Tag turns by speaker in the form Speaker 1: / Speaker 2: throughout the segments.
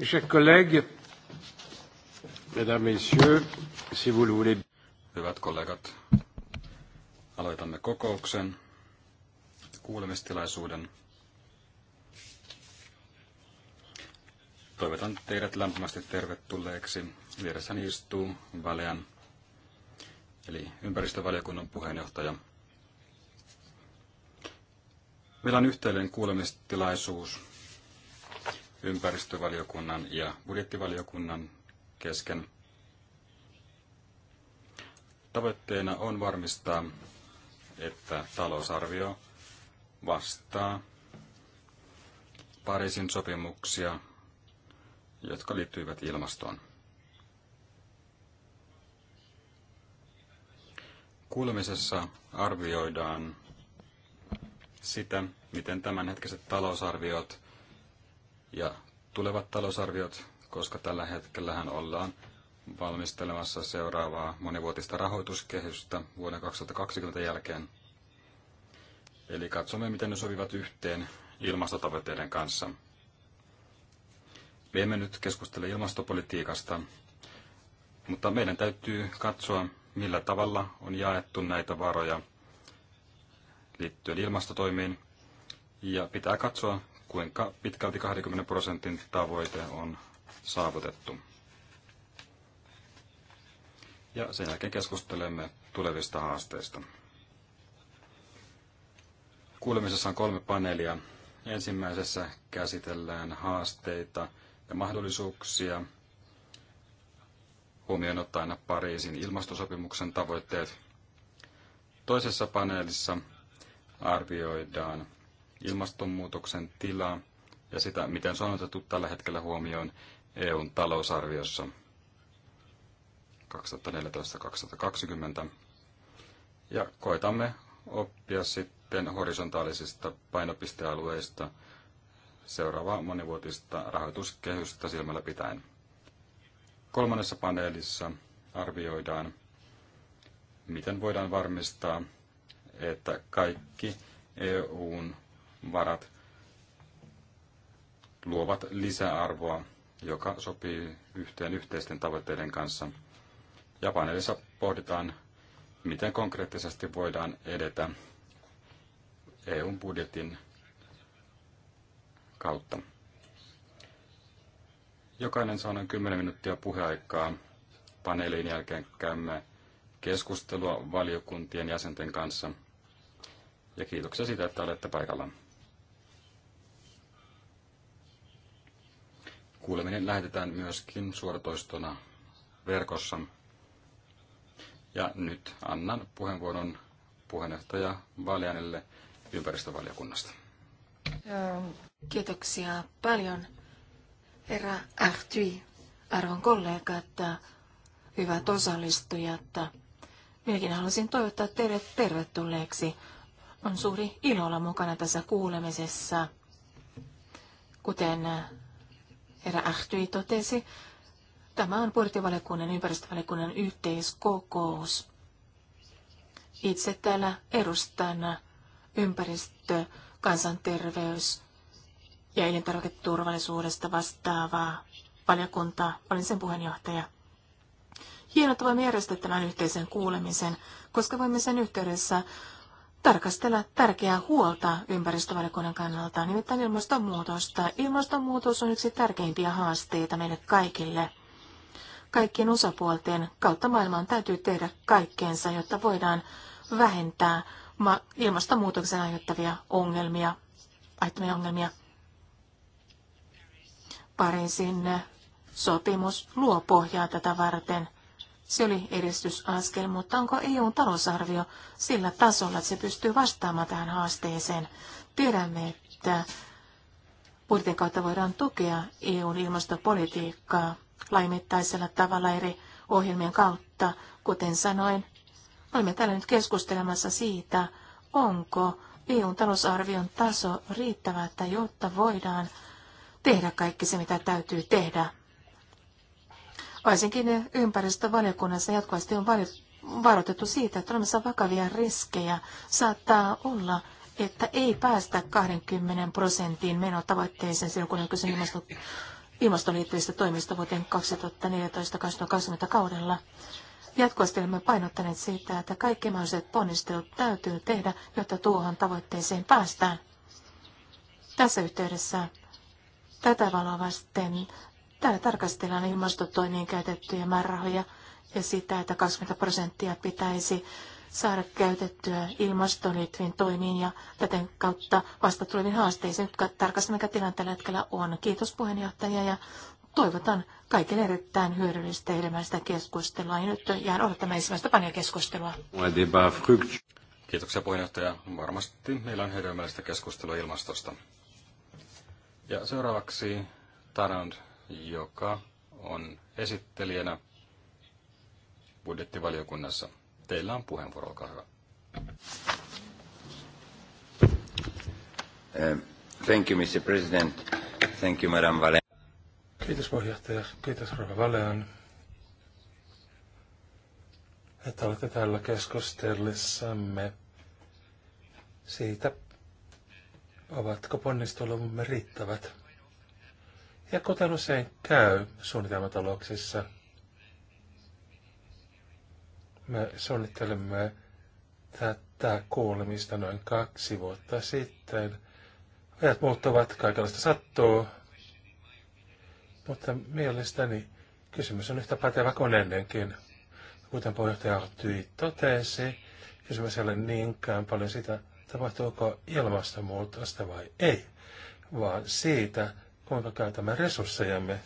Speaker 1: Mes chers collègues, mesdames, messieurs, si vous le voulez. Hyvät kollegat, aloitamme kokouksen, kuulemistilaisuuden. Toivotan teidät lämpimästi tervetulleeksi. Vieressäni istuu Valean, eli ympäristövaliokunnan puheenjohtaja. Meillä on yhteinen kuulemistilaisuus ympäristövaliokunnan ja budjettivaliokunnan kesken. Tavoitteena on varmistaa, että talousarvio vastaa Pariisin sopimuksia, jotka liittyivät ilmastoon. Kuulemisessa arvioidaan sitä, miten tämänhetkiset talousarviot ja tulevat talousarviot, koska tällä hetkellähän ollaan valmistelemassa seuraavaa monivuotista rahoituskehystä vuoden 2020 jälkeen. Eli katsomme, miten ne sovivat yhteen ilmastotavoitteiden kanssa. Me emme nyt keskustele ilmastopolitiikasta, mutta meidän täytyy katsoa, millä tavalla on jaettu näitä varoja liittyen ilmastotoimiin. Ja pitää katsoa, kuinka pitkälti 20 prosentin tavoite on saavutettu. Ja sen jälkeen keskustelemme tulevista haasteista. Kuulemisessa on kolme paneelia. Ensimmäisessä käsitellään haasteita ja mahdollisuuksia huomioon ottaen Pariisin ilmastosopimuksen tavoitteet. Toisessa paneelissa arvioidaan ilmastonmuutoksen tilaa ja sitä, miten se on otettu tällä hetkellä huomioon EUn talousarviossa 2014-2020. Ja koetamme oppia sitten horisontaalisista painopistealueista seuraavaa monivuotista rahoituskehystä silmällä pitäen. Kolmannessa paneelissa arvioidaan, miten voidaan varmistaa, että kaikki EUn varat luovat lisäarvoa, joka sopii yhteen yhteisten tavoitteiden kanssa. Ja paneelissa pohditaan, miten konkreettisesti voidaan edetä EUn budjetin kautta. Jokainen saa noin 10 minuuttia puheaikaa. Paneelin jälkeen käymme keskustelua valiokuntien jäsenten kanssa. Ja kiitoksia siitä, että olette paikallaan. Kuuleminen lähetetään myöskin suoratoistona verkossa. Ja nyt annan puheenvuoron puheenjohtaja Valjanille ympäristövaliokunnasta.
Speaker 2: Ähm, kiitoksia paljon, herra Ahtui, arvon että hyvät osallistujat. Minäkin haluaisin toivottaa teidät tervetulleeksi. On suuri ilo olla mukana tässä kuulemisessa. Kuten herra Ahtui totesi, tämä on budjettivaliokunnan ympäristövalikunnan yhteiskokous. Itse täällä edustan ympäristö, kansanterveys ja elintarviketurvallisuudesta vastaavaa valiokuntaa. Olin sen puheenjohtaja. Hienoa, että voimme järjestää tämän yhteisen kuulemisen, koska voimme sen yhteydessä tarkastella tärkeää huolta ympäristövaliokunnan kannalta, nimittäin ilmastonmuutosta. Ilmastonmuutos on yksi tärkeimpiä haasteita meille kaikille. Kaikkien osapuolten kautta maailmaan täytyy tehdä kaikkeensa, jotta voidaan vähentää ilmastonmuutoksen aiheuttavia ongelmia, aiheuttamia ongelmia. Pariisin sopimus luo pohjaa tätä varten – se oli edistysaskel, mutta onko EUn talousarvio sillä tasolla, että se pystyy vastaamaan tähän haasteeseen? Tiedämme, että budjetin kautta voidaan tukea EUn ilmastopolitiikkaa laimittaisella tavalla eri ohjelmien kautta. Kuten sanoin, olemme täällä nyt keskustelemassa siitä, onko EUn talousarvion taso riittävä, että jotta voidaan tehdä kaikki se, mitä täytyy tehdä Varsinkin ympäristövaliokunnassa jatkuvasti on varoitettu siitä, että olemassa vakavia riskejä saattaa olla, että ei päästä 20 prosentin menotavoitteeseen silloin, kun on kyse ilmasto, ilmastoon liittyvistä toimista vuoteen 2014-2020 kaudella. Jatkuvasti olemme painottaneet siitä, että kaikki mahdolliset ponnistelut täytyy tehdä, jotta tuohon tavoitteeseen päästään. Tässä yhteydessä tätä valoa vasten Täällä tarkastellaan ilmastotoimiin käytettyjä määrärahoja ja sitä, että 20 prosenttia pitäisi saada käytettyä ilmastoon liittyviin toimiin ja täten kautta vasta tuleviin haasteisiin, jotka tarkastamme, mikä tilanne tällä hetkellä on. Kiitos puheenjohtaja ja toivotan kaikille erittäin hyödyllistä elämästä keskustelua. Ja nyt jään odottamaan ensimmäistä panjakeskustelua.
Speaker 1: Kiitoksia puheenjohtaja. Varmasti meillä on hedelmällistä keskustelua ilmastosta. Ja seuraavaksi Tarand joka on esittelijänä budjettivaliokunnassa. Teillä on puheenvuoro, olkaa hyvä. Eh, thank you, Mr. President. Thank you, Madam Valen.
Speaker 3: Kiitos puheenjohtaja. Kiitos Rova Valean, että olette täällä keskustellessamme siitä, ovatko ponnistelumme riittävät. Ja kotan usein käy suunnitelmatalouksissa, me suunnittelemme tätä kuulemista noin kaksi vuotta sitten. Ajat muuttuvat, kaikenlaista sattuu. Mutta mielestäni kysymys on yhtä pätevä kuin ennenkin. Kuten puheenjohtaja Artyi totesi, kysymys ei ole niinkään paljon sitä, tapahtuuko ilmastonmuutosta vai ei, vaan siitä, kuinka käytämme resurssejamme.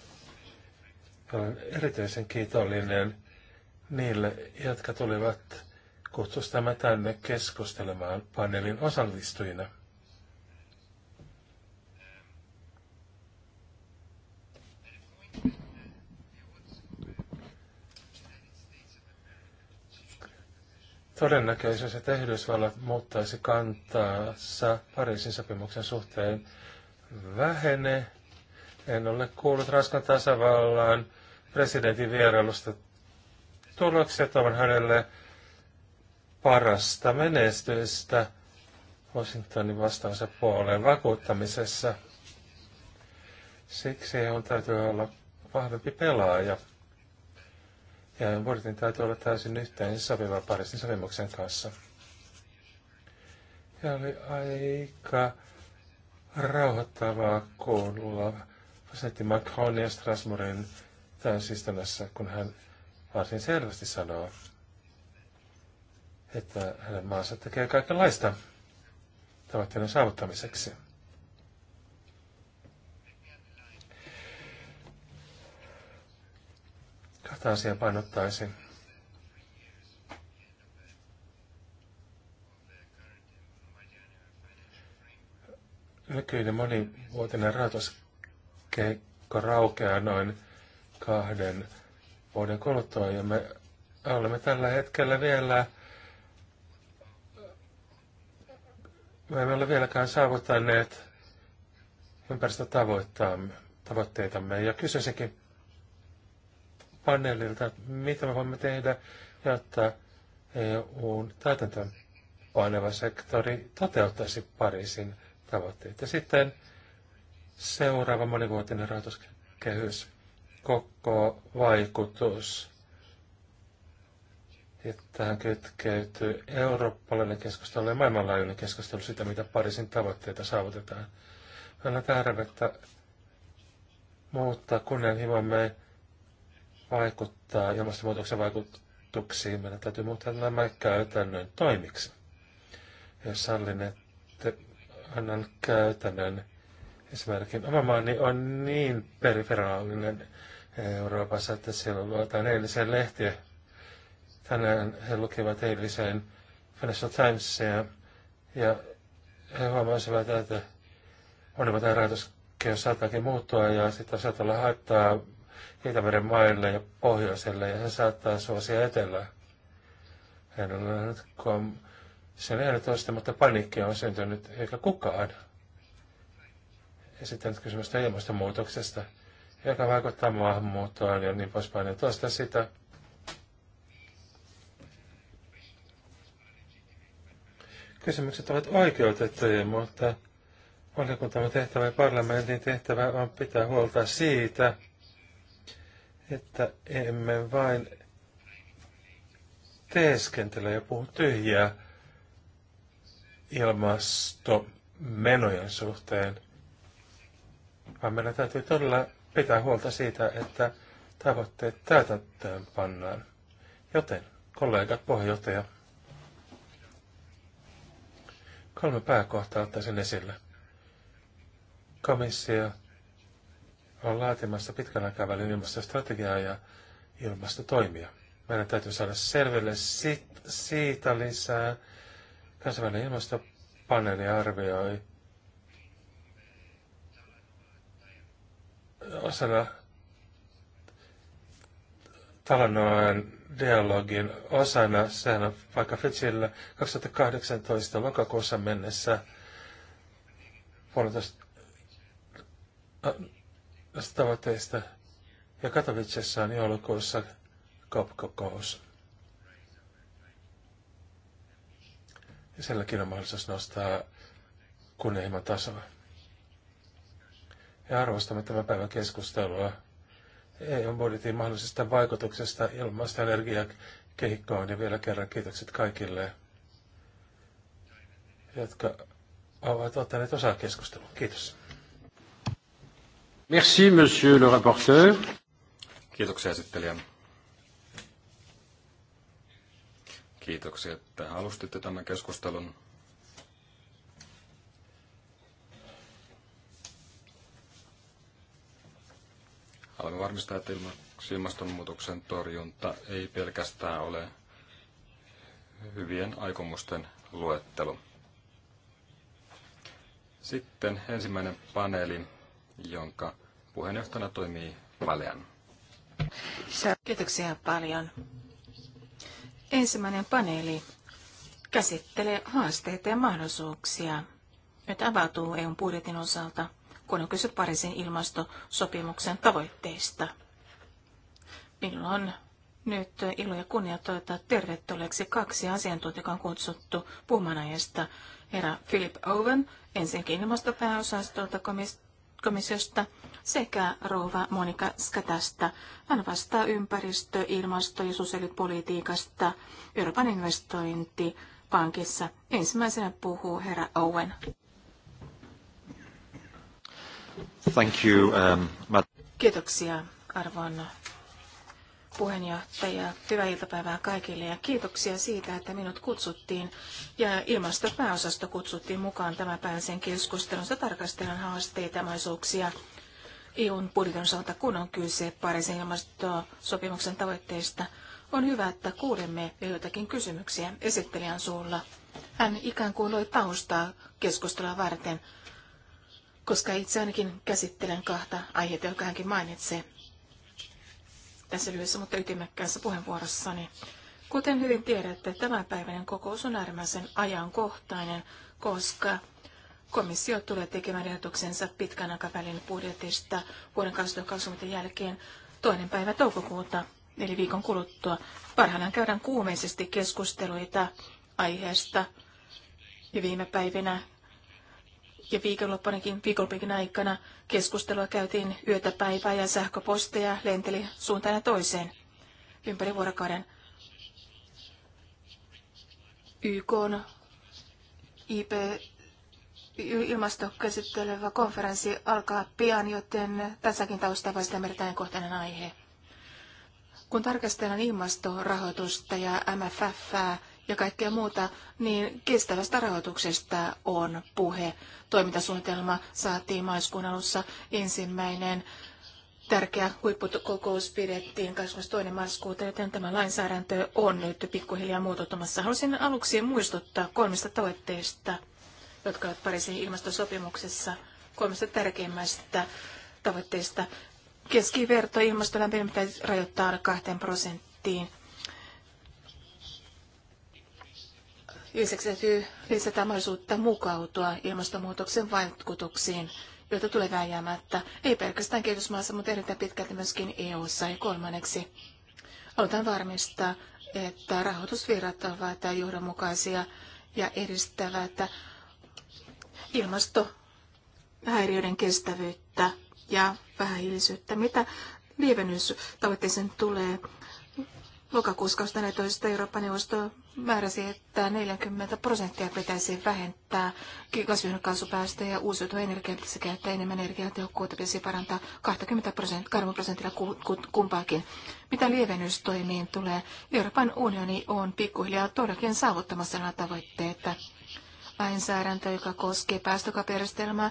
Speaker 3: Olen erityisen kiitollinen niille, jotka tulivat kutsustamme tänne keskustelemaan paneelin osallistujina. Todennäköisesti, että Yhdysvallat muuttaisi kantaansa Pariisin sopimuksen suhteen, vähenee, en ole kuullut Ranskan tasavallan presidentin vierailusta Tulokset ovat hänelle parasta menestystä Washingtonin vastaansa puoleen vakuuttamisessa. Siksi on täytyy olla vahvempi pelaaja. Ja Bortin täytyy olla täysin yhteen sopiva Pariisin sopimuksen kanssa. Ja oli aika rauhoittavaa kuulla presidentti ja Strasbourgin täysistunnossa, kun hän varsin selvästi sanoo, että hänen maansa tekee kaikenlaista tavoitteiden saavuttamiseksi. Kahta asiaa painottaisin. Nykyinen monivuotinen rahoitus keikka raukeaa noin kahden vuoden kuluttua ja me olemme tällä hetkellä vielä me emme ole vieläkään saavuttaneet ympäristötavoitteitamme. Ja kysyisinkin paneelilta, mitä me voimme tehdä, jotta EUn täytäntöön paneva sektori toteuttaisi Pariisin tavoitteita sitten Seuraava monivuotinen rahoituskehys. Koko vaikutus. tähän kytkeytyy eurooppalainen keskustelu ja maailmanlaajuinen keskustelu sitä, mitä Pariisin tavoitteita saavutetaan. Meillä on tarvetta muuttaa kunnianhimomme vaikuttaa ilmastonmuutoksen vaikutuksiin. Meidän täytyy muuttaa nämä käytännön toimiksi. Jos sallin, että annan käytännön Esimerkiksi oma maani on niin periferaalinen Euroopassa, että siellä luotaan eiliseen lehtiä. Tänään he lukivat eiliseen Financial Timesia ja he huomasivat, että olivat eräytyskehys saattaakin muuttua ja sitten saattaa olla haittaa Itämeren maille ja pohjoiselle ja se saattaa suosia etelään. En ole nyt kom- sen ehdotusta, mutta paniikki on syntynyt eikä kukaan esittänyt kysymystä ilmastonmuutoksesta, joka vaikuttaa maahanmuuttoon ja niin poispäin. Ja toista sitä. Kysymykset ovat oikeutettuja, mutta valiokuntamme tehtävä ja parlamentin tehtävä on pitää huolta siitä, että emme vain teeskentele ja puhu tyhjää ilmastomenojen suhteen, vaan meidän täytyy todella pitää huolta siitä, että tavoitteet täytäntöön pannaan. Joten, kollegat, puheenjohtaja, kolme pääkohtaa ottaisin esille. Komissio on laatimassa pitkän aikavälin ilmastostrategiaa ja ilmastotoimia. Meidän täytyy saada selville sit, siitä lisää. Kansainvälinen ilmastopaneeli arvioi osana Talanoen dialogin osana, sehän on vaikka Fitchillä 2018 lokakuussa mennessä puolitoista äh, tavoitteista ja Katowicessa on joulukuussa COP-kokous. Ja silläkin on mahdollisuus nostaa kunnianhimon tasoa ja arvostamme tämän päivän keskustelua EU-budjetin mahdollisesta vaikutuksesta ilmasta energiakehikkoon. Ja vielä kerran kiitokset kaikille, jotka ovat ottaneet osaa keskusteluun. Kiitos.
Speaker 1: Merci, monsieur le rapporteur. Kiitoksia esittelijä. Kiitoksia, että alustitte tämän keskustelun. Haluamme varmistaa, että ilmastonmuutoksen torjunta ei pelkästään ole hyvien aikomusten luettelu. Sitten ensimmäinen paneeli, jonka puheenjohtajana toimii Valean.
Speaker 2: Kiitoksia paljon. Ensimmäinen paneeli käsittelee haasteita ja mahdollisuuksia, joita avautuu eu budjetin osalta – kun on kyse Pariisin ilmastosopimuksen tavoitteista. Minulla on nyt ilo ja kunnia toivottaa tervetulleeksi kaksi asiantuntijaa, on kutsuttu puhumaan aiheesta. Herra Philip Owen, ensinnäkin ilmastopääosastolta komissiosta, sekä rouva Monika Skatasta. Hän vastaa ympäristö-, ilmasto- ja sosiaalipolitiikasta Euroopan investointipankissa. Ensimmäisenä puhuu herra Owen.
Speaker 1: Thank you, um,
Speaker 2: Kiitoksia arvon puheenjohtaja. Hyvää iltapäivää kaikille ja kiitoksia siitä, että minut kutsuttiin ja ilmastopääosasto kutsuttiin mukaan tämän päivän keskustelussa tarkastellaan haasteita ja mahdollisuuksia EUn budjetin osalta, kun on kyse Pariisin ilmastosopimuksen tavoitteista. On hyvä, että kuulemme joitakin kysymyksiä esittelijän suulla. Hän ikään kuin loi taustaa keskustelua varten koska itse ainakin käsittelen kahta aihetta, jonka hänkin mainitsee tässä lyhyessä, mutta ytimekkäässä puheenvuorossani. Kuten hyvin tiedätte, tämänpäiväinen kokous on äärimmäisen ajankohtainen, koska komissio tulee tekemään ehdotuksensa pitkän aikavälin budjetista vuoden 2020 jälkeen toinen päivä toukokuuta, eli viikon kuluttua. Parhaillaan käydään kuumeisesti keskusteluita aiheesta ja viime päivinä ja viikonloppuinenkin viikonloppunakin aikana keskustelua käytiin yötä päivää ja sähköposteja lenteli suuntaan ja toiseen ympäri vuorokauden. YK on IP ilmastokäsittelevä konferenssi alkaa pian, joten tässäkin taustalla vasta erittäin kohtainen aihe. Kun tarkastellaan ilmastorahoitusta ja MFF ja kaikkea muuta, niin kestävästä rahoituksesta on puhe. Toimintasuunnitelma saatiin maaliskuun alussa ensimmäinen tärkeä huippukokous pidettiin 22. marraskuuta, joten tämä lainsäädäntö on nyt pikkuhiljaa muutottamassa. Haluaisin aluksi muistuttaa kolmesta tavoitteesta, jotka ovat Pariisin ilmastosopimuksessa kolmesta tärkeimmästä tavoitteesta. Keskiverto ilmaston lämpeneminen rajoittaa 2 prosenttiin Lisäksi täytyy lisätä mahdollisuutta mukautua ilmastonmuutoksen vaikutuksiin, joita tulee vääjäämättä, ei pelkästään kehitysmaassa, mutta erittäin pitkälti myöskin EU-ssa ja kolmanneksi. Halutaan varmistaa, että rahoitusvirrat ovat johdonmukaisia ja edistävät ilmastohäiriöiden kestävyyttä ja vähähiilisyyttä. Mitä lievennystavoitteeseen tulee? Lokakuussa 2014 Euroopan neuvosto määräsi, että 40 prosenttia pitäisi vähentää kasvihuonekaasupäästöjä ja uusiutuva energia pitäisi käyttää enemmän energiatehokkuutta, pitäisi parantaa 20 prosenttia, prosentilla kumpaakin. Mitä lievennystoimiin tulee, Euroopan unioni on pikkuhiljaa todellakin saavuttamassa nämä tavoitteet. Lainsäädäntö, joka koskee päästökapjärjestelmää,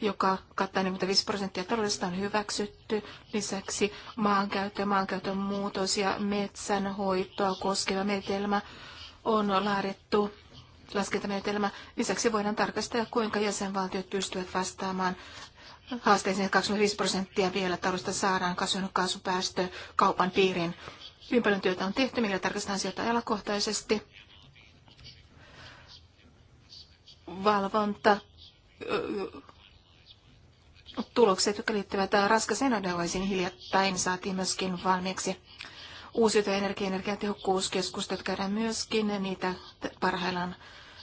Speaker 2: joka kattaa 45 prosenttia taloudesta on hyväksytty. Lisäksi maankäyttö, maankäytön muutos ja metsänhoitoa koskeva menetelmä on laadittu laskentamenetelmä. Lisäksi voidaan tarkastella, kuinka jäsenvaltiot pystyvät vastaamaan haasteisiin. 25 prosenttia vielä taloudesta saadaan kaasupäästö kaupan piiriin. Hyvin paljon työtä on tehty, millä tarkastetaan sieltä alakohtaisesti. Valvonta, tulokset, jotka liittyvät raskaseen hiljattain, saatiin myöskin valmiiksi uusiutuva energia- energiatehokkuuskeskustelut käydään myöskin, niitä parhaillaan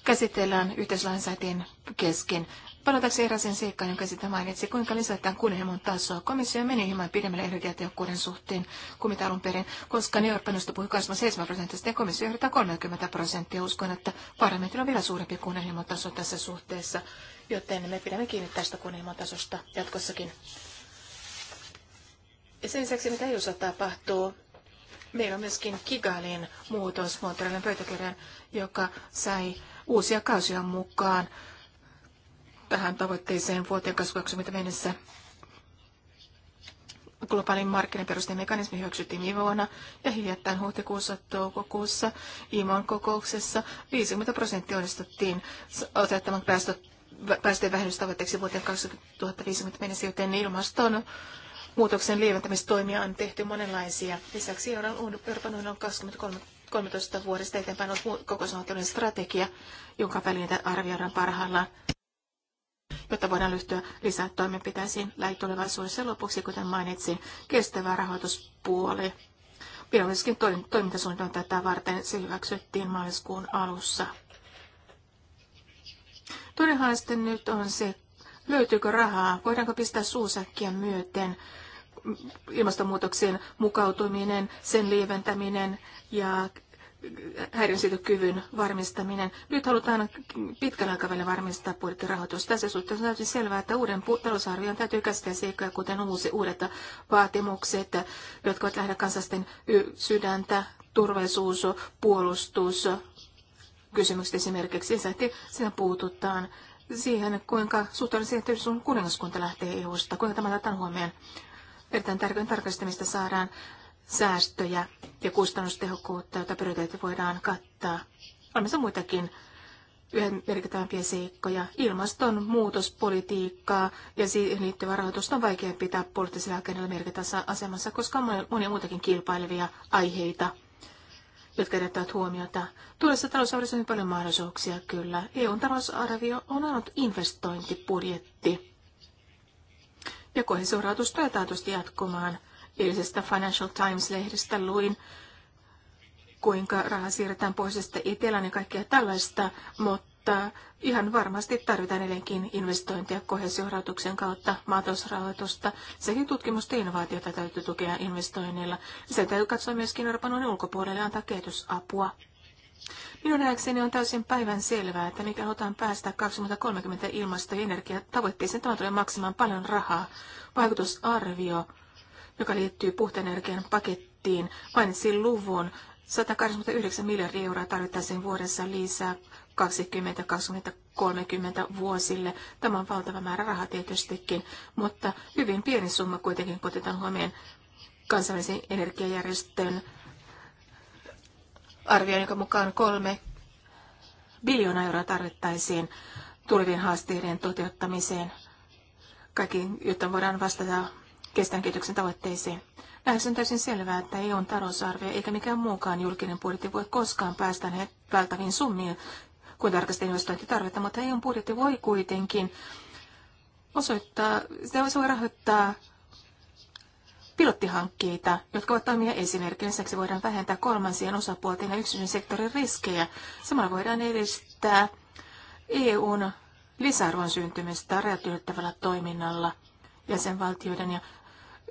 Speaker 2: käsitellään yhteislainsäätien kesken. Palataanko eräisen seikkaan, jonka sitä mainitsi, kuinka lisätään kunnianhimon tasoa. Komissio meni hieman pidemmälle energiatehokkuuden suhteen kuin mitä alun perin, koska New York neuropanosta puhui 27 prosentista ja komissio ehdottaa 30 prosenttia. Uskon, että parlamentilla on vielä suurempi kunnianhimon taso tässä suhteessa, joten me pidämme kiinni tästä kunnianhimon tasosta jatkossakin. Ja sen lisäksi, mitä EU tapahtuu, Meillä on myöskin Kigalin muutos Montrealin pöytäkirjan, joka sai uusia kausia mukaan tähän tavoitteeseen vuoteen 2020 mennessä. Globaalin markkinaperusteen mekanismi hyväksyttiin viime vuonna ja hiljattain huhtikuussa toukokuussa IMOn kokouksessa 50 prosenttia onnistuttiin otettamaan päästöjen vähennystavoitteeksi vuoteen 2050 mennessä, joten ilmaston muutoksen lieventämistoimia on tehty monenlaisia. Lisäksi Euroopan unioni on 2013 vuodesta eteenpäin ollut kokonaisvaltainen strategia, jonka välineitä arvioidaan parhaillaan jotta voidaan lyhtyä lisää toimenpiteisiin lähitulevaisuudessa lopuksi, kuten mainitsin, kestävä rahoituspuoli. Viralliskin toimintasuunnitelma tätä varten se hyväksyttiin maaliskuun alussa. Toinen haaste nyt on se, löytyykö rahaa, voidaanko pistää suusäkkiä myöten ilmastonmuutokseen mukautuminen, sen lieventäminen ja häiriönsietokyvyn varmistaminen. Nyt halutaan pitkällä aikavälillä varmistaa budjettirahoitus. Tässä suhteessa on täysin selvää, että uuden talousarvion täytyy käsitellä seikkoja, kuten uusi, uudet vaatimukset, jotka ovat lähinnä kansallisten sydäntä, turvallisuus, puolustus, kysymykset esimerkiksi. Lisäksi siinä puututaan siihen, kuinka suhtaudutaan siihen, että on kuningaskunta lähtee EU-sta, kuinka tämä otetaan huomioon erittäin tarkoin tarkastamista saadaan säästöjä ja kustannustehokkuutta, jota prioriteetti voidaan kattaa. Olemassa muitakin yhä merkittävämpiä seikkoja. Ilmastonmuutospolitiikkaa ja siihen liittyvä rahoitus on vaikea pitää poliittisella agendalla merkittävässä asemassa, koska on monia muitakin kilpailevia aiheita jotka edellyttävät huomiota. Tuossa talousarviossa on paljon mahdollisuuksia, kyllä. EUn talousarvio on ainut investointipudjetti ja kohesiorahoitus tulee taatusti jatkumaan. Eilisestä Financial Times-lehdestä luin, kuinka raha siirretään pohjoisesta etelään ja kaikkea tällaista, mutta ihan varmasti tarvitaan edelleenkin investointeja kohesiohrautuksen kautta, maatalousrahoitusta Sekin tutkimusta ja innovaatiota täytyy tukea investoinnilla. Se täytyy katsoa myöskin Euroopan ulkopuolelle antaa kehitysapua. Minun nähdäkseni on täysin päivän selvää, että mikä halutaan päästä 2030 ilmasto- ja energiatavoitteeseen, tämä tulee maksamaan paljon rahaa. Vaikutusarvio, joka liittyy puhtaan energian pakettiin, mainitsi luvun 189 miljardia euroa tarvittaisiin vuodessa lisää 20 30 vuosille. Tämä on valtava määrä rahaa tietystikin, mutta hyvin pieni summa kuitenkin, kun otetaan huomioon kansainvälisen energiajärjestön arvion, jonka mukaan kolme biljoonaa euroa tarvittaisiin tulevien haasteiden toteuttamiseen, kaikki, jotta voidaan vastata kestävän kehityksen tavoitteisiin. Lähes on täysin selvää, että ei EUn talousarvio eikä mikään muukaan julkinen budjetti voi koskaan päästä välttäviin summiin, kuin tarkasti investointitarvetta, mutta eu budjetti voi kuitenkin osoittaa, se voi rahoittaa pilottihankkeita, jotka ovat toimia esimerkkejä. Lisäksi voidaan vähentää kolmansien osapuolten ja yksityisen sektorin riskejä. Samalla voidaan edistää EUn lisäarvon syntymistä rajat toiminnalla jäsenvaltioiden ja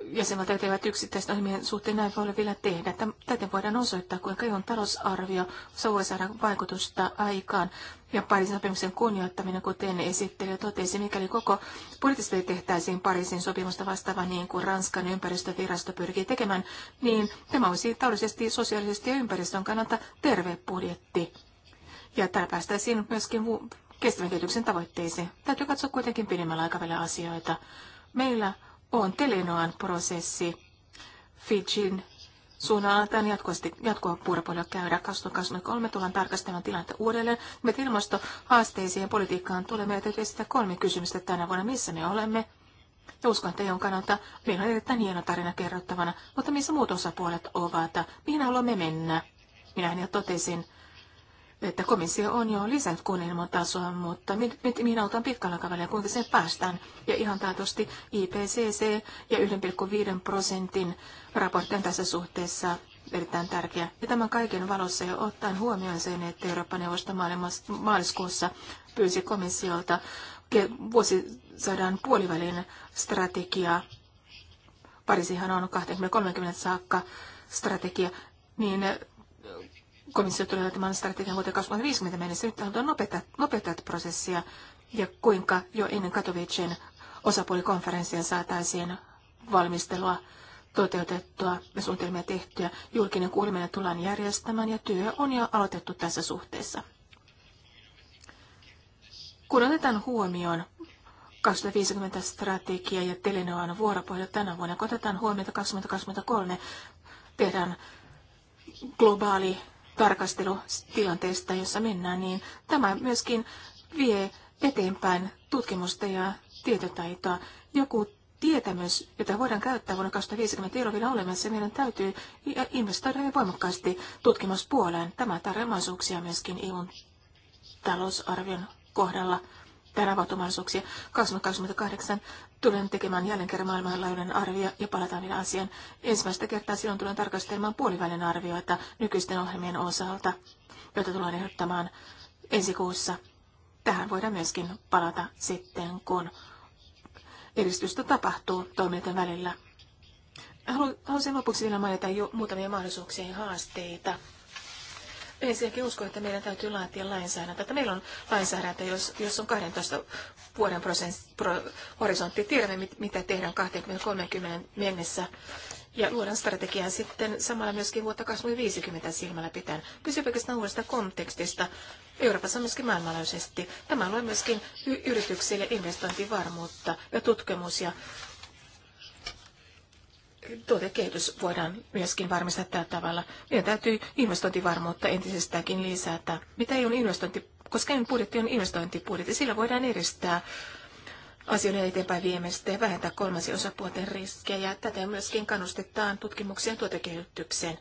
Speaker 2: jäsenvaltiot eivät yksittäisten ohjelmien suhteen näin voi vielä tehdä. Täten voidaan osoittaa, kuinka EUn talousarvio voi saada vaikutusta aikaan. Ja Pariisin sopimuksen kunnioittaminen, kuten esittelijä totesi, mikäli koko budjetista tehtäisiin Pariisin sopimusta vastaava niin kuin Ranskan ympäristövirasto pyrkii tekemään, niin tämä olisi taloudellisesti, sosiaalisesti ja ympäristön kannalta terve budjetti. Ja täällä päästäisiin myöskin kestävän kehityksen tavoitteisiin. Täytyy katsoa kuitenkin pidemmällä aikavälillä asioita. Meillä on Telenoan prosessi. Fijin suunnalla annetaan jatkuvasti jatkuva puurapuolella käydä. 2023 tullaan tarkastelemaan tilannetta uudelleen. Me ilmastohaasteisiin ja politiikkaan tulee meitä esittää kolme kysymystä tänä vuonna. Missä me olemme? Ja uskon, että EUn kannalta meillä on erittäin hieno tarina kerrottavana, mutta missä muut osapuolet ovat? Mihin haluamme mennä? Minä jo totesin, että komissio on jo lisännyt kunnianhimon tasoa, mutta mi- mi- mihin autaan pitkällä aikavälillä, kuinka se päästään. Ja ihan taatusti IPCC ja 1,5 prosentin raportti on tässä suhteessa erittäin tärkeä. Ja tämän kaiken valossa jo ottaen huomioon sen, että Euroopan neuvosto maaliskuussa pyysi komissiolta vuosisadan puolivälin strategiaa. Pariisihan on 2030 saakka strategia, niin komissio tulee laatimaan strategian vuoteen 2050 mennessä. Nyt halutaan nopeuttaa, nopeuttaa prosessia ja kuinka jo ennen Katowicen osapuolikonferenssia saataisiin valmistelua toteutettua ja suunnitelmia tehtyä. Julkinen kuuleminen tullaan järjestämään ja työ on jo aloitettu tässä suhteessa. Kun otetaan huomioon 2050 strategia ja Telenoan vuoropuhelu tänä vuonna, kun otetaan huomioon 2023, tehdään globaali tarkastelu tilanteesta, jossa mennään, niin tämä myöskin vie eteenpäin tutkimusta ja tietotaitoa. Joku tietämys, jota voidaan käyttää vuonna 2050 ei ole vielä olemassa, meidän täytyy investoida voimakkaasti tutkimuspuoleen. Tämä tarjoaa mahdollisuuksia myöskin EUn talousarvion kohdalla tämän avautumaisuuksia. 2028 Tulen tekemään jälleen kerran maailmanlaajuinen arvio ja palataan vielä asiaan. Ensimmäistä kertaa silloin tulen tarkastelemaan puolivälin arvioita nykyisten ohjelmien osalta, joita tullaan ehdottamaan ensi kuussa. Tähän voidaan myöskin palata sitten, kun edistystä tapahtuu toimijoiden välillä. Haluaisin lopuksi vielä mainita jo muutamia mahdollisuuksia ja haasteita, ensinnäkin usko, että meidän täytyy laatia lainsäädäntö. Että meillä on lainsäädäntö, jos, jos on 12 vuoden pro, horisontti. Tiedämme, mit, mitä tehdään 20-30 mennessä. Ja luodaan strategiaa sitten samalla myöskin vuotta 2050 silmällä pitäen. Kysy pelkästään uudesta kontekstista. Euroopassa myöskin maailmanlaajuisesti. Tämä luo myöskin yrityksille investointivarmuutta ja tutkimus- ja tuotekehitys voidaan myöskin varmistaa tällä tavalla. Meidän täytyy investointivarmuutta entisestäänkin lisätä. Mitä ei ole investointi, koska budjetti on investointibudjetti, sillä voidaan edistää asioiden eteenpäin viemistä ja vähentää kolmansien osapuolten riskejä. Tätä myöskin kannustetaan tutkimukseen ja tuotekehitykseen.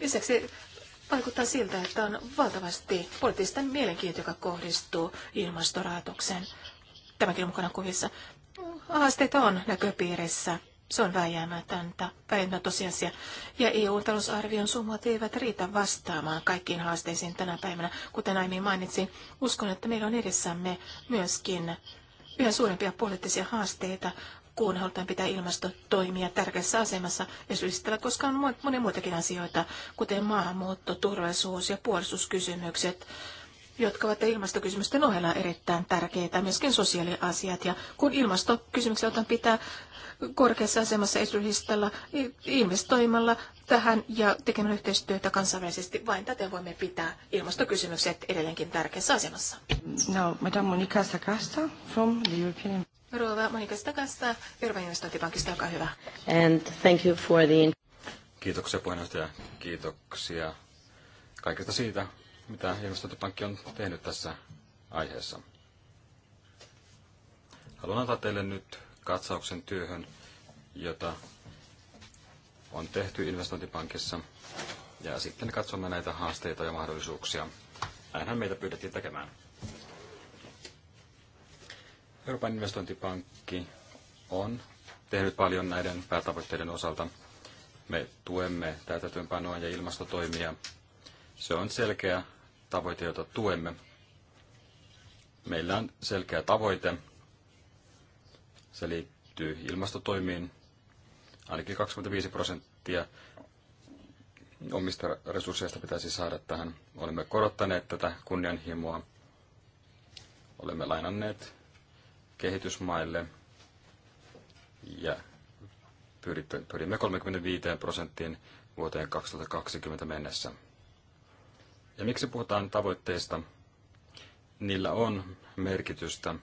Speaker 2: Lisäksi vaikuttaa siltä, että on valtavasti poliittista mielenkiintoa, joka kohdistuu ilmastorahoitukseen. Tämäkin on mukana kuvissa. Haasteita on näköpiirissä se on vääjäämätöntä, vääjäämätön tosiasia. Ja EU-talousarvion summat eivät riitä vastaamaan kaikkiin haasteisiin tänä päivänä. Kuten aiemmin mainitsin, uskon, että meillä on edessämme myöskin yhä suurempia poliittisia haasteita, kun halutaan pitää ilmastotoimia tärkeässä asemassa ja koska on monia muitakin asioita, kuten maahanmuutto, turvallisuus ja puolustuskysymykset jotka ovat ilmastokysymysten ohella erittäin tärkeitä, myöskin sosiaaliasiat. Ja kun ilmastokysymyksiä otan pitää korkeassa asemassa esityslistalla niin investoimalla tähän ja tekemällä yhteistyötä kansainvälisesti, vain tätä voimme pitää ilmastokysymykset edelleenkin tärkeässä asemassa. No, Madame Monika Sakasta from the European... Rova Monika Sakasta, Euroopan investointipankista, olkaa hyvä.
Speaker 1: And thank you for the... Kiitoksia puheenjohtaja, kiitoksia kaikesta siitä, mitä investointipankki on tehnyt tässä aiheessa. Haluan antaa teille nyt katsauksen työhön, jota on tehty investointipankissa. Ja sitten katsomme näitä haasteita ja mahdollisuuksia. Näinhän meitä pyydettiin tekemään. Euroopan investointipankki on tehnyt paljon näiden päätavoitteiden osalta. Me tuemme täytäntöönpanoa ja ilmastotoimia. Se on selkeä tavoite, jota tuemme. Meillä on selkeä tavoite. Se liittyy ilmastotoimiin. Ainakin 25 prosenttia omista resursseista pitäisi saada tähän. Olemme korottaneet tätä kunnianhimoa. Olemme lainanneet kehitysmaille ja pyrimme 35 prosenttiin vuoteen 2020 mennessä. Ja miksi puhutaan tavoitteista? Niillä on merkitystä,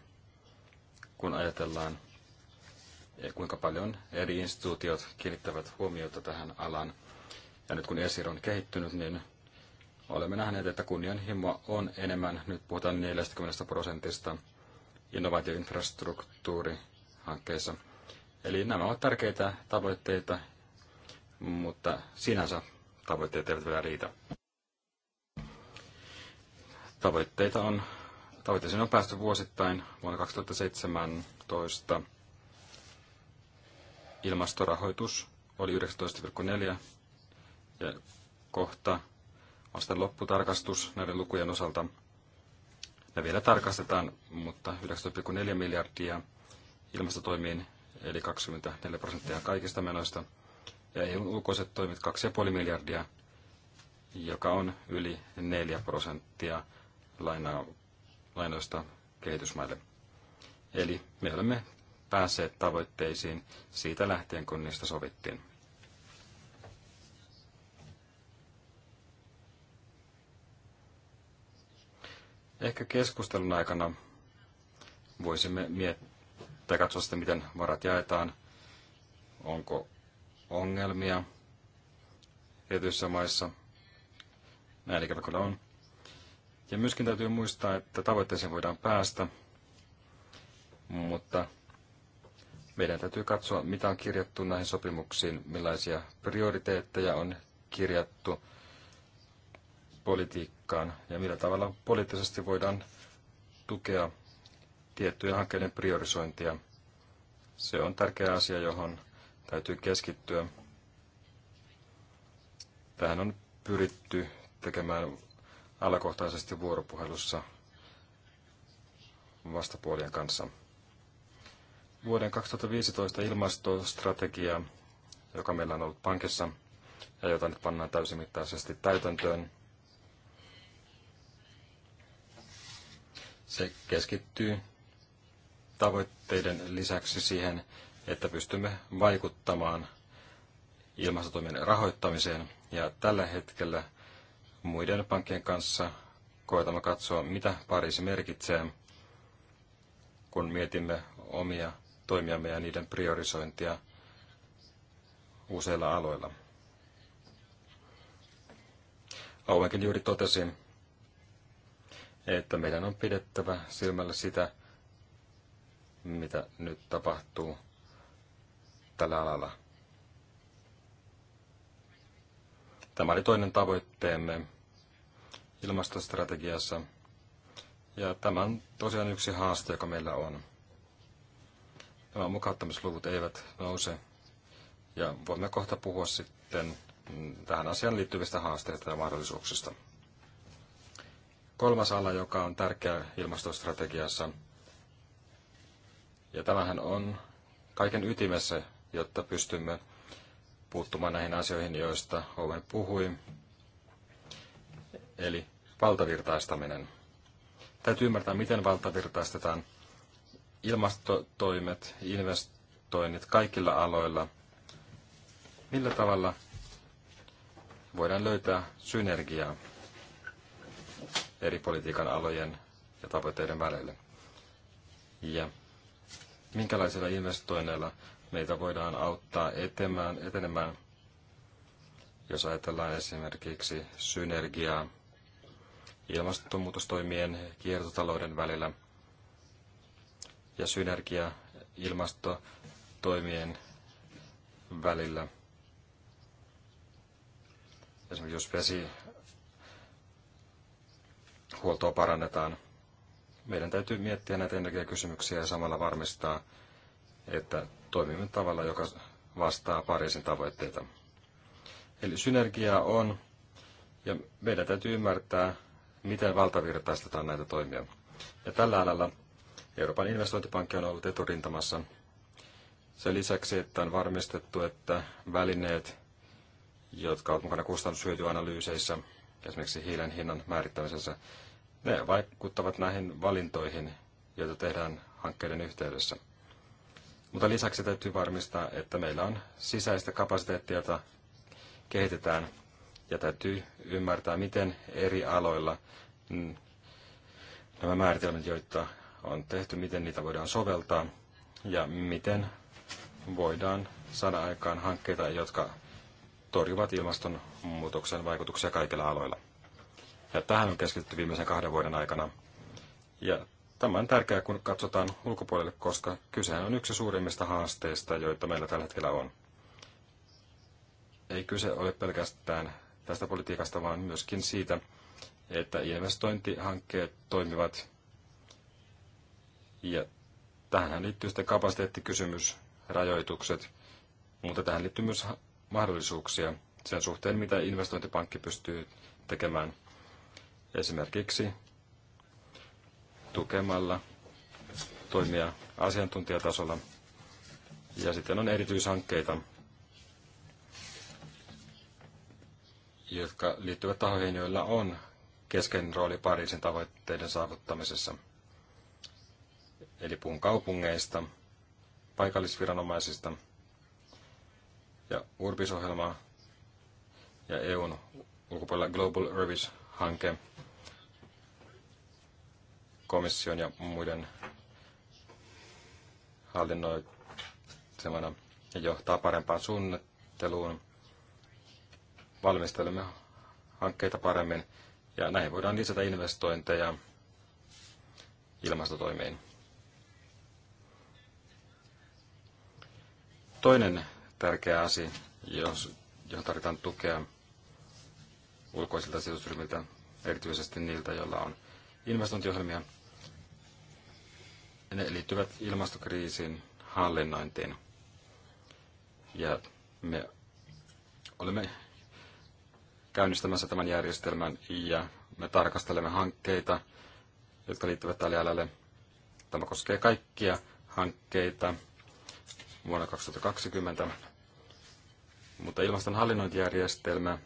Speaker 1: kun ajatellaan, eh, kuinka paljon eri instituutiot kiinnittävät huomiota tähän alaan. Ja nyt kun ESIR on kehittynyt, niin olemme nähneet, että kunnianhimoa on enemmän. Nyt puhutaan 40 prosentista innovaatioinfrastruktuurihankkeissa. Eli nämä ovat tärkeitä tavoitteita, mutta sinänsä tavoitteet eivät vielä riitä. Tavoitteita on, tavoitteisiin on päästy vuosittain vuonna 2017 ilmastorahoitus oli 19,4 ja kohta on sitten lopputarkastus näiden lukujen osalta. Ne vielä tarkastetaan, mutta 19,4 miljardia ilmastotoimiin, eli 24 prosenttia kaikista menoista, ja EUn ulkoiset toimet 2,5 miljardia, joka on yli 4 prosenttia lainaa, lainoista kehitysmaille. Eli me olemme päässeet tavoitteisiin siitä lähtien, kun niistä sovittiin. Ehkä keskustelun aikana voisimme miettiä, katsoa sitä, miten varat jaetaan, onko ongelmia tietyissä maissa. Näin ikävä kyllä on. Ja myöskin täytyy muistaa, että tavoitteeseen voidaan päästä, mutta meidän täytyy katsoa, mitä on kirjattu näihin sopimuksiin, millaisia prioriteetteja on kirjattu politiikkaan ja millä tavalla poliittisesti voidaan tukea tiettyjen hankkeiden priorisointia. Se on tärkeä asia, johon täytyy keskittyä. Tähän on pyritty tekemään alakohtaisesti vuoropuhelussa vastapuolien kanssa. Vuoden 2015 ilmastostrategia, joka meillä on ollut pankissa ja jota nyt pannaan täysimittaisesti täytäntöön, se keskittyy tavoitteiden lisäksi siihen, että pystymme vaikuttamaan ilmastotoimien rahoittamiseen. Ja tällä hetkellä – muiden pankkien kanssa koetamme katsoa, mitä Pariisi merkitsee, kun mietimme omia toimiamme ja niiden priorisointia useilla aloilla. Auenkin juuri totesi, että meidän on pidettävä silmällä sitä, mitä nyt tapahtuu tällä alalla. Tämä oli toinen tavoitteemme ilmastostrategiassa. Ja tämä on tosiaan yksi haaste, joka meillä on. Nämä mukauttamisluvut eivät nouse. Ja voimme kohta puhua sitten tähän asiaan liittyvistä haasteista ja mahdollisuuksista. Kolmas ala, joka on tärkeä ilmastostrategiassa, ja tämähän on kaiken ytimessä, jotta pystymme puuttumaan näihin asioihin, joista Owen puhui, eli valtavirtaistaminen. Täytyy ymmärtää, miten valtavirtaistetaan ilmastotoimet, investoinnit kaikilla aloilla. Millä tavalla voidaan löytää synergiaa eri politiikan alojen ja tavoitteiden välille. Ja minkälaisilla investoinneilla meitä voidaan auttaa etenemään, jos ajatellaan esimerkiksi synergiaa ilmastonmuutostoimien kiertotalouden välillä ja synergia ilmastotoimien välillä. Esimerkiksi jos vesihuoltoa parannetaan, meidän täytyy miettiä näitä energiakysymyksiä ja samalla varmistaa, että toimimme tavalla, joka vastaa Pariisin tavoitteita. Eli synergiaa on, ja meidän täytyy ymmärtää, miten valtavirtaistetaan näitä toimia. Ja tällä alalla Euroopan investointipankki on ollut eturintamassa. Sen lisäksi, että on varmistettu, että välineet, jotka ovat mukana kustannushyötyanalyyseissä, esimerkiksi hiilen hinnan määrittämisessä, ne vaikuttavat näihin valintoihin, joita tehdään hankkeiden yhteydessä. Mutta lisäksi täytyy varmistaa, että meillä on sisäistä kapasiteettia, jota kehitetään ja täytyy ymmärtää, miten eri aloilla nämä määritelmät, joita on tehty, miten niitä voidaan soveltaa ja miten voidaan saada aikaan hankkeita, jotka torjuvat ilmastonmuutoksen vaikutuksia kaikilla aloilla. Ja tähän on keskitytty viimeisen kahden vuoden aikana. Ja tämä on tärkeää, kun katsotaan ulkopuolelle, koska kysehän on yksi suurimmista haasteista, joita meillä tällä hetkellä on. Ei kyse ole pelkästään tästä politiikasta, vaan myöskin siitä, että investointihankkeet toimivat. Ja tähän liittyy sitten kapasiteettikysymys, rajoitukset, mutta tähän liittyy myös mahdollisuuksia sen suhteen, mitä investointipankki pystyy tekemään. Esimerkiksi tukemalla toimia asiantuntijatasolla. Ja sitten on erityishankkeita, jotka liittyvät tahoihin, joilla on keskeinen rooli Pariisin tavoitteiden saavuttamisessa. Eli puhun kaupungeista, paikallisviranomaisista ja Urbisohjelmaa ja EUn ulkopuolella Global Urbis-hanke komission ja muiden hallinnoitsemana ja johtaa parempaan suunnitteluun valmistelemme hankkeita paremmin ja näin voidaan lisätä investointeja ilmastotoimiin. Toinen tärkeä asia, jos, johon tarvitaan tukea ulkoisilta sijoitusryhmiltä, erityisesti niiltä, joilla on investointiohjelmia, ne liittyvät ilmastokriisin hallinnointiin. Ja me olemme käynnistämässä tämän järjestelmän ja me tarkastelemme hankkeita, jotka liittyvät tälle alalle. Tämä koskee kaikkia hankkeita vuonna 2020, mutta ilmastonhallinnointijärjestelmä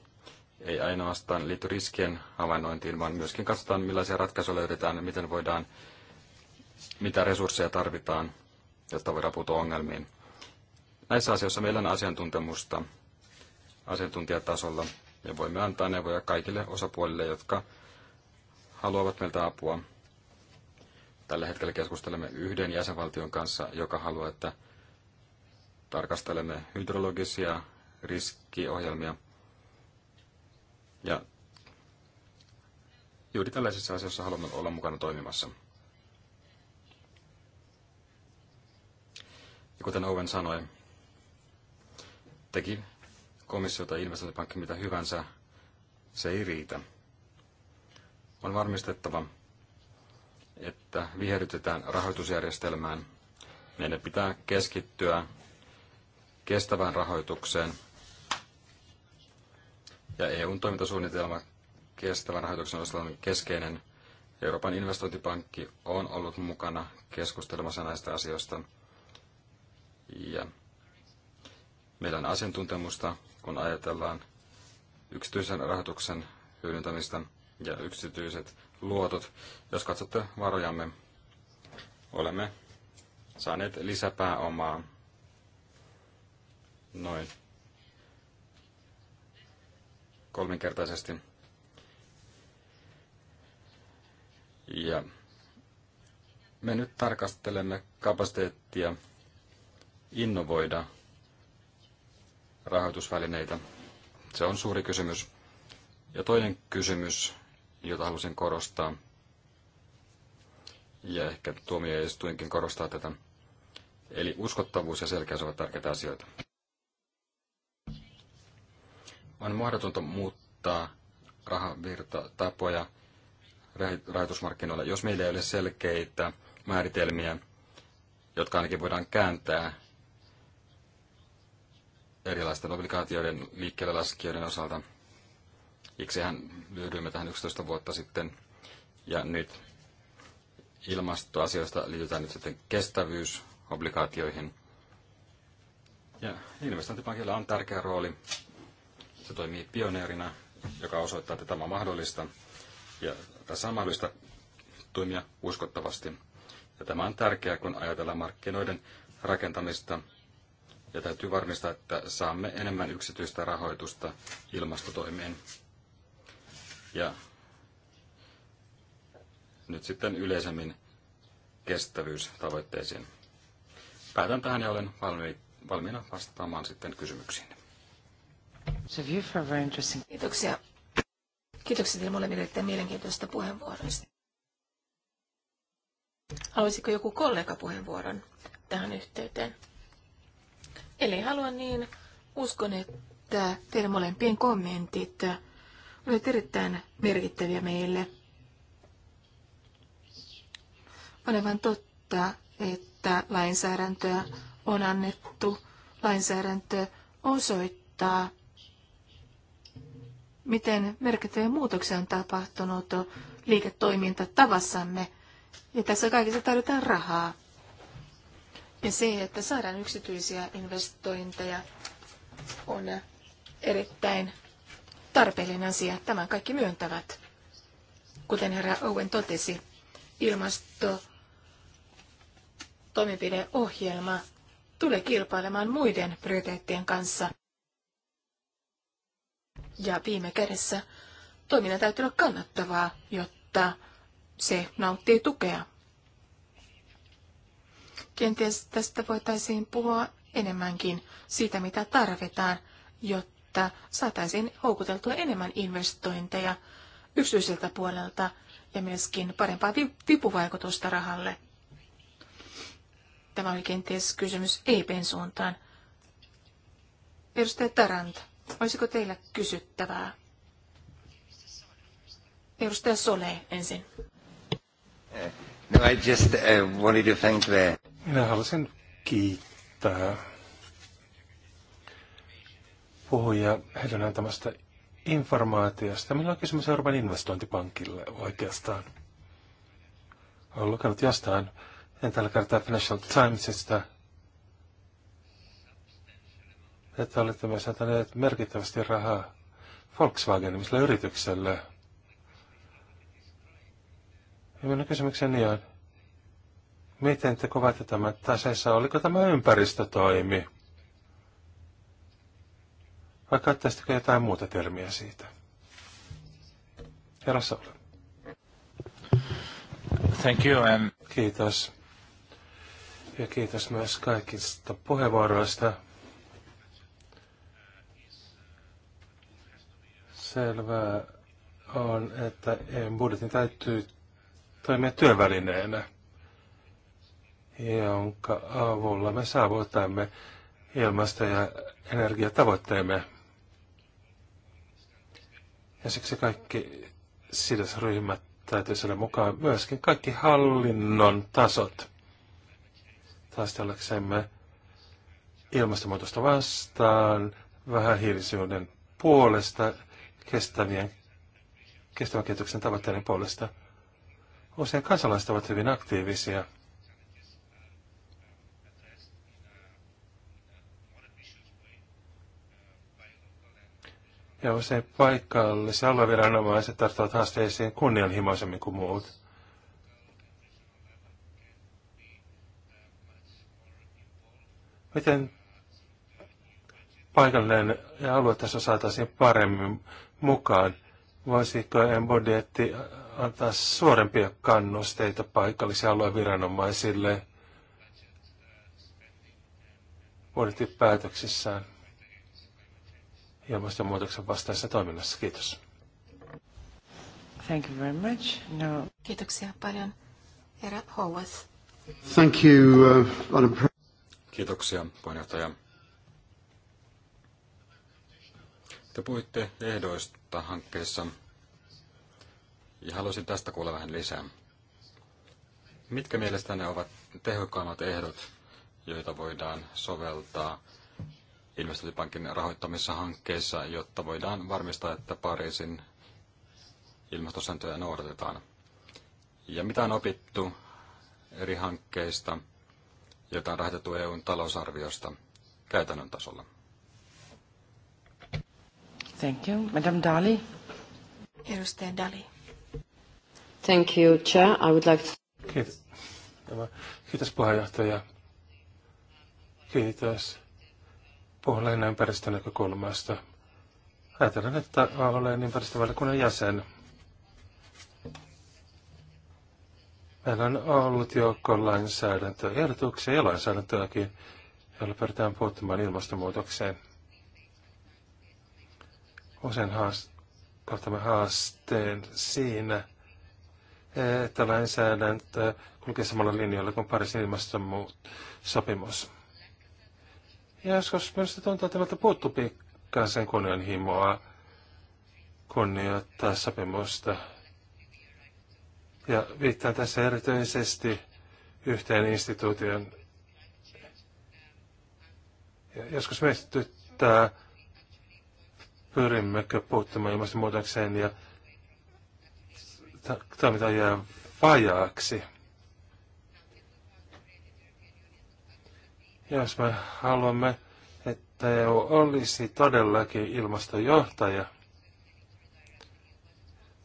Speaker 1: ei ainoastaan liity riskien havainnointiin, vaan myöskin katsotaan, millaisia ratkaisuja löydetään, miten voidaan, mitä resursseja tarvitaan, jotta voidaan puuttua ongelmiin. Näissä asioissa meillä on asiantuntemusta asiantuntijatasolla ja voimme antaa neuvoja kaikille osapuolille, jotka haluavat meiltä apua. Tällä hetkellä keskustelemme yhden jäsenvaltion kanssa, joka haluaa, että tarkastelemme hydrologisia riskiohjelmia. Ja juuri tällaisissa asioissa haluamme olla mukana toimimassa. Ja kuten Owen sanoi, teki komissio tai investointipankki mitä hyvänsä, se ei riitä. On varmistettava, että viherytetään rahoitusjärjestelmään. Meidän pitää keskittyä kestävään rahoitukseen. Ja EUn toimintasuunnitelma kestävän rahoituksen osalta on keskeinen. Euroopan investointipankki on ollut mukana keskustelemassa näistä asioista. Ja meillä on asiantuntemusta kun ajatellaan yksityisen rahoituksen hyödyntämistä ja yksityiset luotot. Jos katsotte varojamme, olemme saaneet lisäpääomaa noin kolminkertaisesti. Ja me nyt tarkastelemme kapasiteettia innovoida rahoitusvälineitä? Se on suuri kysymys. Ja toinen kysymys, jota halusin korostaa, ja ehkä tuomioistuinkin korostaa tätä, eli uskottavuus ja selkeys ovat tärkeitä asioita. On mahdotonta muuttaa rahavirtatapoja rahoitusmarkkinoilla, jos meillä ei ole selkeitä määritelmiä, jotka ainakin voidaan kääntää erilaisten obligaatioiden liikkeelle laskijoiden osalta. Iksihän lyhdyimme tähän 11 vuotta sitten ja nyt ilmastoasioista liitytään nyt sitten kestävyysobligaatioihin. Ja investointipankilla on tärkeä rooli. Se toimii pioneerina, joka osoittaa, että tämä on mahdollista. Ja tässä on mahdollista toimia uskottavasti. Ja tämä on tärkeää, kun ajatellaan markkinoiden rakentamista ja täytyy varmistaa, että saamme enemmän yksityistä rahoitusta ilmastotoimiin. Ja nyt sitten yleisemmin kestävyystavoitteisiin. Päätän tähän ja olen valmi, valmiina vastaamaan sitten kysymyksiin.
Speaker 2: Kiitoksia. Kiitoksia teille molemmille erittäin mielenkiintoisista puheenvuoroista. Haluaisiko joku kollega puheenvuoron tähän yhteyteen? Eli haluan niin, uskon, että teidän molempien kommentit olivat erittäin merkittäviä meille. aivan totta, että lainsäädäntöä on annettu. Lainsäädäntö osoittaa, miten merkittäviä muutoksia on tapahtunut liiketoimintatavassamme. Ja tässä kaikessa tarvitaan rahaa. Ja se, että saadaan yksityisiä investointeja, on erittäin tarpeellinen asia. Tämän kaikki myöntävät. Kuten herra Owen totesi, ilmasto toimenpideohjelma tulee kilpailemaan muiden prioriteettien kanssa. Ja viime kädessä toiminnan täytyy olla kannattavaa, jotta se nauttii tukea. Kenties tästä voitaisiin puhua enemmänkin siitä, mitä tarvitaan, jotta saataisiin houkuteltua enemmän investointeja yksityiseltä puolelta ja myöskin parempaa vipuvaikutusta rahalle. Tämä oli kenties kysymys EPn suuntaan. Edustaja Tarant, olisiko teillä kysyttävää? Edustaja Sole ensin.
Speaker 3: Eh, no, I just uh, wanted to thank the... Minä haluaisin kiittää puhuja heidän antamasta informaatiosta. Minulla on kysymys Euroopan investointipankille oikeastaan. Olen lukenut jostain, en tällä kertaa Financial Timesista, että olette myös antaneet merkittävästi rahaa Volkswageniselle yritykselle. Ja minun kysymykseni on, Miten te kuvaatte tämän taseessa? Oliko tämä ympäristötoimi? Vai käyttäisittekö jotain muuta termiä siitä? Herra Saula. Thank you and... Kiitos. Ja kiitos myös kaikista puheenvuoroista. Selvää on, että budjetin täytyy toimia työvälineenä jonka avulla me saavutamme ilmasto- ja energiatavoitteemme. Ja siksi kaikki sidosryhmät täytyy saada mukaan, myöskin kaikki hallinnon tasot taistellaksemme ilmastonmuutosta vastaan, vähähiilisyyden puolesta, kestävien, kestävän kehityksen tavoitteiden puolesta. Usein kansalaiset ovat hyvin aktiivisia – Ja usein paikalliset alueviranomaiset tarttuvat haasteisiin kunnianhimoisemmin kuin muut. Miten paikallinen ja aluetaso saataisiin paremmin mukaan? Voisiko M-budjetti antaa suorempia kannusteita paikallisia alueviranomaisille budjettipäätöksissään? ilmastonmuutoksen vastaisessa toiminnassa. Kiitos.
Speaker 2: Thank you very much. No. Kiitoksia paljon. Herra Howard. Thank you, uh,
Speaker 1: Kiitoksia, puheenjohtaja. Te puhuitte ehdoista hankkeessa ja haluaisin tästä kuulla vähän lisää. Mitkä mielestänne ovat tehokkaimmat ehdot, joita voidaan soveltaa investointipankin rahoittamissa hankkeissa, jotta voidaan varmistaa, että Pariisin ilmastosääntöjä noudatetaan. Ja mitä on opittu eri hankkeista, joita on rahoitettu EUn talousarviosta käytännön tasolla? Thank you. Madame Dali.
Speaker 2: Edustaja Dali. Thank you, Chair. I would like to...
Speaker 3: Kiitos. Kiitos puheenjohtaja. Kiitos puhua lähinnä ympäristönäkökulmasta. Ajattelen, että olen ympäristövaliokunnan jäsen. Meillä on ollut joukko lainsäädäntöehdotuksia ja lainsäädäntöäkin, joilla pyritään puuttumaan ilmastonmuutokseen. Usein kohtamme haasteen siinä, että lainsäädäntö kulkee samalla linjalla kuin Pariisin ilmastonmuut sopimus. Joskus minusta tuntuu, että meiltä puuttuu sen kunnianhimoa kunnioittaa sopimusta. Ja viittaan tässä erityisesti yhteen instituution. Ja joskus mietityttää, pyrimmekö puuttumaan ilmastonmuutokseen ja toiminta jää vajaaksi. Jos me haluamme, että EU olisi todellakin ilmastojohtaja,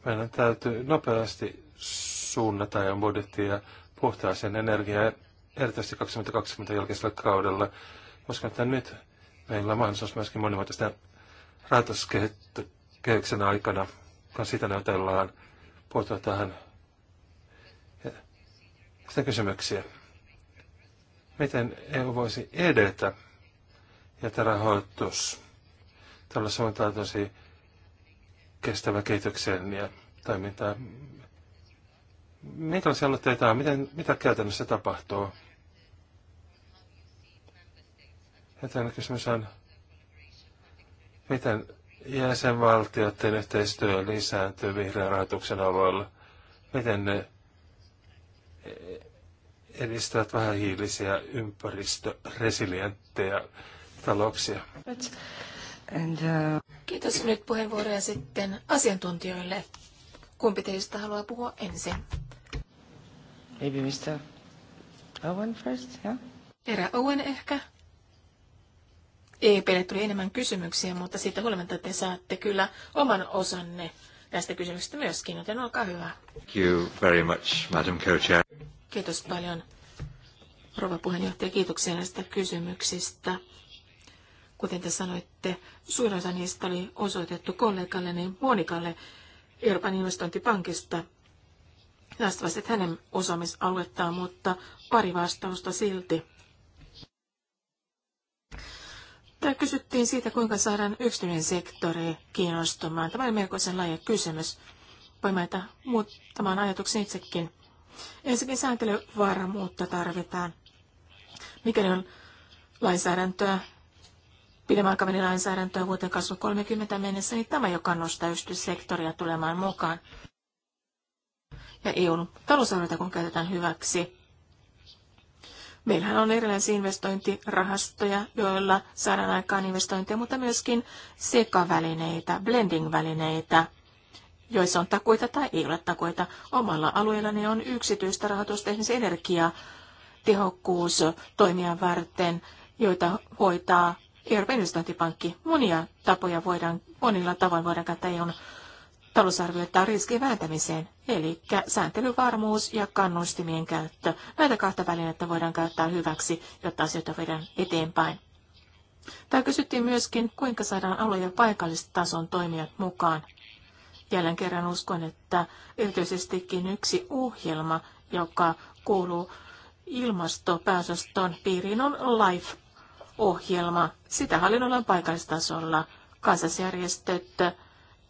Speaker 3: meidän täytyy nopeasti suunnata ja e budjettia puhtaaseen energiaan, erityisesti 2020 jälkeisellä kaudella. Uskon, että nyt meillä on mahdollisuus myöskin monimuotoisten rahoituskehityksen aikana, kun sitä neuvotellaan, puuttua tähän sitä kysymyksiä miten EU voisi edetä, ja tämä rahoitus tällä sanotaan tosi kestävä kehityksen ja toimintaa. Minkälaisia aloitteita on? Miten, mitä käytännössä tapahtuu? tämä kysymys on, miten jäsenvaltioiden yhteistyö lisääntyy vihreän rahoituksen alueella? Miten ne edistävät vähähiilisiä ympäristöresilienttejä talouksia.
Speaker 2: And, uh... Kiitos nyt puheenvuoroja sitten asiantuntijoille. Kumpi teistä haluaa puhua ensin? Maybe Mr. Owen first, yeah? Erä Owen ehkä. EPlle tuli enemmän kysymyksiä, mutta siitä huolimatta te saatte kyllä oman osanne tästä kysymyksestä myöskin, joten olkaa hyvä.
Speaker 1: Thank you very much, Madam Co-Chair.
Speaker 2: Kiitos paljon, rouva puheenjohtaja. Kiitoksia näistä kysymyksistä. Kuten te sanoitte, suurin osa niistä oli osoitettu kollegalle niin Monikalle Euroopan investointipankista. Vastaavasit hänen osaamisaluettaan, mutta pari vastausta silti. Tää kysyttiin siitä, kuinka saadaan yksityinen sektori kiinnostumaan. Tämä oli melkoisen laaja kysymys. Voin mainita muutaman ajatuksen itsekin. Ensinnäkin sääntelyvarmuutta tarvitaan. Mikäli on lainsäädäntöä, pidemmän aikavälin lainsäädäntöä vuoteen 2030 mennessä, niin tämä jo kannustaa yksityissektoria tulemaan mukaan. Ja EUn talousarvoita kun käytetään hyväksi. Meillähän on erilaisia investointirahastoja, joilla saadaan aikaan investointeja, mutta myöskin sekavälineitä, blending-välineitä, joissa on takuita tai ei ole takuita. Omalla alueellani on yksityistä rahoitusta esimerkiksi energiatehokkuus toimia varten, joita hoitaa Euroopan investointipankki. Monia tapoja voidaan, monilla tavoin voidaan käyttää EUn talousarvioita riskin vääntämiseen, eli sääntelyvarmuus ja kannustimien käyttö. Näitä kahta välinettä voidaan käyttää hyväksi, jotta asioita voidaan eteenpäin. Tämä kysyttiin myöskin, kuinka saadaan alue- ja paikallistason toimijat mukaan. Jälleen kerran uskon, että erityisestikin yksi ohjelma, joka kuuluu ilmastopääsoston piiriin, on LIFE-ohjelma. Sitä hallinnoidaan paikallistasolla. Kansasjärjestöt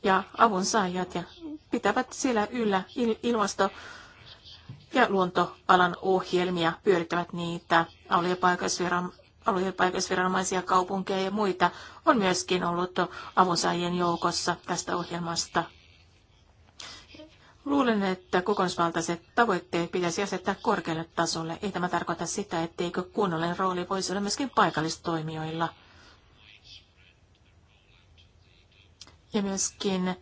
Speaker 2: ja avunsaajat ja pitävät siellä yllä il- ilmasto- ja luontoalan ohjelmia, pyörittävät niitä alue- ja paikallisviranomaisia kaupunkeja ja muita on myöskin ollut avunsaajien joukossa tästä ohjelmasta. Luulen, että kokonaisvaltaiset tavoitteet pitäisi asettaa korkealle tasolle. Ei tämä tarkoita sitä, etteikö kunnollinen rooli voisi olla myöskin paikallistoimijoilla. Ja myöskin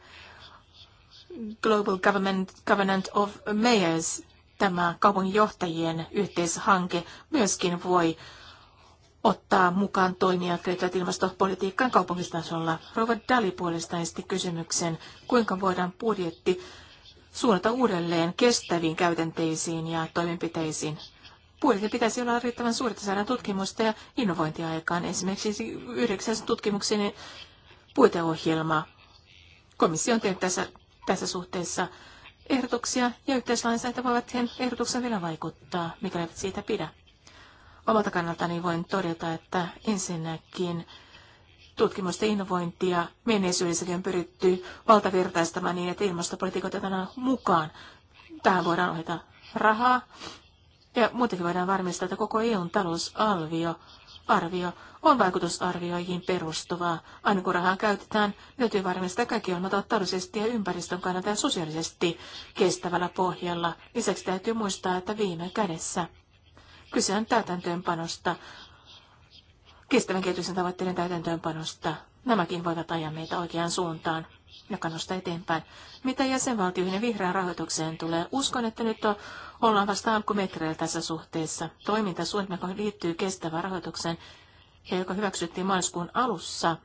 Speaker 2: Global Government, Government of Mayors, tämä kaupunginjohtajien yhteishanke, myöskin voi ottaa mukaan toimia liittyvät ilmastopolitiikkaan kaupungistasolla. Robert Dali puolestaan esti kysymyksen, kuinka voidaan budjetti suunnata uudelleen kestäviin käytänteisiin ja toimenpiteisiin. Puolet pitäisi olla riittävän suuri, saada tutkimusta ja innovointiaikaan Esimerkiksi yhdeksäs tutkimuksen puiteohjelma. Komissio on tehnyt tässä, tässä suhteessa ehdotuksia ja yhteislainsäädäntö voivat siihen ehdotuksen vielä vaikuttaa, mikä eivät siitä pidä. Omalta kannaltani voin todeta, että ensinnäkin tutkimusta innovointia menneisyydessäkin on pyritty valtavirtaistamaan niin, että ilmastopolitiikot otetaan mukaan. Tähän voidaan ohjata rahaa ja muutenkin voidaan varmistaa, että koko EUn talousalvio arvio on vaikutusarvioihin perustuvaa. Aina kun rahaa käytetään, täytyy varmistaa, että kaikki on taloudellisesti ja ympäristön kannalta ja sosiaalisesti kestävällä pohjalla. Lisäksi täytyy muistaa, että viime kädessä kyse on täytäntöönpanosta kestävän kehityksen tavoitteiden täytäntöönpanosta. Nämäkin voivat ajaa meitä oikeaan suuntaan ja kannustaa eteenpäin. Mitä jäsenvaltioihin ja vihreään rahoitukseen tulee, uskon, että nyt on, ollaan vasta alkumetreillä tässä suhteessa. Toimintasuunnitelma, joka liittyy kestävään rahoitukseen ja joka hyväksyttiin maaliskuun alussa,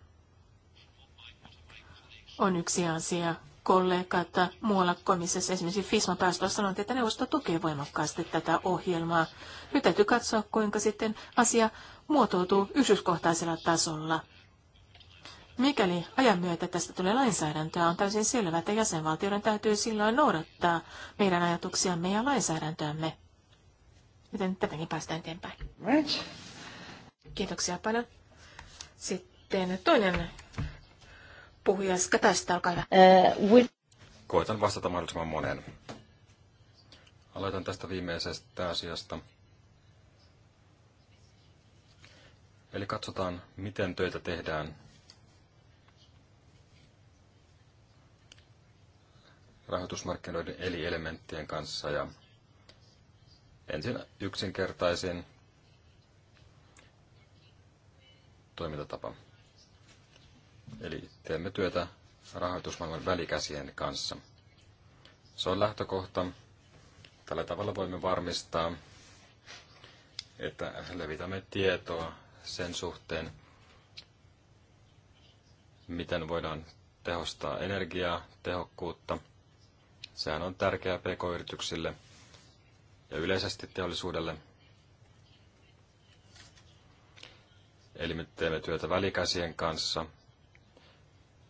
Speaker 2: on yksi asia, kollegat muualla komissiossa, esimerkiksi FISMA päästöllä sanoi, että neuvosto tukee voimakkaasti tätä ohjelmaa. Nyt täytyy katsoa, kuinka sitten asia muotoutuu yksityiskohtaisella tasolla. Mikäli ajan myötä tästä tulee lainsäädäntöä, on täysin selvää, että jäsenvaltioiden täytyy silloin noudattaa meidän ajatuksiamme ja lainsäädäntöämme. Joten tätäkin päästään eteenpäin. Kiitoksia paljon. Sitten toinen puhuja tästä, olkaa hyvä. Uh, eh, we...
Speaker 1: Koitan vastata mahdollisimman monen. Aloitan tästä viimeisestä asiasta. Eli katsotaan, miten töitä tehdään rahoitusmarkkinoiden eli elementtien kanssa. Ja ensin yksinkertaisin toimintatapa. Eli teemme työtä rahoitusmaailman välikäsien kanssa. Se on lähtökohta. Tällä tavalla voimme varmistaa, että levitämme tietoa sen suhteen, miten voidaan tehostaa energiaa, tehokkuutta. Sehän on tärkeää pk-yrityksille ja yleisesti teollisuudelle. Eli me teemme työtä välikäsien kanssa –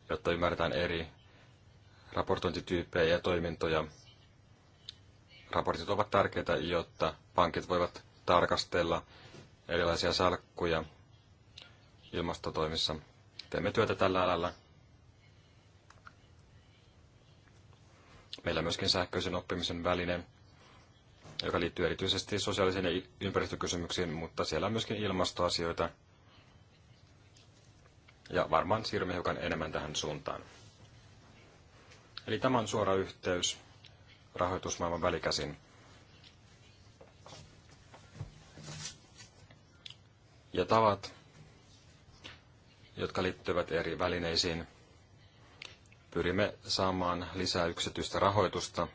Speaker 1: jotta ymmärretään eri raportointityyppejä ja toimintoja. Raportit ovat tärkeitä, jotta pankit voivat tarkastella erilaisia salkkuja ilmastotoimissa. Teemme työtä tällä alalla. Meillä on myöskin sähköisen oppimisen väline, joka liittyy erityisesti sosiaalisiin ja ympäristökysymyksiin, mutta siellä on myöskin ilmastoasioita, ja varmaan siirrymme hiukan enemmän tähän suuntaan. Eli tämä on suora yhteys rahoitusmaailman välikäsin. Ja tavat, jotka liittyvät eri välineisiin. Pyrimme saamaan lisää yksityistä rahoitusta.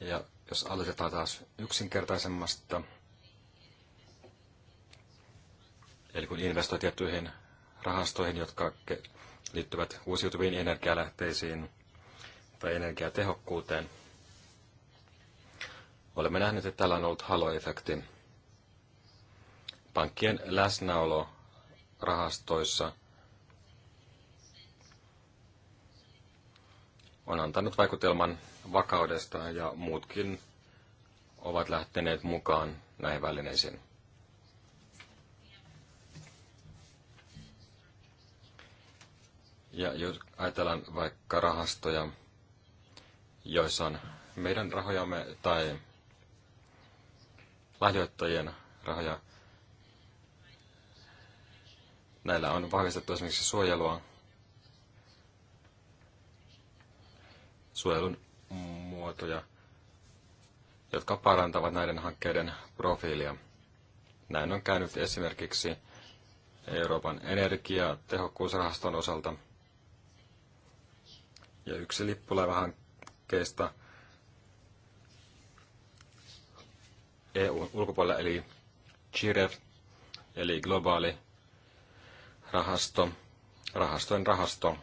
Speaker 1: Ja jos aloitetaan taas yksinkertaisemmasta Eli kun investoi tiettyihin rahastoihin, jotka liittyvät uusiutuviin energialähteisiin tai energiatehokkuuteen, olemme nähneet, että tällä on ollut haloefekti. Pankkien läsnäolo rahastoissa on antanut vaikutelman vakaudesta ja muutkin ovat lähteneet mukaan näihin välineisiin. Ja jos ajatellaan vaikka rahastoja, joissa on meidän rahojamme tai lahjoittajien rahoja, näillä on vahvistettu esimerkiksi suojelua suojelun muotoja, jotka parantavat näiden hankkeiden profiilia. Näin on käynyt esimerkiksi Euroopan energiatehokkuusrahaston osalta – ja yksi lippulaivahankkeesta EUn ulkopuolella, eli GIREF, eli globaali rahasto, rahastojen rahasto,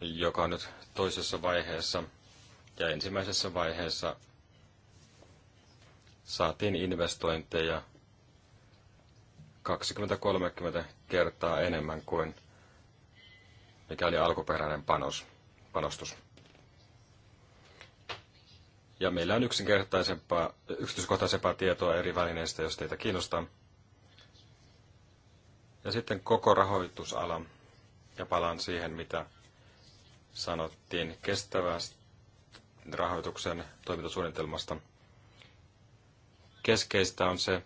Speaker 1: joka on nyt toisessa vaiheessa. Ja ensimmäisessä vaiheessa saatiin investointeja 20-30 kertaa enemmän kuin mikä oli alkuperäinen panos panostus. Ja meillä on yksinkertaisempaa, yksityiskohtaisempaa tietoa eri välineistä, jos teitä kiinnostaa. Ja sitten koko rahoitusala, ja palaan siihen, mitä sanottiin kestävästä rahoituksen toimintasuunnitelmasta. Keskeistä on se,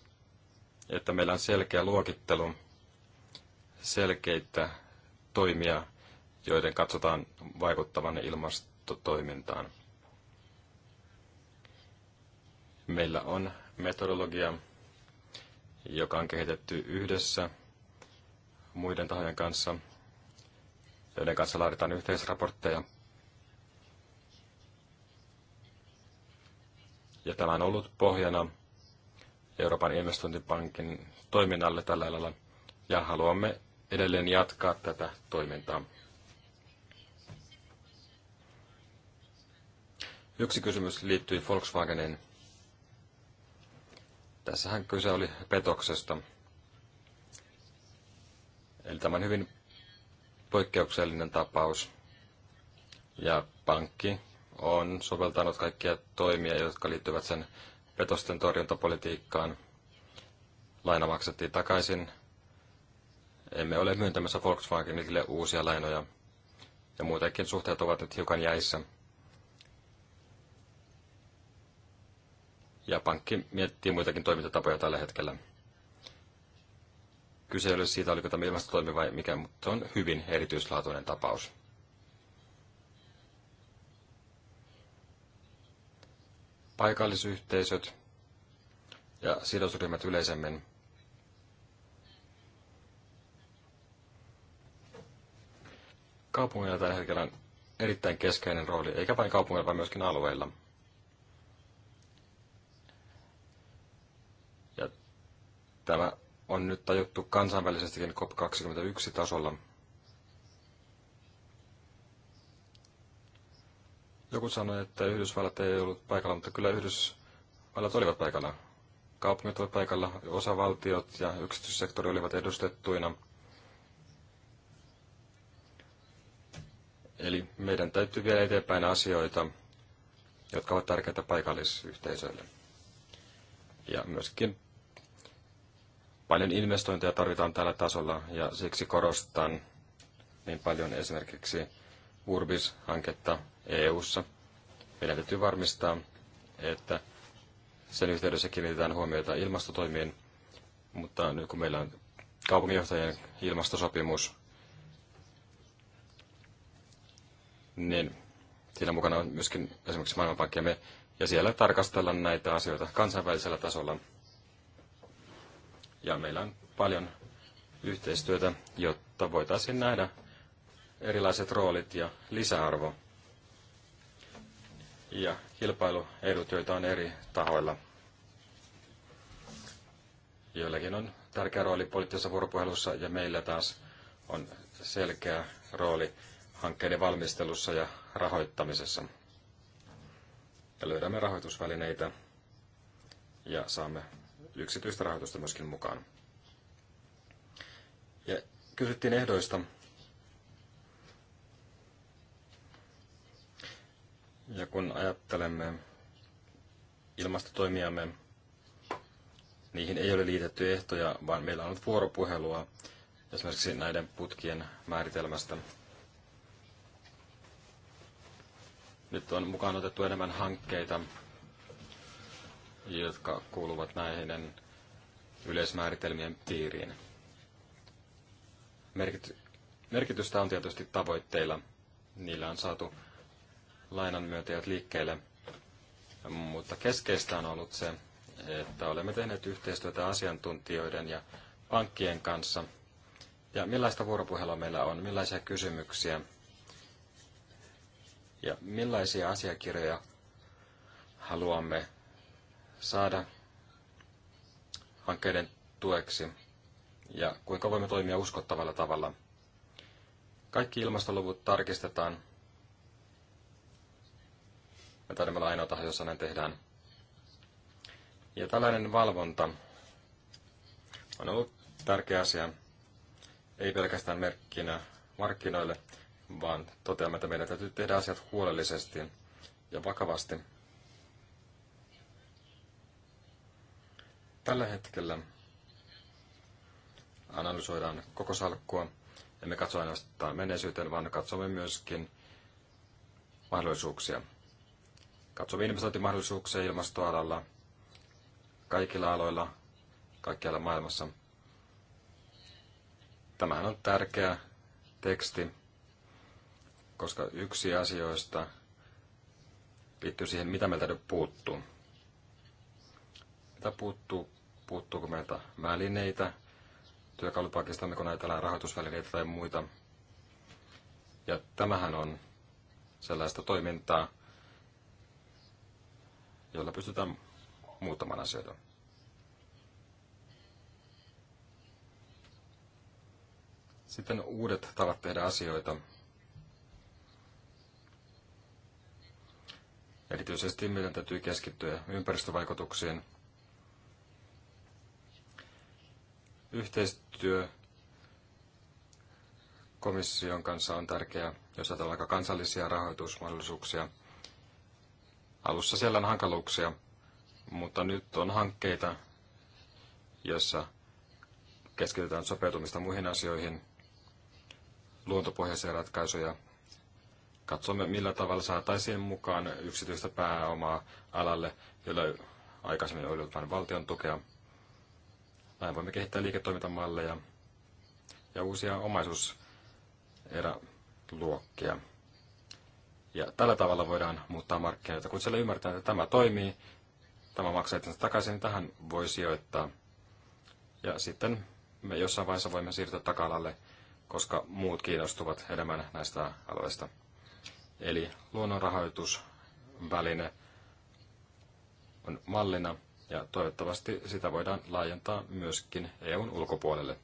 Speaker 1: että meillä on selkeä luokittelu, selkeitä toimia joiden katsotaan vaikuttavan ilmastotoimintaan. Meillä on metodologia, joka on kehitetty yhdessä muiden tahojen kanssa, joiden kanssa laaditaan yhteisraportteja. Ja tämä on ollut pohjana Euroopan investointipankin toiminnalle tällä lailla, ja haluamme edelleen jatkaa tätä toimintaa. Yksi kysymys liittyi Volkswagenin. Tässähän kyse oli petoksesta. Eli tämä on hyvin poikkeuksellinen tapaus. Ja pankki on soveltanut kaikkia toimia, jotka liittyvät sen petosten torjuntapolitiikkaan. Laina maksettiin takaisin. Emme ole myöntämässä Volkswagenille uusia lainoja. Ja muutenkin suhteet ovat nyt hiukan jäissä. ja pankki miettii muitakin toimintatapoja tällä hetkellä. Kyse ei ole siitä, oliko tämä ilmastotoimi vai mikä, mutta on hyvin erityislaatuinen tapaus. Paikallisyhteisöt ja sidosryhmät yleisemmin kaupungilla tällä hetkellä on erittäin keskeinen rooli, eikä vain kaupungilla, vaan myöskin alueilla – Tämä on nyt tajuttu kansainvälisestikin COP21-tasolla. Joku sanoi, että Yhdysvallat ei ollut paikalla, mutta kyllä Yhdysvallat olivat paikalla. Kaupungit olivat paikalla, osavaltiot ja yksityissektori olivat edustettuina. Eli meidän täytyy vielä eteenpäin asioita, jotka ovat tärkeitä paikallisyhteisöille. Ja myöskin paljon investointeja tarvitaan tällä tasolla ja siksi korostan niin paljon esimerkiksi Urbis-hanketta EU-ssa. Meidän täytyy varmistaa, että sen yhteydessä kiinnitetään huomiota ilmastotoimiin, mutta nyt kun meillä on kaupunginjohtajien ilmastosopimus, niin siinä mukana on myöskin esimerkiksi me, ja siellä tarkastellaan näitä asioita kansainvälisellä tasolla – ja meillä on paljon yhteistyötä, jotta voitaisiin nähdä erilaiset roolit ja lisäarvo ja kilpailuedut, joita on eri tahoilla. Joillakin on tärkeä rooli poliittisessa vuoropuhelussa ja meillä taas on selkeä rooli hankkeiden valmistelussa ja rahoittamisessa. Ja löydämme rahoitusvälineitä ja saamme yksityistä rahoitusta myöskin mukaan. Ja kysyttiin ehdoista. Ja kun ajattelemme ilmastotoimiamme, niihin ei ole liitetty ehtoja, vaan meillä on ollut vuoropuhelua esimerkiksi näiden putkien määritelmästä. Nyt on mukaan otettu enemmän hankkeita, jotka kuuluvat näiden yleismääritelmien piiriin. Merkitystä on tietysti tavoitteilla. Niillä on saatu lainanmyöntäjät liikkeelle, mutta keskeistä on ollut se, että olemme tehneet yhteistyötä asiantuntijoiden ja pankkien kanssa. Ja millaista vuoropuhelua meillä on, millaisia kysymyksiä ja millaisia asiakirjoja haluamme saada hankkeiden tueksi ja kuinka voimme toimia uskottavalla tavalla. Kaikki ilmastoluvut tarkistetaan. Me taidamme olla ainoa taho, jossa näin tehdään. Ja tällainen valvonta on ollut tärkeä asia, ei pelkästään merkkinä markkinoille, vaan toteamme, että meidän täytyy tehdä asiat huolellisesti ja vakavasti. Tällä hetkellä analysoidaan koko salkkua. Emme katso ainoastaan menneisyyteen, vaan katsomme myöskin mahdollisuuksia. Katsomme investointimahdollisuuksia ilmastoalalla, kaikilla aloilla, kaikkialla maailmassa. Tämähän on tärkeä teksti, koska yksi asioista liittyy siihen, mitä meiltä nyt puuttuu että puuttuu, puuttuuko meiltä välineitä, työkalupakista, kun ajatellaan rahoitusvälineitä tai muita. Ja tämähän on sellaista toimintaa, jolla pystytään muuttamaan asioita. Sitten uudet tavat tehdä asioita. Erityisesti meidän täytyy keskittyä ympäristövaikutuksiin. Yhteistyö komission kanssa on tärkeää, jos ajatellaan aika kansallisia rahoitusmahdollisuuksia. Alussa siellä on hankaluuksia, mutta nyt on hankkeita, joissa keskitytään sopeutumista muihin asioihin, luontopohjaisia ratkaisuja. Katsomme, millä tavalla saataisiin mukaan yksityistä pääomaa alalle, jolla aikaisemmin oli vain valtion tukea. Näin voimme kehittää liiketoimintamalleja ja uusia omaisuuseräluokkia. Ja tällä tavalla voidaan muuttaa markkinoita. Kun siellä ymmärtää, että tämä toimii, tämä maksaa itsensä takaisin, niin tähän voi sijoittaa. Ja sitten me jossain vaiheessa voimme siirtyä takalalle, koska muut kiinnostuvat enemmän näistä alueista. Eli luonnonrahoitusväline on mallina ja toivottavasti sitä voidaan laajentaa myöskin EUn ulkopuolelle.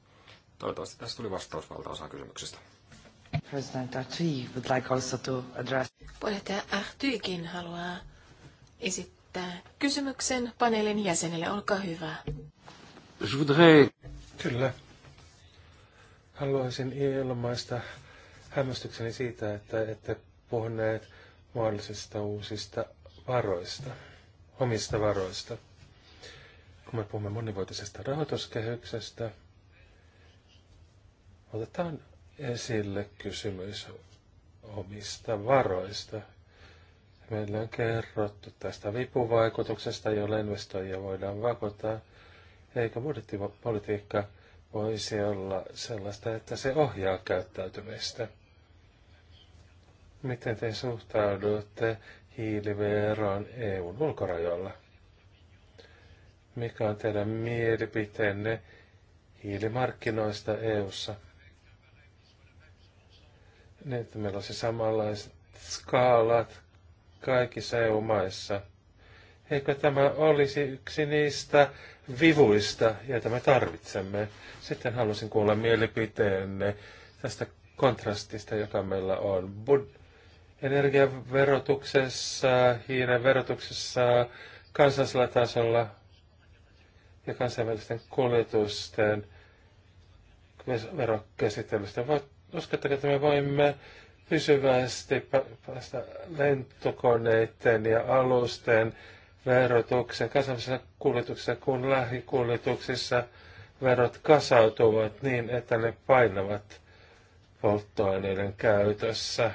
Speaker 1: Toivottavasti tässä tuli vastaus valtaosaan kysymyksistä.
Speaker 2: Puheenjohtaja Artuikin haluaa esittää kysymyksen paneelin jäsenelle. Olkaa hyvä.
Speaker 3: Kyllä. Haluaisin ilmaista hämmästykseni siitä, että ette puhuneet mahdollisista uusista varoista, omista varoista kun me puhumme monivuotisesta rahoituskehyksestä, otetaan esille kysymys omista varoista. Meillä on kerrottu tästä vipuvaikutuksesta, jolla investoijia voidaan vakottaa, eikä budjettipolitiikka voisi olla sellaista, että se ohjaa käyttäytymistä. Miten te suhtaudutte hiiliveroon EUn ulkorajoilla? Mikä on teidän mielipiteenne hiilimarkkinoista EU:ssa? Niin, että meillä olisi samanlaiset skaalat kaikissa EU-maissa. Eikö tämä olisi yksi niistä vivuista, joita me tarvitsemme? Sitten halusin kuulla mielipiteenne tästä kontrastista, joka meillä on. Bud- energiaverotuksessa, hiilen verotuksessa, kansallisella tasolla – ja kansainvälisten kuljetusten verokäsittelystä. Uskotteko, että me voimme pysyvästi päästä lentokoneiden ja alusten verotuksen kansainvälisessä kuljetuksessa kun lähikuljetuksissa verot kasautuvat niin, että ne painavat polttoaineiden käytössä.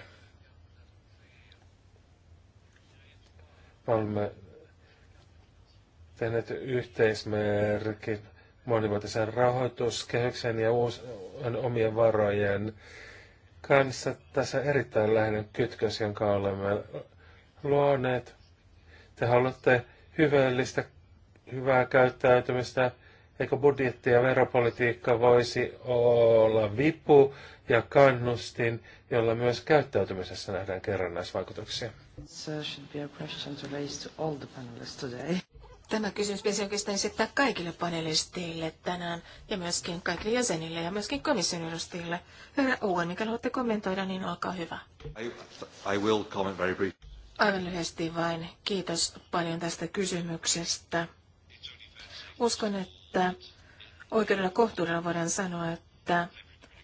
Speaker 3: Olemme tehneet yhteismerkin monivuotisen rahoituskehyksen ja uusien omien varojen kanssa. Tässä erittäin läheinen kytkös, jonka olemme luoneet. Te haluatte hyvällistä, hyvää käyttäytymistä, eikö budjetti ja veropolitiikka voisi olla vipu ja kannustin, jolla myös käyttäytymisessä nähdään kerrannaisvaikutuksia.
Speaker 2: So Tämä kysymys pitäisi oikeastaan esittää kaikille panelisteille tänään ja myöskin kaikille jäsenille ja myöskin komission edustajille. Herra Owen, mikä haluatte kommentoida, niin olkaa hyvä.
Speaker 1: I, I will comment very brief.
Speaker 2: Aivan lyhyesti vain. Kiitos paljon tästä kysymyksestä. Uskon, että oikeudella kohtuudella voidaan sanoa, että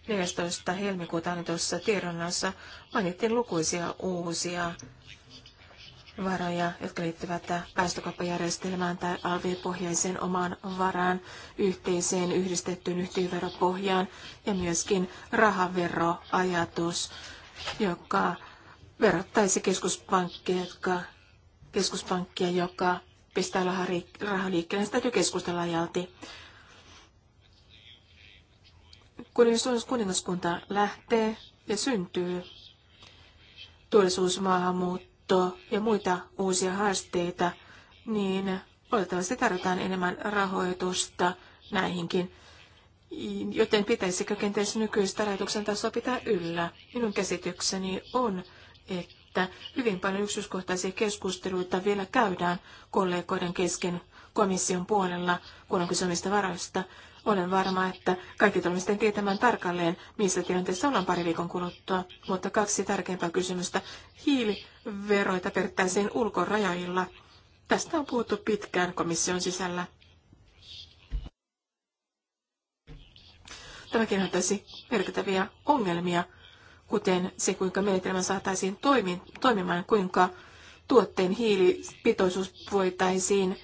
Speaker 2: 14. helmikuuta annetussa tiedonnassa mainittiin lukuisia uusia varoja, jotka liittyvät päästökauppajärjestelmään tai alv-pohjaiseen omaan varaan, yhteiseen yhdistettyyn yhtiöveropohjaan ja myöskin rahaveroajatus, joka verottaisi keskuspankkia, jotka, keskuspankkia, joka pistää rahaliikkeelle, Sitä täytyy keskustella ajalti. Kun kuningaskunta lähtee ja syntyy, turvallisuusmaahanmuutto, maahanmuuttoa ja muita uusia haasteita, niin oletettavasti tarvitaan enemmän rahoitusta näihinkin. Joten pitäisikö kenties nykyistä rahoituksen tasoa pitää yllä? Minun käsitykseni on, että hyvin paljon yksityiskohtaisia keskusteluita vielä käydään kollegoiden kesken komission puolella, kun on kysymistä varoista. Olen varma, että kaikki tulemme tietämään tarkalleen, missä tilanteessa ollaan pari viikon kuluttua. Mutta kaksi tärkeimpää kysymystä. Hiili veroita perittäisiin ulkorajoilla. Tästä on puhuttu pitkään komission sisällä. Tämäkin antaisi merkittäviä ongelmia, kuten se, kuinka menetelmä saataisiin toimi, toimimaan, kuinka tuotteen hiilipitoisuus voitaisiin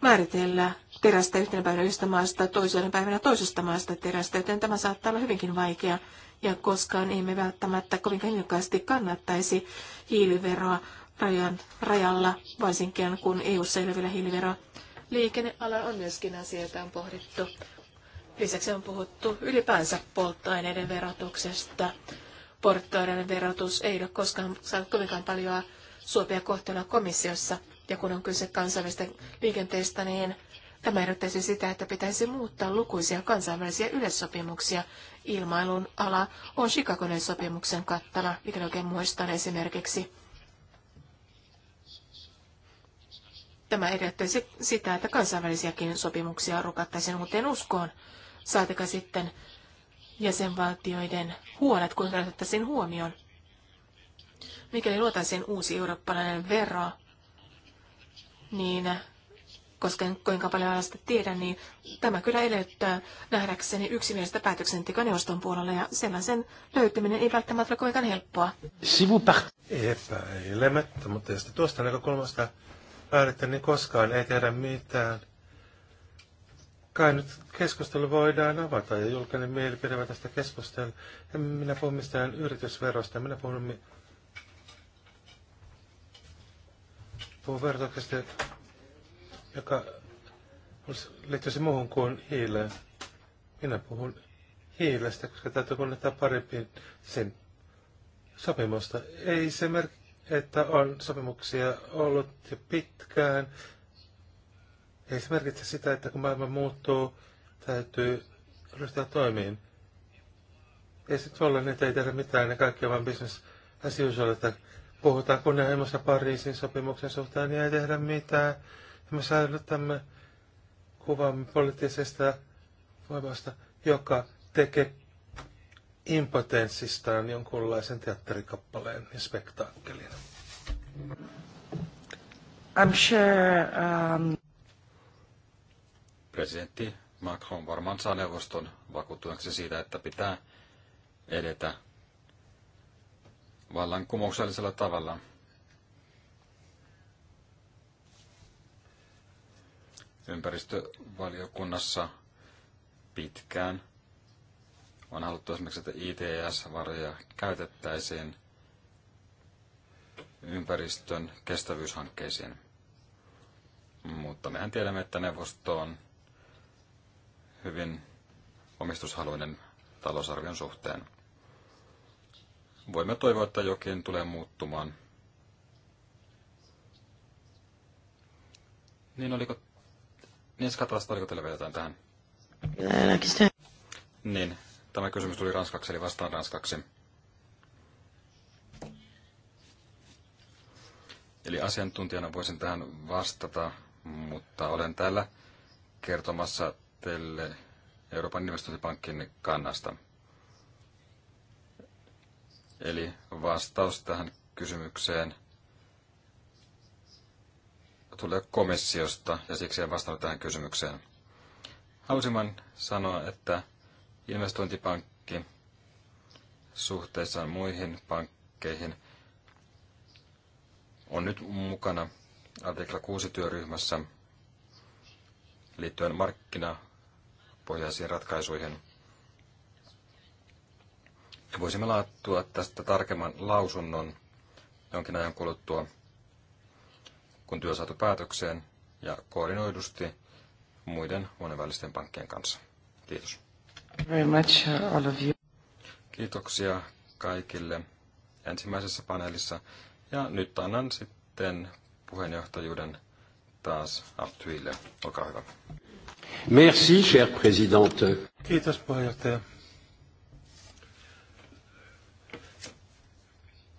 Speaker 2: määritellä terästä yhtenä päivänä yhdestä maasta, toisena päivänä toisesta maasta terästä, joten tämä saattaa olla hyvinkin vaikea ja koskaan emme välttämättä kovin kannattaisi kannattaisi hiiliveroa rajan, rajalla, varsinkin kun EU-ssa ei ole vielä hiiliveroa. Liikenneala on myöskin asia, on pohdittu. Lisäksi on puhuttu ylipäänsä polttoaineiden verotuksesta. Polttoaineiden verotus ei ole koskaan saanut kovinkaan paljon suopia kohtelua komissiossa. Ja kun on kyse kansainvälistä liikenteestä, niin tämä edellyttäisi sitä, että pitäisi muuttaa lukuisia kansainvälisiä yleissopimuksia ilmailun ala on Chicagonen sopimuksen kattana, mikä oikein muistan esimerkiksi. Tämä edellyttäisi sitä, että kansainvälisiäkin sopimuksia rukattaisiin uuteen uskoon, saatika sitten jäsenvaltioiden huolet, kun otettaisiin huomioon. Mikäli luotaisiin uusi eurooppalainen vero, niin koska en kuinka paljon alasta tiedä, niin tämä kyllä edellyttää nähdäkseni yksimielistä päätöksentekoa neuvoston puolella, ja sellaisen löytyminen ei välttämättä ole kuinkaan helppoa. Sivupart.
Speaker 3: Epäilemättä, mutta jos tuosta näkökulmasta päädytte, niin koskaan ei tehdä mitään. Kai nyt keskustelu voidaan avata ja julkinen mielipide tästä keskustelua. En minä puhu mistään yritysverosta, minä puhun, puhun verotuksesta, joka liittyisi muuhun kuin hiileen. Minä puhun hiilestä, koska täytyy kunnettaa parempiin sen sopimusta. Ei se merkki, että on sopimuksia ollut jo pitkään. Ei se merkitse sitä, että kun maailma muuttuu, täytyy ryhtyä toimiin. Ei se ole niin, että ei tehdä mitään, ne kaikki on vain business as usual, että puhutaan kunnianhimoista Pariisin sopimuksen suhteen, niin ei tehdä mitään. Me säilytämme kuvan poliittisesta voimasta, joka tekee impotenssistaan jonkunlaisen
Speaker 1: teatterikappaleen ja spektaakkelin.
Speaker 3: I'm sure, um...
Speaker 1: Presidentti Macron varmaan saa neuvoston vakuuttuneeksi siitä, että pitää edetä vallankumouksellisella tavalla – ympäristövaliokunnassa pitkään. On haluttu esimerkiksi, että ITS-varoja käytettäisiin ympäristön kestävyyshankkeisiin. Mutta mehän tiedämme, että neuvosto on hyvin omistushaluinen talousarvion suhteen. Voimme toivoa, että jokin tulee muuttumaan. Niin oliko niin, Skatalasta, oliko teillä vielä jotain tähän? Niin, tämä kysymys tuli ranskaksi, eli vastaan ranskaksi. Eli asiantuntijana voisin tähän vastata, mutta olen täällä kertomassa teille Euroopan investointipankin kannasta. Eli vastaus tähän kysymykseen – tulee komissiosta ja siksi en vastannut tähän kysymykseen. Halusin vain sanoa, että investointipankki suhteessa muihin pankkeihin on nyt mukana artikla 6 työryhmässä liittyen markkinapohjaisiin ratkaisuihin. Voisimme laattua tästä tarkemman lausunnon jonkin ajan kuluttua kun työ saatu päätökseen ja koordinoidusti muiden monenvälisten pankkien kanssa. Kiitos. Very much, all of you. Kiitoksia kaikille ensimmäisessä paneelissa. Ja nyt annan sitten puheenjohtajuuden taas Aptuille. Olkaa hyvä.
Speaker 3: Merci, cher présidente. Kiitos puheenjohtaja.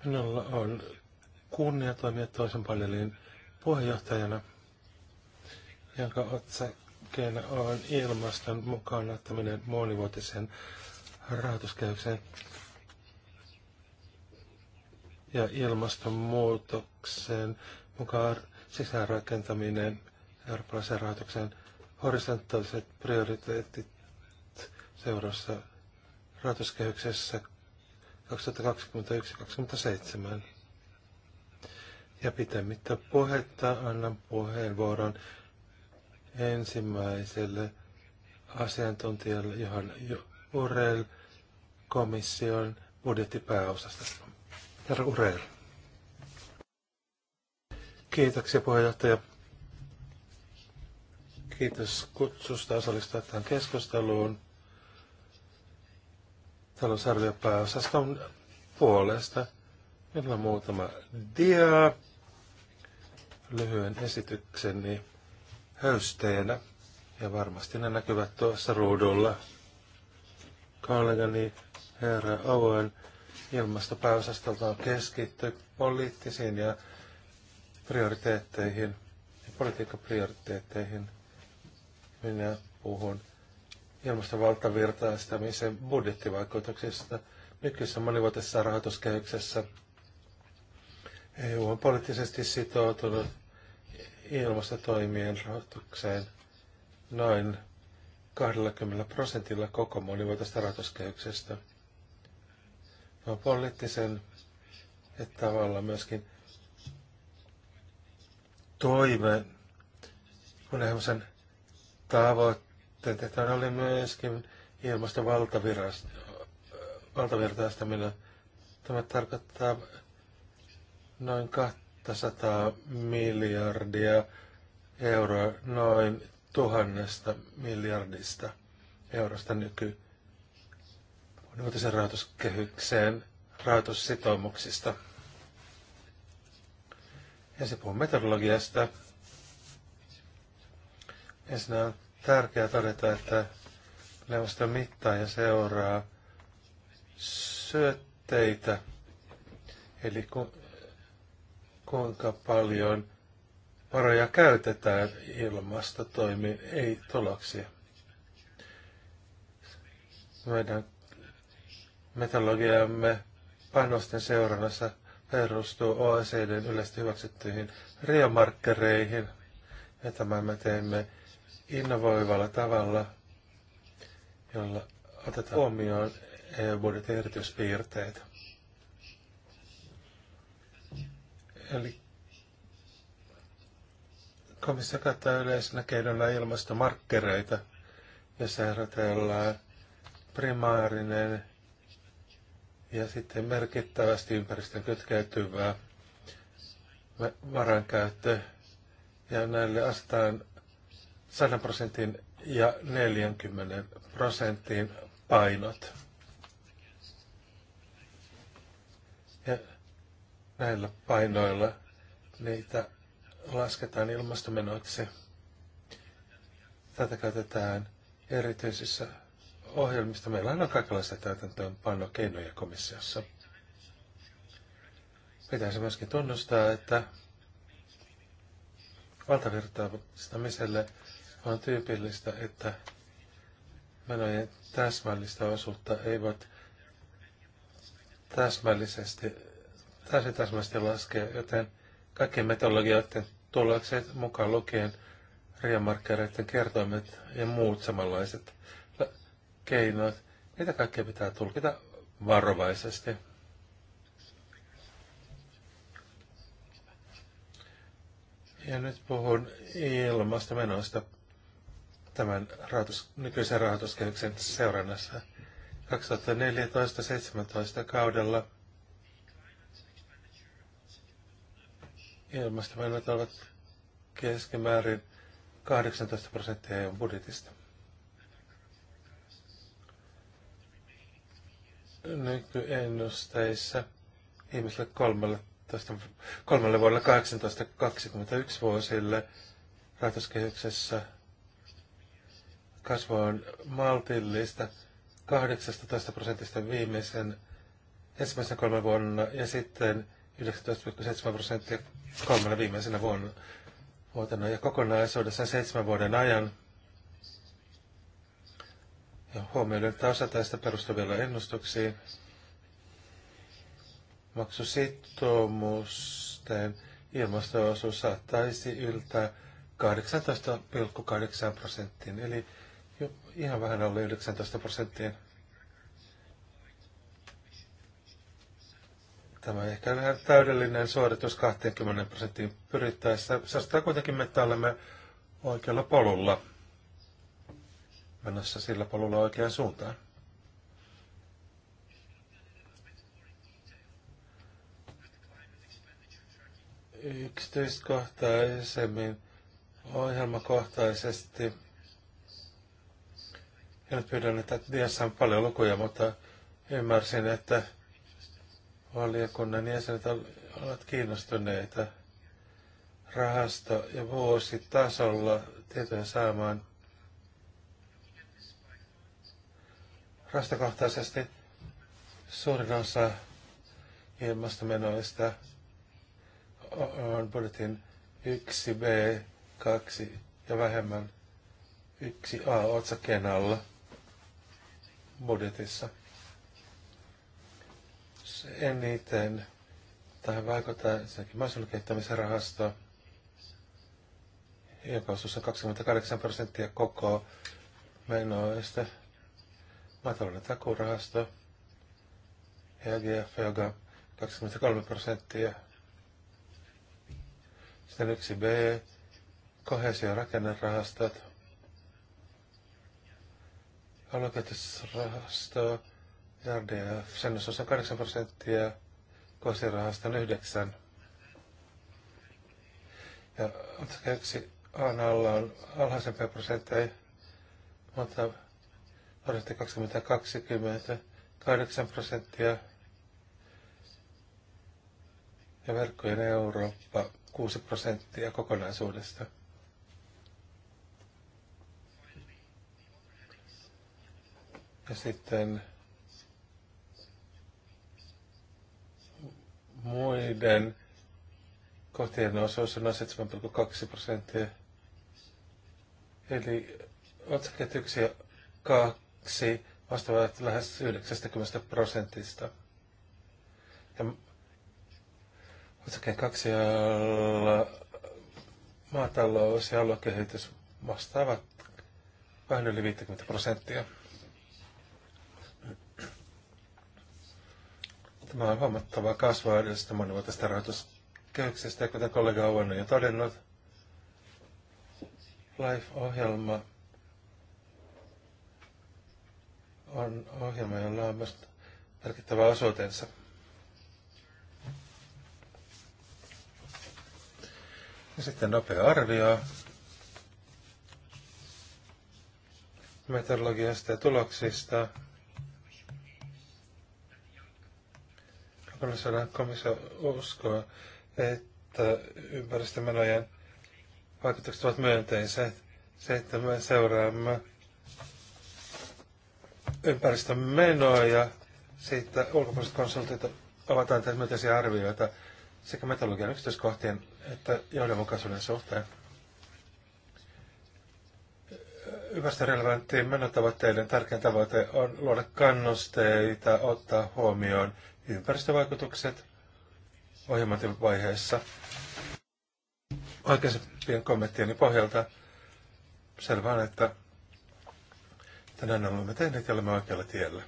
Speaker 3: Minulla on kunnia toimia toisen paneelin puheenjohtajana, jonka otsakkeena on ilmaston mukaan ottaminen monivuotisen rahoituskehykseen ja ilmastonmuutoksen mukaan sisäänrakentaminen eurooppalaisen rahoituksen horisontaaliset prioriteetit seuraavassa rahoituskehyksessä 2021-2027. Ja pitämättä puhetta annan puheenvuoron ensimmäiselle asiantuntijalle Johan Urel komission budjettipääosasta. Herra Urel. Kiitoksia puheenjohtaja. Kiitos kutsusta osallistua tähän keskusteluun talousarviopääosaston puolesta. Meillä on muutama dia lyhyen esitykseni höysteenä, ja varmasti ne näkyvät tuossa ruudulla. Kollegani herra Owen ilmastopääosastolta on keskitty poliittisiin ja prioriteetteihin ja politiikkaprioriteetteihin. Minä puhun ilmastovaltavirtaistamisen budjettivaikutuksista nykyisessä monivuotisessa rahoituskehyksessä – EU on poliittisesti sitoutunut ilmastotoimien rahoitukseen noin 20 prosentilla koko monivuotoista rahoituskehyksestä. No, poliittisen että tavallaan myöskin toive, kunnianhimoisen tavoitteen että oli myöskin ilmaston Tämä tarkoittaa noin 200 miljardia euroa noin tuhannesta miljardista eurosta nyky vuotisen rahoituskehykseen rahoitussitoumuksista. Ensin puhun metodologiasta. Ensin on tärkeää todeta, että neuvosto mittaa ja seuraa syötteitä, eli kun kuinka paljon varoja käytetään ilmastotoimi ei tuloksia. Meidän metallogiamme panosten seurannassa perustuu OECDn yleisesti hyväksyttyihin riomarkkereihin, ja tämän me teemme innovoivalla tavalla, jolla otetaan huomioon EU-budjetin erityispiirteitä. Eli komissio käyttää yleisenä keinona ilmastomarkkereita, ja erotellaan primaarinen ja sitten merkittävästi ympäristön kytkeytyvää varankäyttö. Ja näille astaan 100 prosentin ja 40 prosentin painot. Ja näillä painoilla niitä lasketaan ilmastomenoiksi. Tätä käytetään erityisissä ohjelmista. Meillä on kaikenlaisia täytäntöönpanokeinoja komissiossa. Pitäisi myöskin tunnustaa, että valtavirtaistamiselle on tyypillistä, että menojen täsmällistä osuutta eivät täsmällisesti täysin täsmästi laskea, joten kaikkien metodologioiden tulokset mukaan lukien riemarkkereiden kertoimet ja muut samanlaiset keinot, niitä kaikkea pitää tulkita varovaisesti. Ja nyt puhun ilmasta menoista tämän rahoitus, nykyisen rahoituskehyksen seurannassa. 2014-2017 kaudella Ilmastoväylät ovat keskimäärin 18 prosenttia EUn budjetista. Nykyennusteissa ihmisille 13, kolmelle vuodelle 18-21 vuosille rahoituskehyksessä kasvu on maltillista 18 prosentista viimeisen ensimmäisen kolmen vuonna ja sitten 19,7 prosenttia kolmella viimeisenä vuonna, vuotena ja kokonaisuudessaan seitsemän vuoden ajan. Ja huomioiden osa tästä perustuvilla ennustuksiin maksusitoumusten ilmastoosuus saattaisi yltää 18,8 prosenttiin, eli jo ihan vähän alle 19 prosenttiin. Tämä ei ehkä täydellinen suoritus 20 prosenttiin pyrittäessä. Säästää kuitenkin me, että olemme oikealla polulla, menossa sillä polulla oikeaan suuntaan. Yksityiskohtaisemmin ohjelmakohtaisesti. Ja nyt pyydän, että tässä on paljon lukuja, mutta ymmärsin, että valiokunnan jäsenet ovat kiinnostuneita rahasto- ja vuositasolla tietojen saamaan rastakohtaisesti suurin osa ilmastomenoista on budjetin 1B, 2 ja vähemmän 1A otsakkeen alla budjetissa eniten tähän vaikuttaa ensinnäkin maaseudun kehittämisen rahasto, joka osuus on 28 prosenttia koko menoista, maatalouden takurahasto, EGF, joka 23 prosenttia, sitten yksi B, kohesio- ja rakennerahastot, aluekehitysrahasto, rdf sen osassa 8 prosenttia, kosirahasta 9. Ja yksi on alla on alhaisempia prosentteja, mutta prosentti 20, 8 prosenttia. Ja verkkojen Eurooppa 6 prosenttia kokonaisuudesta. Ja sitten Muiden kotien osuus on noin 7,2 prosenttia. Eli otsakkeet 1 ja 2 vastaavat lähes 90 prosentista. Ja otsakeen 2 ja maatalous ja aluekehitys vastaavat vähän yli 50 prosenttia. Tämä on huomattava kasvua edellisestä monivuotisesta rahoituskehyksestä, ja kuten kollega Owen on jo todennut, Life-ohjelma on ohjelma, jolla on myös merkittävä osoiteensa. Ja sitten nopea arvio meteorologiasta ja tuloksista. Professori komissio uskoo, että ympäristömenojen vaikutukset ovat myönteiset. Se, että me seuraamme ympäristömenoja, ja siitä ulkopuoliset konsultit ovat antaneet myönteisiä arvioita sekä metallurgian yksityiskohtien että johdonmukaisuuden suhteen. Ympäristörelevanttiin menotavoitteiden tärkein tavoite on luoda kannusteita ottaa huomioon ympäristövaikutukset ohjelmointivaiheessa. Aikaisempien kommenttieni pohjalta selvää on, että tänään olemme tehneet ja olemme oikealla tiellä.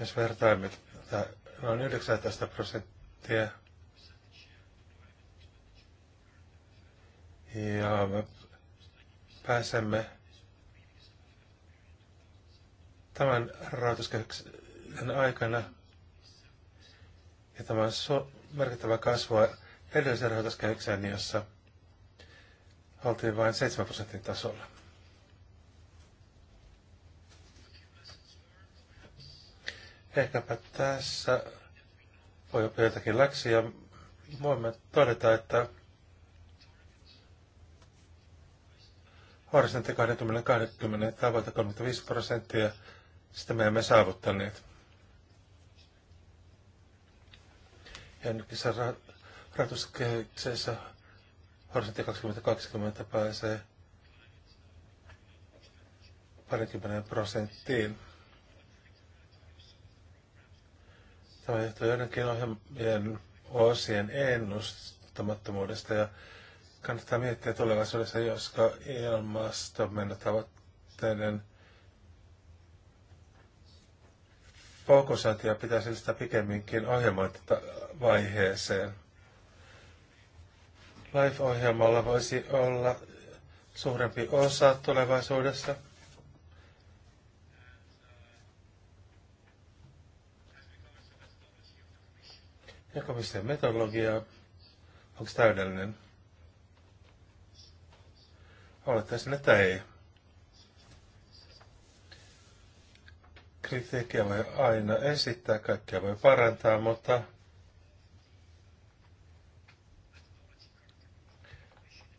Speaker 3: Jos vertaamme noin 19 prosenttia ja me pääsemme tämän rahoituskehyksen aikana, ja tämä on so- merkittävä kasvua edellisen rahoituskehyksen, jossa oltiin vain 7 prosentin tasolla. Ehkäpä tässä voi olla jotakin läksiä. Voimme todeta, että horisontti 20-20 tavoite 35 prosenttia sitä me emme saavuttaneet. Ja nykyisessä rahoituskehyksessä Horisontti 2020 pääsee parikymmenen prosenttiin. Tämä johtuu joidenkin ohjelmien osien ennustamattomuudesta ja kannattaa miettiä tulevaisuudessa, joska ilmastomennotavoitteiden mennä tavoitteiden fokusointia pitäisi sitä pikemminkin ohjelmointivaiheeseen. Live-ohjelmalla voisi olla suurempi osa tulevaisuudessa. Ja komission metodologia, onko täydellinen? Olettaisin, että ei. Kritiikkiä voi aina esittää, kaikkea voi parantaa, mutta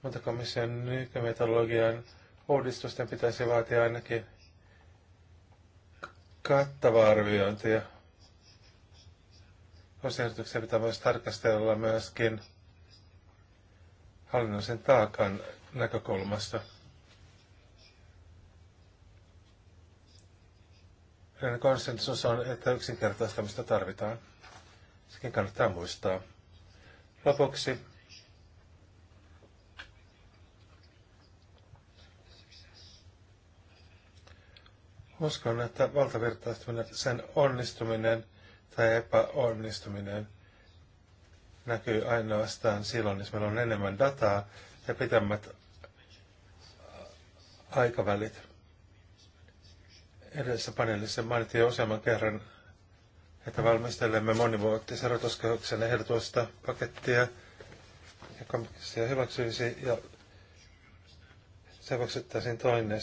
Speaker 3: mutta komission nykymetodologian uudistusten pitäisi vaatia ainakin kattava arviointia. Osehdotuksia pitää myös tarkastella myöskin hallinnollisen taakan näkökulmasta. Yleinen konsensus on, että yksinkertaistamista tarvitaan. Sekin kannattaa muistaa. Lopuksi uskon, että valtavirtaistuminen, sen onnistuminen tai epäonnistuminen näkyy ainoastaan silloin, jos meillä on enemmän dataa ja pitemmät aikavälit. Edellisessä paneelissa mainittiin useamman kerran, että valmistelemme monivuotisen rahoituskehyksen ehdotusta pakettia, ja komissio hyväksyisi, ja se hyväksyttäisiin toinen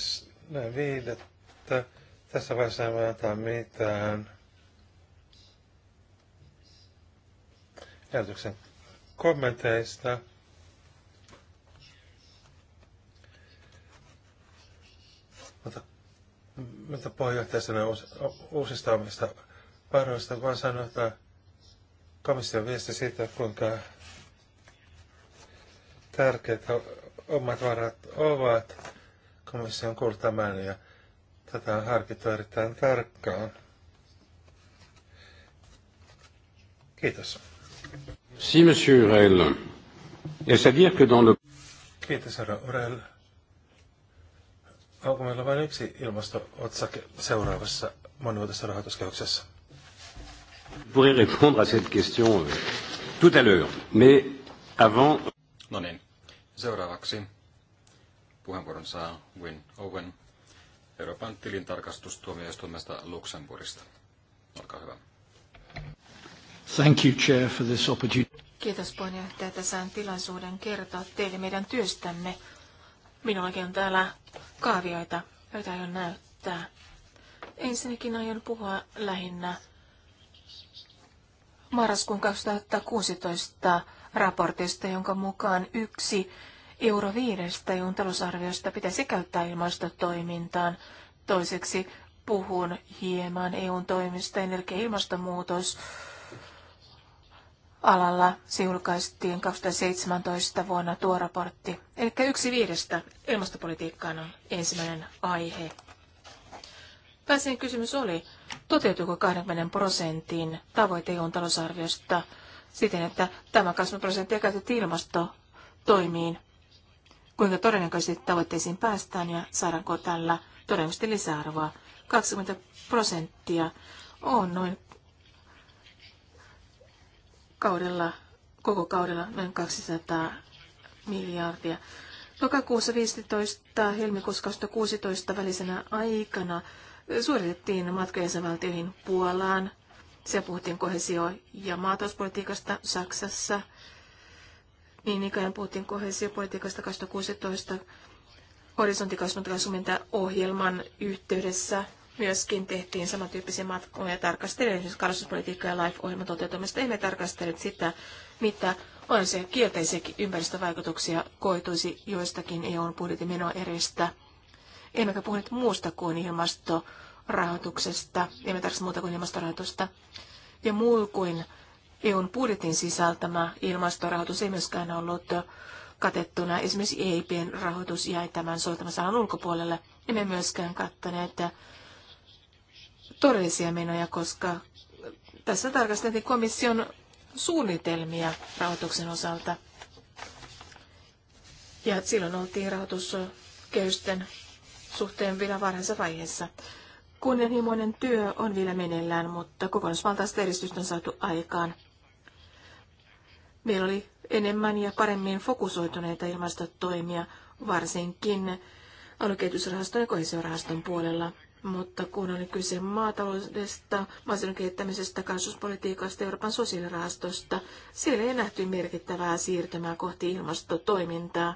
Speaker 3: näin viidettä. Tässä vaiheessa ei antaa mitään. Ehdotuksen kommenteista. mitä puheenjohtaja sanoi uusista omista varoista, vaan sanoi, että komission viesti siitä, kuinka tärkeitä omat varat ovat. Komission kultamään ja tätä on harkittu erittäin tarkkaan. Kiitos. Si, monsieur Urel.
Speaker 1: Et c'est-à-dire que dans le...
Speaker 3: Kiitos, Urel onko meillä vain yksi ilmasto-otsake seuraavassa monivuotisessa rahoituskehyksessä?
Speaker 1: Pourrais répondre à cette question euh, tout à l'heure, mais avant... No niin, seuraavaksi puheenvuoron saa Win Owen Euroopan tilintarkastustuomioistuimesta Luxemburgista. Olkaa hyvä.
Speaker 2: Thank you, Chair, for this opportunity. Kiitos puheenjohtaja, että saan tilaisuuden kertoa teille meidän työstämme Minullakin on täällä kaavioita, joita aion näyttää. Ensinnäkin aion puhua lähinnä marraskuun 2016 raportista, jonka mukaan yksi euro viidestä EUn talousarviosta pitäisi käyttää ilmastotoimintaan. Toiseksi puhun hieman EUn toimista energia- ja ilmastonmuutos alalla. Se julkaistiin 2017 vuonna tuo raportti. Eli yksi viidestä ilmastopolitiikkaan on ensimmäinen aihe. Pääsen kysymys oli, toteutuuko 20 prosentin tavoite EUn talousarviosta siten, että tämä 20 prosenttia käytetään toimiin. Kuinka todennäköisesti tavoitteisiin päästään ja saadaanko tällä todennäköisesti lisäarvoa? 20 prosenttia on noin kaudella, koko kaudella noin 200 miljardia. Lokakuussa 15 helmikuussa 2016 välisenä aikana suoritettiin matka Puolaan. Siellä puhuttiin kohesio- ja maatalouspolitiikasta Saksassa. Niin ikään puhuttiin kohesiopolitiikasta 2016 horisontti ohjelman yhteydessä myöskin tehtiin samantyyppisiä matkoja tarkastellen esimerkiksi kalastuspolitiikka ja LIFE-ohjelman toteutumista. Emme tarkastelleet sitä, mitä on se kielteisiäkin ympäristövaikutuksia koituisi joistakin EUn budjetin menoeristä. Emmekä puhuneet muusta kuin ilmastorahoituksesta, emme tarkasta muuta kuin ilmastorahoitusta. Ja muu kuin EUn budjetin sisältämä ilmastorahoitus ei myöskään ollut katettuna. Esimerkiksi EIPn rahoitus jäi tämän soittamasalan ulkopuolelle. Emme myöskään kattaneet todellisia menoja, koska tässä tarkasteltiin komission suunnitelmia rahoituksen osalta. Ja silloin oltiin rahoituskehysten suhteen vielä varhaisessa vaiheessa. Kunnianhimoinen työ on vielä meneillään, mutta kokonaisvaltaista edistystä on saatu aikaan. Meillä oli enemmän ja paremmin fokusoituneita ilmastotoimia, varsinkin alukehitysrahaston ja kohesiorahaston puolella mutta kun on kyse maataloudesta, maaseudun kehittämisestä, kansallisuuspolitiikasta, Euroopan sosiaalirahastosta, siellä ei nähty merkittävää siirtymää kohti ilmastotoimintaa.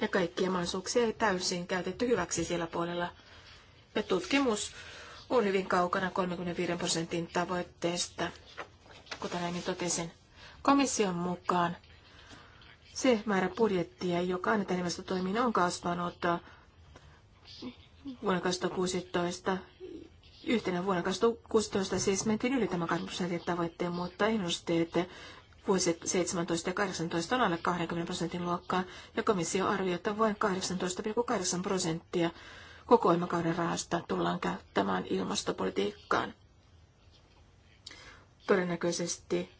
Speaker 2: Ja kaikkia mahdollisuuksia ei täysin käytetty hyväksi siellä puolella. Ja tutkimus on hyvin kaukana 35 prosentin tavoitteesta, kuten aiemmin totesin. Komission mukaan se määrä budjettia, joka annetaan ilmastotoimiin, on kasvanut vuonna 2016 yhtenä vuonna 2016 siis mentiin yli tämän 2 prosentin tavoitteen, mutta ennusti, että vuosi 17 ja 18 on alle 20 prosentin luokkaa, ja komissio arvioi, että vain 18,8 prosenttia koko ohjelmakauden rahasta tullaan käyttämään ilmastopolitiikkaan. Todennäköisesti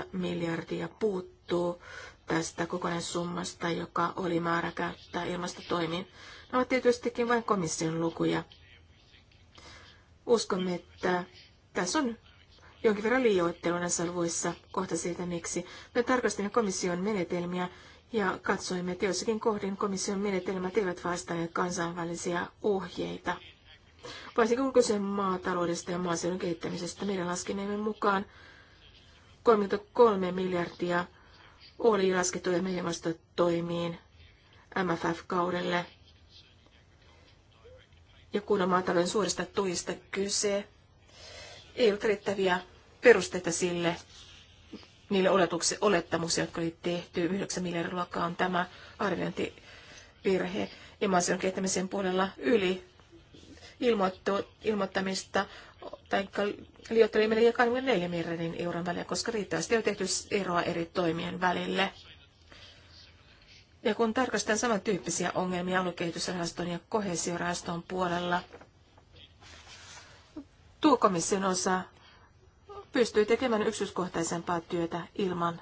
Speaker 2: 11-12 miljardia puuttuu tästä summasta, joka oli määrä käyttää ilmastotoimiin. Ne ovat tietystikin vain komission lukuja. Uskomme, että tässä on jonkin verran liioittelu näissä luvuissa kohta siitä, miksi me tarkastimme komission menetelmiä ja katsoimme, että joissakin kohdin komission menetelmät eivät vastanneet kansainvälisiä ohjeita. Varsinkin kun kyse maataloudesta ja maaseudun kehittämisestä meidän laskineemme mukaan 33 miljardia oli laskettu ilmastotoimiin MFF-kaudelle. Ja kun on maatalouden suurista tuista kyse, ei ollut riittäviä perusteita sille, niille oletuksille, olettamuksia, jotka oli tehty. 9 miljardin luokkaa on tämä arviointivirhe. Ja maaseudun kehittämisen puolella yli ilmoittamista tai liioitteli ja 24 miljardin euron välillä, koska riittävästi on tehty eroa eri toimien välille. Ja kun tarkastetaan samantyyppisiä ongelmia aluekehitysrahaston ja kohesiorahaston puolella, tuo komission osa pystyy tekemään yksityiskohtaisempaa työtä ilman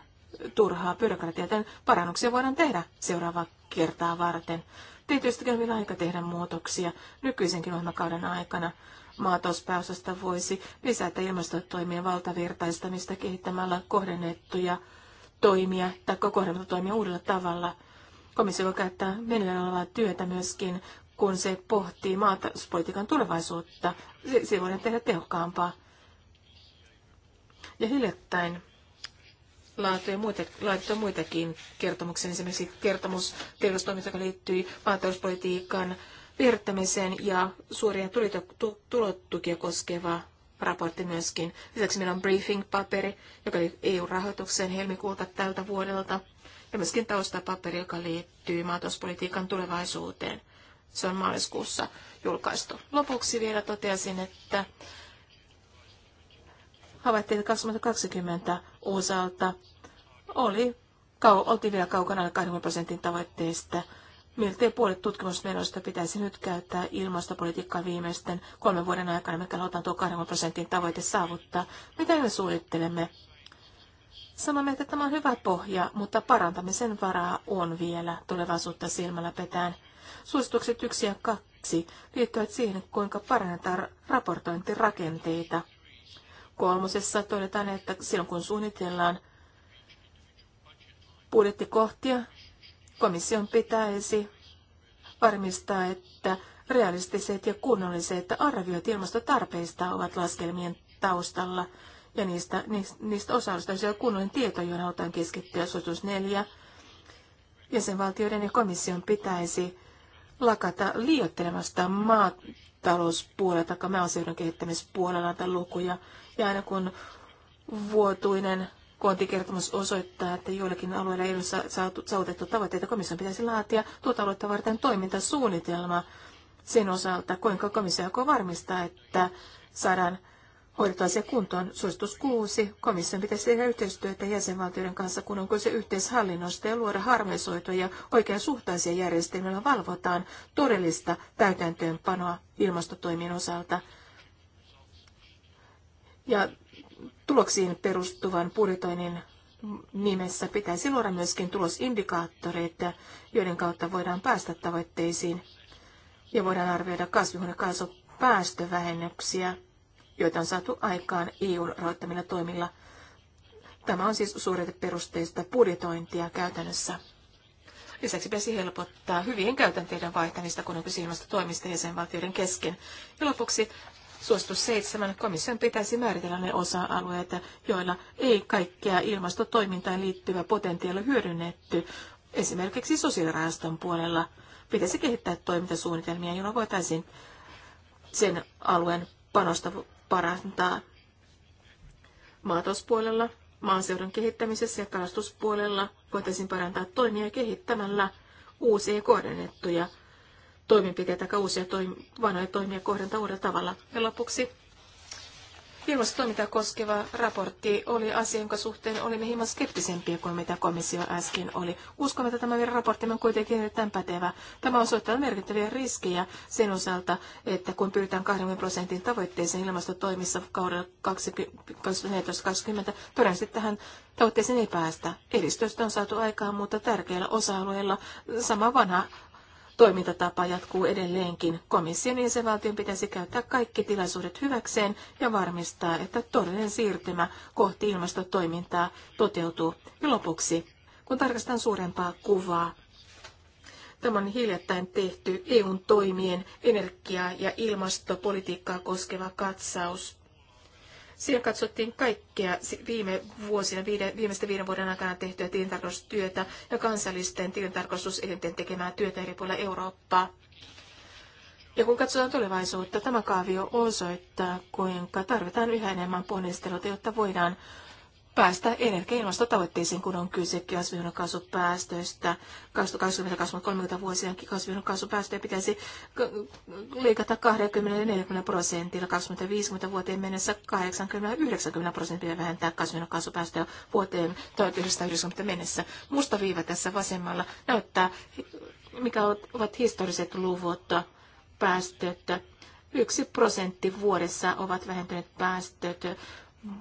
Speaker 2: turhaa byrokratiaa, joten parannuksia voidaan tehdä seuraavaa kertaa varten. Tietysti on vielä aika tehdä muutoksia nykyisenkin ohjelmakauden aikana maatalouspääosasta voisi lisätä ilmastotoimien valtavirtaistamista kehittämällä kohdennettuja toimia tai kohdennettuja toimia uudella tavalla. Komissio voi käyttää meneillään olevaa työtä myöskin, kun se pohtii maatalouspolitiikan tulevaisuutta. Se voidaan tehdä tehokkaampaa. Ja hiljattain laatuja muita, muitakin kertomuksia, esimerkiksi kertomus tiedostoimista, joka liittyy maatalouspolitiikan viherryttämisen ja suoria tulotukia koskeva raportti myöskin. Lisäksi meillä on briefing-paperi, joka oli EU-rahoitukseen helmikuulta tältä vuodelta, ja myöskin taustapaperi, joka liittyy maatalouspolitiikan tulevaisuuteen. Se on maaliskuussa julkaistu. Lopuksi vielä toteasin, että havaittiin 2020 osalta oli, oltiin vielä kaukana 20 prosentin tavoitteista – Miltei puolet tutkimusmenoista pitäisi nyt käyttää ilmastopolitiikkaa viimeisten kolmen vuoden aikana, mikä halutaan tuo 20 prosentin tavoite saavuttaa. Mitä me suunnittelemme? Sanomme, että tämä on hyvä pohja, mutta parantamisen varaa on vielä tulevaisuutta silmällä petään. Suositukset 1 ja 2 liittyvät siihen, kuinka parannetaan raportointirakenteita. Kolmosessa todetaan, että silloin kun suunnitellaan budjettikohtia, Komission pitäisi varmistaa, että realistiset ja kunnolliset arviot ilmastotarpeista ovat laskelmien taustalla ja niistä, niistä on kunnollinen tieto, johon halutaan keskittyä suositus 4. Jäsenvaltioiden ja komission pitäisi lakata liioittelemasta maatalouspuolella tai maaseudun kehittämispuolella näitä lukuja. Ja aina kun vuotuinen Koontikertomus osoittaa, että joillakin alueilla ei ole saavutettu tavoitteita. Komission pitäisi laatia tuota aluetta varten toimintasuunnitelma sen osalta, kuinka komissio aikoo varmistaa, että saadaan hoidettua se kuntoon. Suositus 6. Komission pitäisi tehdä yhteistyötä jäsenvaltioiden kanssa, kun on kyse yhteishallinnosta ja luoda harmonisoituja ja oikeasuhtaisia järjestelmillä valvotaan todellista täytäntöönpanoa ilmastotoimien osalta. Ja tuloksiin perustuvan budjetoinnin nimessä pitäisi luoda myöskin tulosindikaattoreita, joiden kautta voidaan päästä tavoitteisiin ja voidaan arvioida kasvihuonekaasupäästövähennyksiä, joita on saatu aikaan eu rahoittamilla toimilla. Tämä on siis perusteista budjetointia käytännössä. Lisäksi pitäisi helpottaa hyvien käytänteiden vaihtamista, kun on kyse toimista jäsenvaltioiden kesken. Ja lopuksi Suositus seitsemän. Komission pitäisi määritellä ne osa-alueet, joilla ei kaikkea ilmastotoimintaan liittyvä potentiaali hyödynnetty. Esimerkiksi sosiaalirahaston puolella pitäisi kehittää toimintasuunnitelmia, joilla voitaisiin sen alueen panosta parantaa. maatalouspuolella, maaseudun kehittämisessä ja kalastuspuolella voitaisiin parantaa toimia kehittämällä uusia kohdennettuja toimenpiteitä tai uusia toim- vanhoja toimia kohdentaa uudella tavalla. Ja lopuksi ilmastotoimintaa koskeva raportti oli asia, jonka suhteen olimme hieman skeptisempiä kuin mitä komissio äsken oli. Uskomme, että tämä raportti on kuitenkin erittäin pätevä. Tämä osoittaa merkittäviä riskejä sen osalta, että kun pyritään 20 prosentin tavoitteeseen ilmastotoimissa kaudella 2014-2020, todennäköisesti tähän tavoitteeseen ei päästä. Edistöstä on saatu aikaan, mutta tärkeillä osa-alueilla sama vanha toimintatapa jatkuu edelleenkin. Komission ja pitäisi käyttää kaikki tilaisuudet hyväkseen ja varmistaa, että todellinen siirtymä kohti ilmastotoimintaa toteutuu. Ja lopuksi, kun tarkastan suurempaa kuvaa, Tämä on hiljattain tehty EUn toimien energia- ja ilmastopolitiikkaa koskeva katsaus. Siellä katsottiin kaikkea viime vuosina, viiden, viimeisten viiden vuoden aikana tehtyä tilintarkastustyötä ja kansallisten tilintarkastuselinten tekemää työtä eri puolilla Eurooppaa. Ja kun katsotaan tulevaisuutta, tämä kaavio osoittaa, kuinka tarvitaan yhä enemmän ponnisteluita, jotta voidaan päästä energia- ja ilmastotavoitteisiin, kun on kyse kasvihuonekaasupäästöistä. 2020-2030 vuosina kasvihuonekaasupäästöjä pitäisi liikata 20-40 prosentilla, 2050 vuoteen mennessä 80-90 prosenttia vähentää kasvihuonekaasupäästöjä vuoteen 1990 mennessä. Musta viiva tässä vasemmalla näyttää, mikä ovat historiset luvut päästöt. Yksi prosentti vuodessa ovat vähentyneet päästöt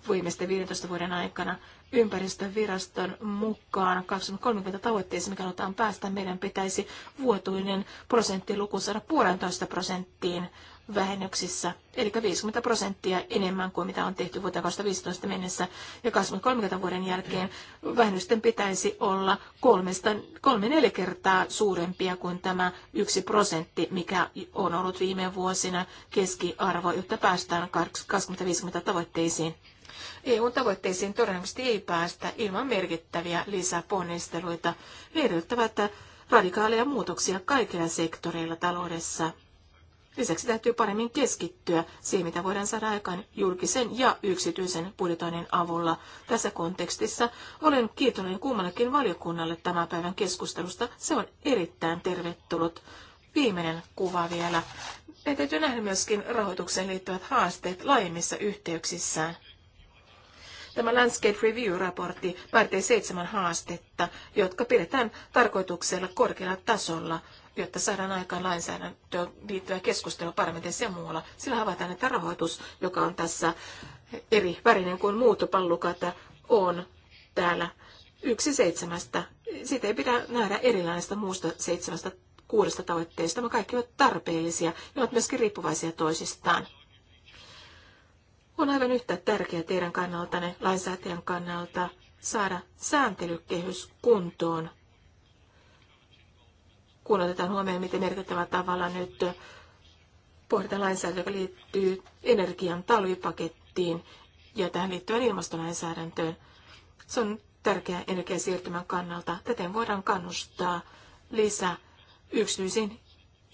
Speaker 2: viimeisten 15 vuoden aikana. Ympäristöviraston mukaan 2030 tavoitteeseen, mikä halutaan päästä, meidän pitäisi vuotuinen prosenttiluku saada puolentoista prosenttiin vähennyksissä, eli 50 prosenttia enemmän kuin mitä on tehty vuoteen 2015 mennessä, ja 2030 vuoden jälkeen vähennysten pitäisi olla kolmesta, kolme neljä kertaa suurempia kuin tämä yksi prosentti, mikä on ollut viime vuosina keskiarvo, jotta päästään 2050 tavoitteisiin. EUn tavoitteisiin todennäköisesti ei päästä ilman merkittäviä lisäponnisteluita. Ne edellyttävät radikaaleja muutoksia kaikilla sektoreilla taloudessa. Lisäksi täytyy paremmin keskittyä siihen, mitä voidaan saada aikaan julkisen ja yksityisen budjetoinnin avulla. Tässä kontekstissa olen kiitollinen kummallekin valiokunnalle tämän päivän keskustelusta. Se on erittäin tervetullut. Viimeinen kuva vielä. Meidän täytyy nähdä myöskin rahoitukseen liittyvät haasteet laajemmissa yhteyksissään. Tämä Landscape Review-raportti määrittelee seitsemän haastetta, jotka pidetään tarkoituksella korkealla tasolla jotta saadaan aikaan lainsäädäntöön liittyvä keskustelua parlamentissa ja muualla. Sillä havaitaan, että rahoitus, joka on tässä eri värinen kuin muut pallukat, on täällä yksi seitsemästä. Siitä ei pidä nähdä erilaista muusta seitsemästä kuudesta tavoitteesta, vaan kaikki ovat tarpeellisia ja ovat myöskin riippuvaisia toisistaan. On aivan yhtä tärkeää teidän kannaltanne, lainsäätäjän kannalta, saada sääntelykehys kuntoon, kun otetaan huomioon, miten merkittävällä tavalla nyt pohditaan lainsäädäntö, joka liittyy energian talvipakettiin ja tähän liittyvään ilmastolainsäädäntöön. Se on tärkeää energiasiirtymän kannalta. Täten voidaan kannustaa lisää yksityisiin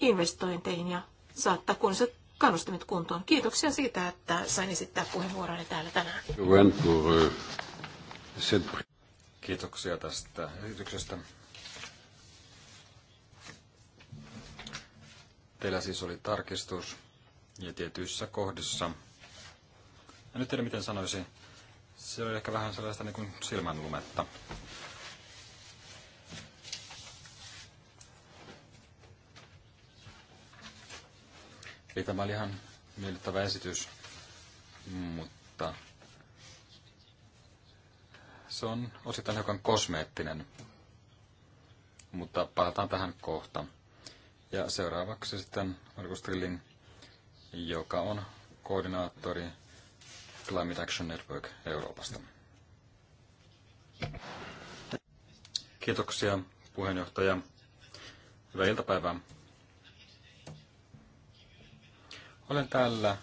Speaker 2: investointeihin ja saattaa kunnossa kannustimet kuntoon. Kiitoksia siitä, että sain esittää puheenvuoroni täällä tänään.
Speaker 1: Kiitoksia tästä esityksestä. Teillä siis oli tarkistus ja tietyissä kohdissa. En nyt tiedä, miten sanoisin. Se oli ehkä vähän sellaista niin silmänlumetta. Eli tämä oli ihan miellyttävä esitys, mutta se on osittain hiukan kosmeettinen, mutta palataan tähän kohta. Ja seuraavaksi sitten Markus Trilling, joka on koordinaattori Climate Action Network Euroopasta. Kiitoksia puheenjohtaja. Hyvää iltapäivää Olen täällä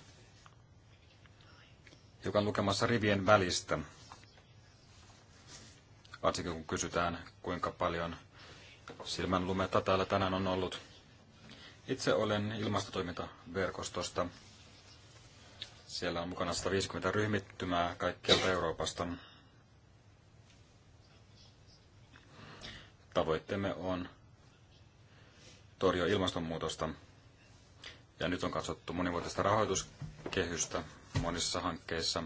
Speaker 1: on lukemassa rivien välistä, varsinkin kun kysytään, kuinka paljon silmän lumetta täällä tänään on ollut. Itse olen ilmastotoimintaverkostosta. Siellä on mukana 150 ryhmittymää kaikkialta Euroopasta. Tavoitteemme on torjua ilmastonmuutosta ja nyt on katsottu monivuotista rahoituskehystä monissa hankkeissa.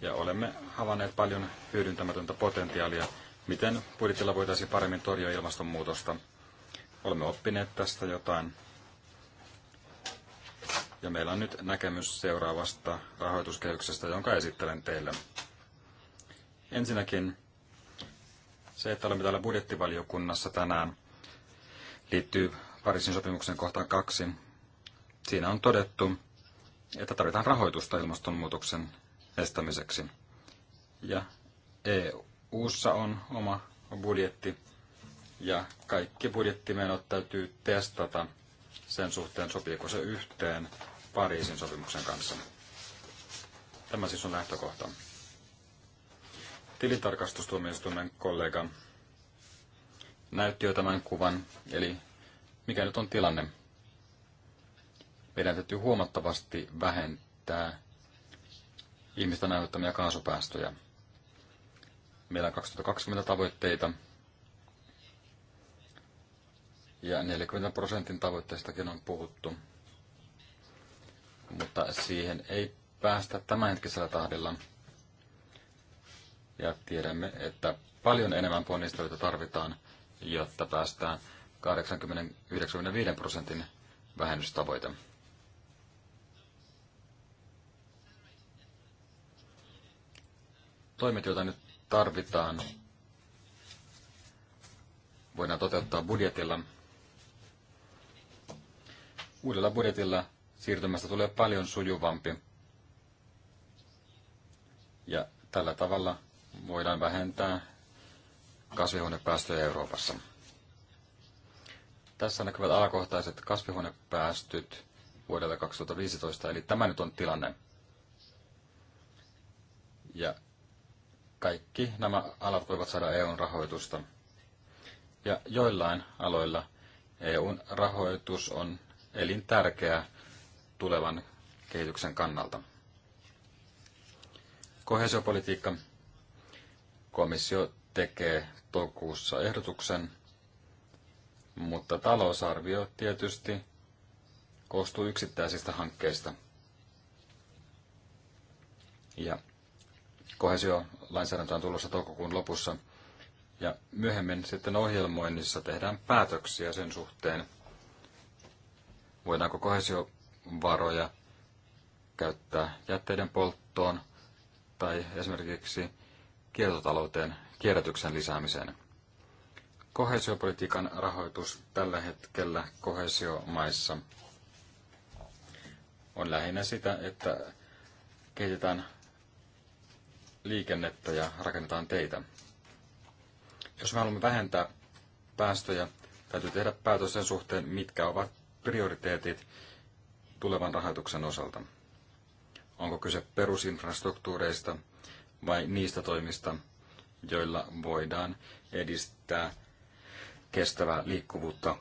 Speaker 1: Ja olemme havainneet paljon hyödyntämätöntä potentiaalia, miten budjetilla voitaisiin paremmin torjua ilmastonmuutosta. Olemme oppineet tästä jotain. Ja meillä on nyt näkemys seuraavasta rahoituskehyksestä, jonka esittelen teille. Ensinnäkin se, että olemme täällä budjettivaliokunnassa tänään, liittyy Pariisin sopimuksen kohtaan kaksi. Siinä on todettu, että tarvitaan rahoitusta ilmastonmuutoksen estämiseksi. Ja EU:ssa on oma budjetti ja kaikki budjettimenot täytyy testata sen suhteen, sopiiko se yhteen Pariisin sopimuksen kanssa. Tämä siis on lähtökohta. Tilintarkastustuomioistuimen kollega näytti jo tämän kuvan, eli mikä nyt on tilanne? Meidän täytyy huomattavasti vähentää ihmisten aiheuttamia kaasupäästöjä. Meillä on 2020 tavoitteita ja 40 prosentin tavoitteistakin on puhuttu. Mutta siihen ei päästä tämänhetkisellä tahdilla. Ja tiedämme, että paljon enemmän ponnisteluita tarvitaan, jotta päästään 80-95 prosentin vähennystavoite. Toimet, joita nyt tarvitaan, voidaan toteuttaa budjetilla. Uudella budjetilla siirtymästä tulee paljon sujuvampi. Ja tällä tavalla voidaan vähentää kasvihuonepäästöjä Euroopassa. Tässä näkyvät alakohtaiset kasvihuonepäästöt vuodelta 2015, eli tämä nyt on tilanne. Ja kaikki nämä alat voivat saada EUn rahoitusta. Ja joillain aloilla EUn rahoitus on elintärkeä tulevan kehityksen kannalta. Kohesiopolitiikka. Komissio tekee toukokuussa ehdotuksen mutta talousarvio tietysti koostuu yksittäisistä hankkeista. Ja kohesio-lainsäädäntö on tulossa toukokuun lopussa. Ja myöhemmin sitten ohjelmoinnissa tehdään päätöksiä sen suhteen, voidaanko kohesiovaroja käyttää jätteiden polttoon tai esimerkiksi kiertotalouteen kierrätyksen lisäämiseen kohesiopolitiikan rahoitus tällä hetkellä kohesiomaissa on lähinnä sitä, että kehitetään liikennettä ja rakennetaan teitä. Jos me haluamme vähentää päästöjä, täytyy tehdä päätös sen suhteen, mitkä ovat prioriteetit tulevan rahoituksen osalta. Onko kyse perusinfrastruktuureista vai niistä toimista, joilla voidaan edistää kestävää liikkuvuutta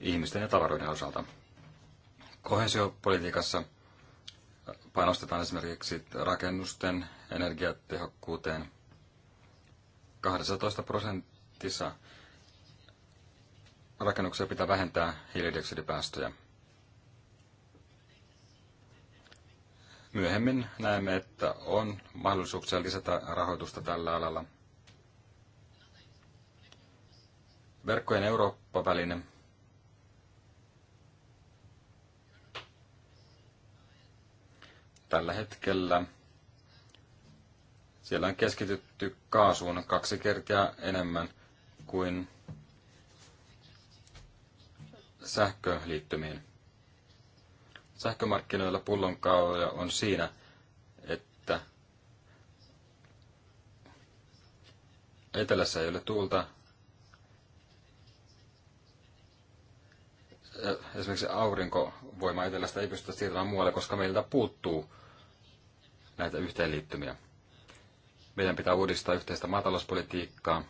Speaker 1: ihmisten ja tavaroiden osalta. Kohesiopolitiikassa panostetaan esimerkiksi rakennusten energiatehokkuuteen. 12 prosentissa rakennuksia pitää vähentää hiilidioksidipäästöjä. Myöhemmin näemme, että on mahdollisuuksia lisätä rahoitusta tällä alalla – Verkkojen Eurooppa-väline. Tällä hetkellä siellä on keskitytty kaasuun kaksi kertaa enemmän kuin sähköliittymiin. Sähkömarkkinoilla pullonkauloja on siinä, että etelässä ei ole tuulta esimerkiksi aurinkovoima etelästä ei pystytä siirtämään muualle, koska meiltä puuttuu näitä yhteenliittymiä. Meidän pitää uudistaa yhteistä maatalouspolitiikkaa.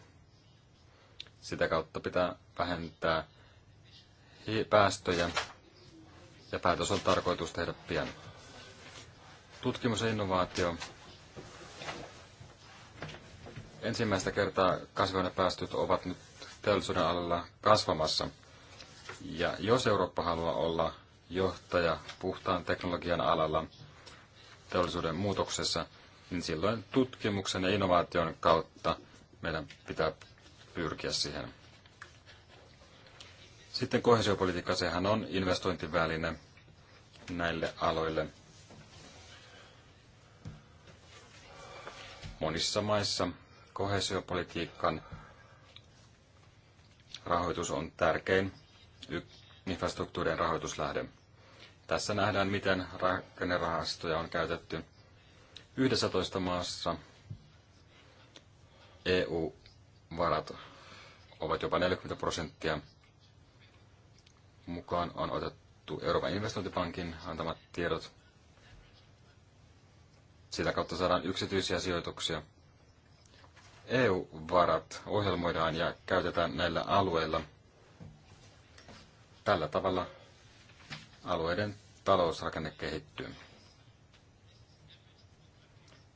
Speaker 1: Sitä kautta pitää vähentää päästöjä ja päätös on tarkoitus tehdä pian. Tutkimus ja innovaatio. Ensimmäistä kertaa kasvihuonepäästöt ovat nyt teollisuuden alalla kasvamassa – ja jos Eurooppa haluaa olla johtaja puhtaan teknologian alalla teollisuuden muutoksessa, niin silloin tutkimuksen ja innovaation kautta meidän pitää pyrkiä siihen. Sitten kohesiopolitiikka, sehän on investointiväline näille aloille. Monissa maissa kohesiopolitiikan rahoitus on tärkein infrastruktuurien rahoituslähde. Tässä nähdään, miten rakennerahastoja on käytetty 11 maassa. EU-varat ovat jopa 40 prosenttia. Mukaan on otettu Euroopan investointipankin antamat tiedot. Sitä kautta saadaan yksityisiä sijoituksia. EU-varat ohjelmoidaan ja käytetään näillä alueilla – Tällä tavalla alueiden talousrakenne kehittyy.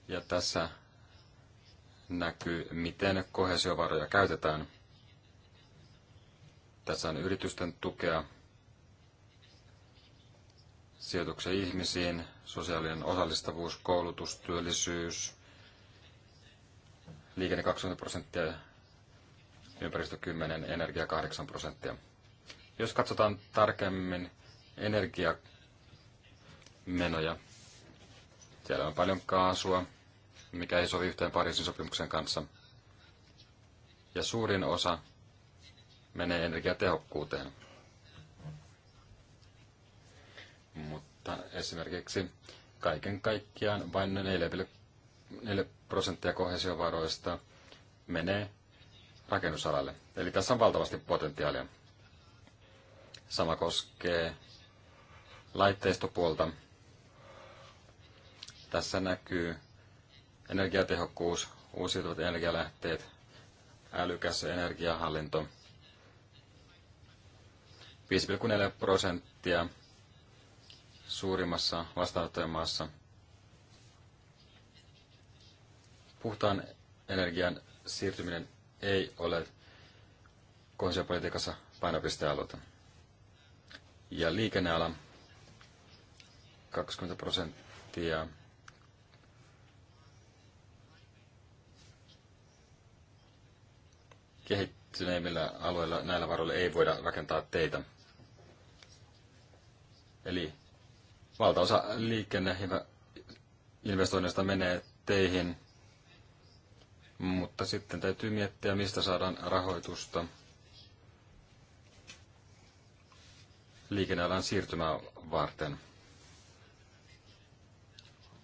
Speaker 1: Ja tässä näkyy, miten kohesiovaroja käytetään. Tässä on yritysten tukea, sijoituksia ihmisiin, sosiaalinen osallistavuus, koulutus, työllisyys, liikenne 20 prosenttia, ympäristö 10, energia 8 prosenttia. Jos katsotaan tarkemmin energiamenoja, siellä on paljon kaasua, mikä ei sovi yhteen Pariisin sopimuksen kanssa. Ja suurin osa menee energiatehokkuuteen. Mutta esimerkiksi kaiken kaikkiaan vain 4 prosenttia kohesiovaroista menee rakennusalalle. Eli tässä on valtavasti potentiaalia. Sama koskee laitteistopuolta. Tässä näkyy energiatehokkuus, uusiutuvat energialähteet, älykäs energiahallinto. 5,4 prosenttia suurimmassa maassa. Puhtaan energian siirtyminen ei ole kohdallisen politiikassa painopistealueita. Ja liikenneala 20 prosenttia. Kehittyneimmillä alueilla näillä varoilla ei voida rakentaa teitä. Eli valtaosa liikenne investoinneista menee teihin, mutta sitten täytyy miettiä, mistä saadaan rahoitusta liikennealan siirtymää varten.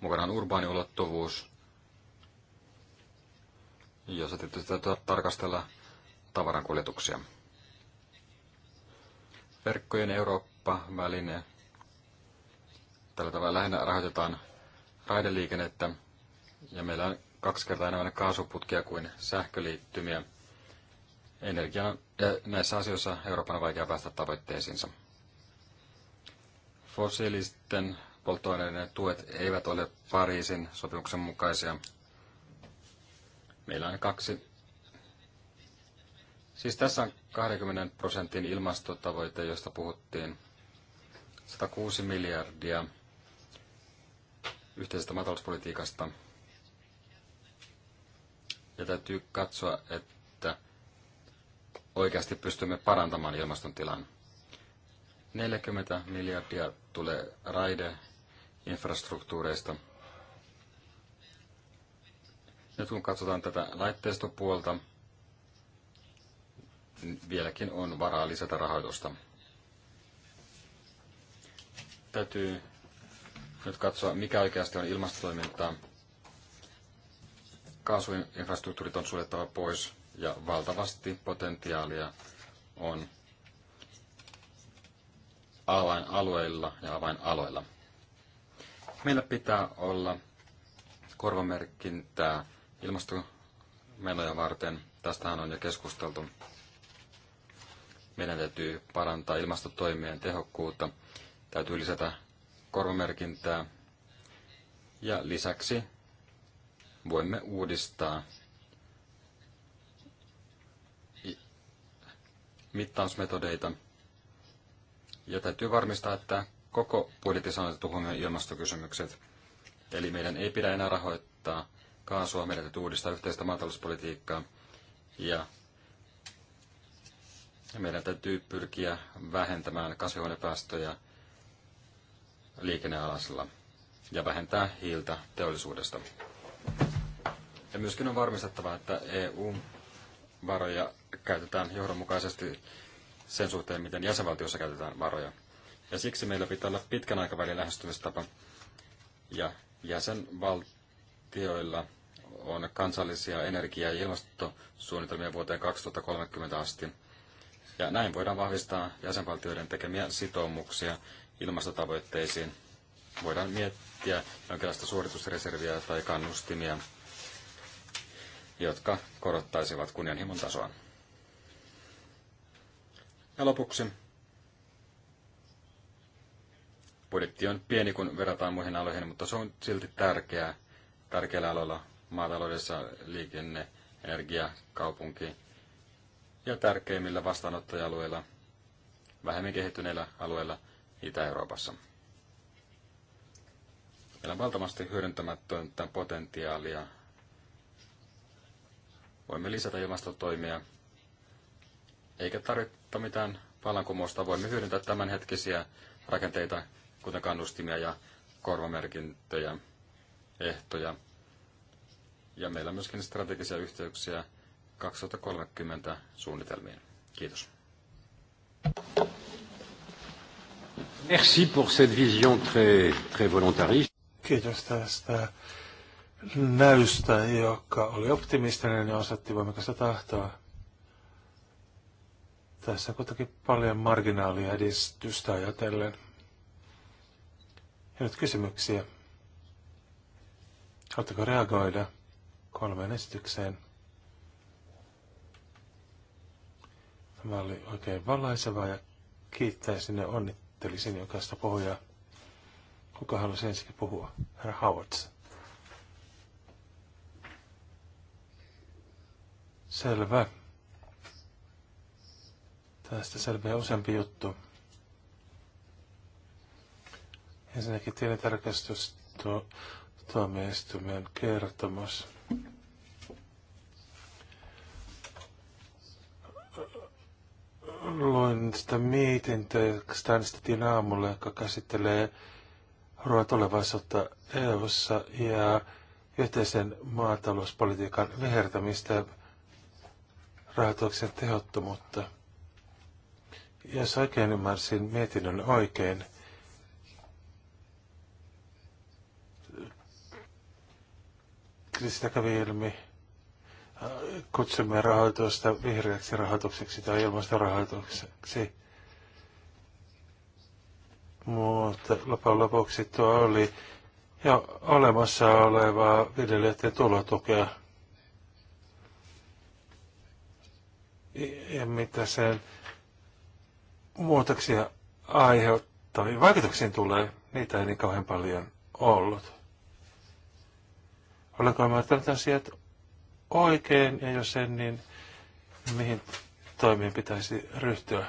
Speaker 1: Mukana on urbaani ulottuvuus, jossa tietysti täytyy tarkastella tavarankuljetuksia. Verkkojen Eurooppa-väline. Tällä tavalla lähinnä rahoitetaan raideliikennettä ja meillä on kaksi kertaa enemmän kaasuputkia kuin sähköliittymiä. Energia, ja näissä asioissa Euroopan on vaikea päästä tavoitteisiinsa. Fossiilisten polttoaineiden tuet eivät ole Pariisin sopimuksen mukaisia. Meillä on kaksi. Siis tässä on 20 prosentin ilmastotavoite, josta puhuttiin. 106 miljardia yhteisestä matalouspolitiikasta. Ja täytyy katsoa, että oikeasti pystymme parantamaan ilmaston tilan. 40 miljardia tulee raideinfrastruktuureista. Nyt kun katsotaan tätä laitteistopuolta, niin vieläkin on varaa lisätä rahoitusta. Täytyy nyt katsoa, mikä oikeasti on ilmastotoimintaa. Kaasuinfrastruktuurit on suljettava pois ja valtavasti potentiaalia on avainalueilla ja avainaloilla. Meillä pitää olla korvamerkintää ilmastomenoja varten. Tästähän on jo keskusteltu. Meidän täytyy parantaa ilmastotoimien tehokkuutta. Täytyy lisätä korvamerkintää. Ja lisäksi voimme uudistaa mittausmetodeita ja täytyy varmistaa, että koko budjetissa on otettu huomioon ilmastokysymykset. Eli meidän ei pidä enää rahoittaa kaasua, meidän täytyy uudistaa yhteistä maatalouspolitiikkaa ja meidän täytyy pyrkiä vähentämään kasvihuonepäästöjä liikennealasilla ja vähentää hiiltä teollisuudesta. Ja myöskin on varmistettava, että EU-varoja käytetään johdonmukaisesti sen suhteen, miten jäsenvaltiossa käytetään varoja. Ja siksi meillä pitää olla pitkän aikavälin lähestymistapa. Ja jäsenvaltioilla on kansallisia energia- ja ilmastosuunnitelmia vuoteen 2030 asti. Ja näin voidaan vahvistaa jäsenvaltioiden tekemiä sitoumuksia ilmastotavoitteisiin. Voidaan miettiä jonkinlaista suoritusreserviä tai kannustimia, jotka korottaisivat kunnianhimon tasoa. Ja lopuksi. Budjetti on pieni, kun verrataan muihin aloihin, mutta se on silti tärkeää. Tärkeillä aloilla maataloudessa liikenne, energia, kaupunki ja tärkeimmillä vastaanottajalueilla, vähemmän kehittyneillä alueilla Itä-Euroopassa. Meillä on valtavasti hyödyntämättöntä potentiaalia. Voimme lisätä ilmastotoimia, eikä tarvitse mutta mitään vallankumousta. Voimme hyödyntää tämänhetkisiä rakenteita, kuten kannustimia ja korvamerkintöjä, ehtoja. Ja meillä on myöskin strategisia yhteyksiä 2030 suunnitelmiin. Kiitos. Merci pour cette vision très, très volontariste.
Speaker 3: Kiitos tästä näystä, joka oli optimistinen ja osatti voimakasta tahtoa. Tässä on kuitenkin paljon marginaalia edistystä ajatellen. Ja nyt kysymyksiä. Haluatteko reagoida kolmeen esitykseen? Tämä oli oikein valaisevaa ja kiittäisin ja onnittelisin jokaista pohjaa. Kuka haluaisi ensin puhua? Herra Howards. Selvä. Tästä selviää useampi juttu. Ensinnäkin tilintarkastus tuo tuomioistuimen kertomus. Luin sitä mietintöä, joka äänestettiin aamulla, joka käsittelee ruoan tulevaisuutta eu ja yhteisen maatalouspolitiikan vihertämistä rahoituksen tehottomuutta. Jos oikein ymmärsin mietinnön oikein, Krista kävi ilmi, äh, kutsumme rahoitusta vihreäksi rahoitukseksi tai ilmastorahoitukseksi. Mutta lopun lopuksi tuo oli jo olemassa olevaa viljelijöiden tulotukea. Ja mitä sen muutoksia aiheuttavia vaikutuksia tulee, niitä ei niin kauhean paljon ollut. Olenko ymmärtänyt asiat oikein, ja jos en, niin mihin toimiin pitäisi ryhtyä?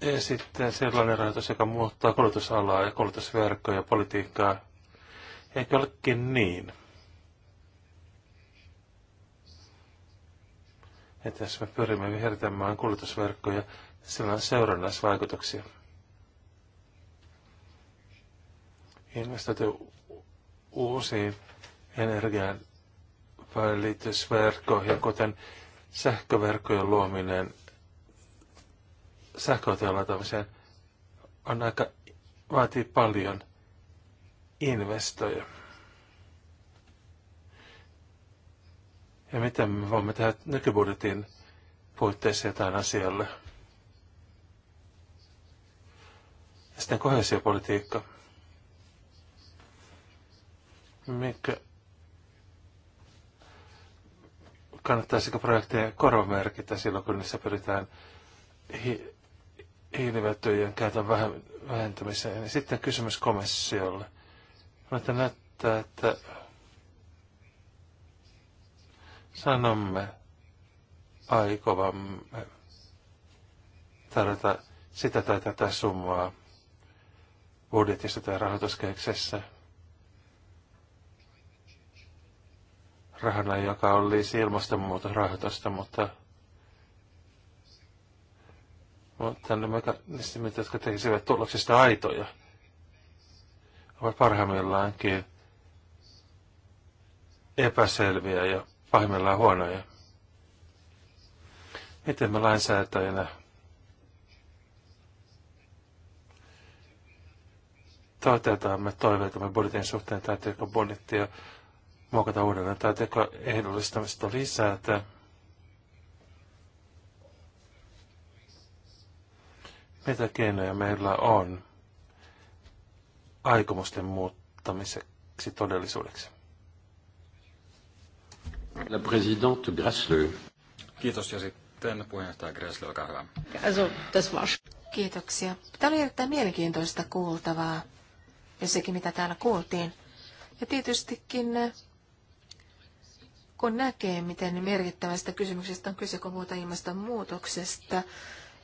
Speaker 3: Ja sitten sellainen rajoitus, joka muuttaa kulutusalaa ja kulutusverkkoja ja politiikkaa. Eikö olekin niin? että jos me pyrimme vihertämään kulutusverkkoja, sillä on seurannaisvaikutuksia. Investoitu uusiin energian välitysverkkoihin, kuten sähköverkkojen luominen sähköautojen lataamiseen, on aika, vaatii paljon investoja. Ja mitä me voimme tehdä nykybudjetin puitteissa jotain asialle? Ja sitten kohesiopolitiikka. Mikä kannattaisiko projekteja korvamerkitä silloin, kun niissä pyritään hi- hiilivetyjen käytön vähentämiseen. Sitten kysymys komissiolle. Mutta näyttää, että sanomme aikovamme tarjota sitä tai tätä summaa budjetissa tai rahoituskehyksessä. Rahana, joka olisi rahoitusta, mutta, mutta ne mekanismit, jotka tekisivät tuloksista aitoja, ovat parhaimmillaankin epäselviä ja pahimmillaan huonoja. Miten me lainsäätäjänä toteutamme toiveitamme budjetin suhteen, täytyykö budjettia muokata uudelleen, täytyykö ehdollistamista lisätä. Mitä keinoja meillä on aikomusten muuttamiseksi todellisuudeksi?
Speaker 1: La presidente Grasslö. Kiitos ja sitten puheenjohtaja Grasslö, olkaa hyvä.
Speaker 2: Also, das war's. Kiitoksia. Tämä oli erittäin mielenkiintoista kuultavaa ja sekin, mitä täällä kuultiin. Ja tietystikin kun näkee, miten merkittävästä kysymyksestä on kyse, kun muuta ilmastonmuutoksesta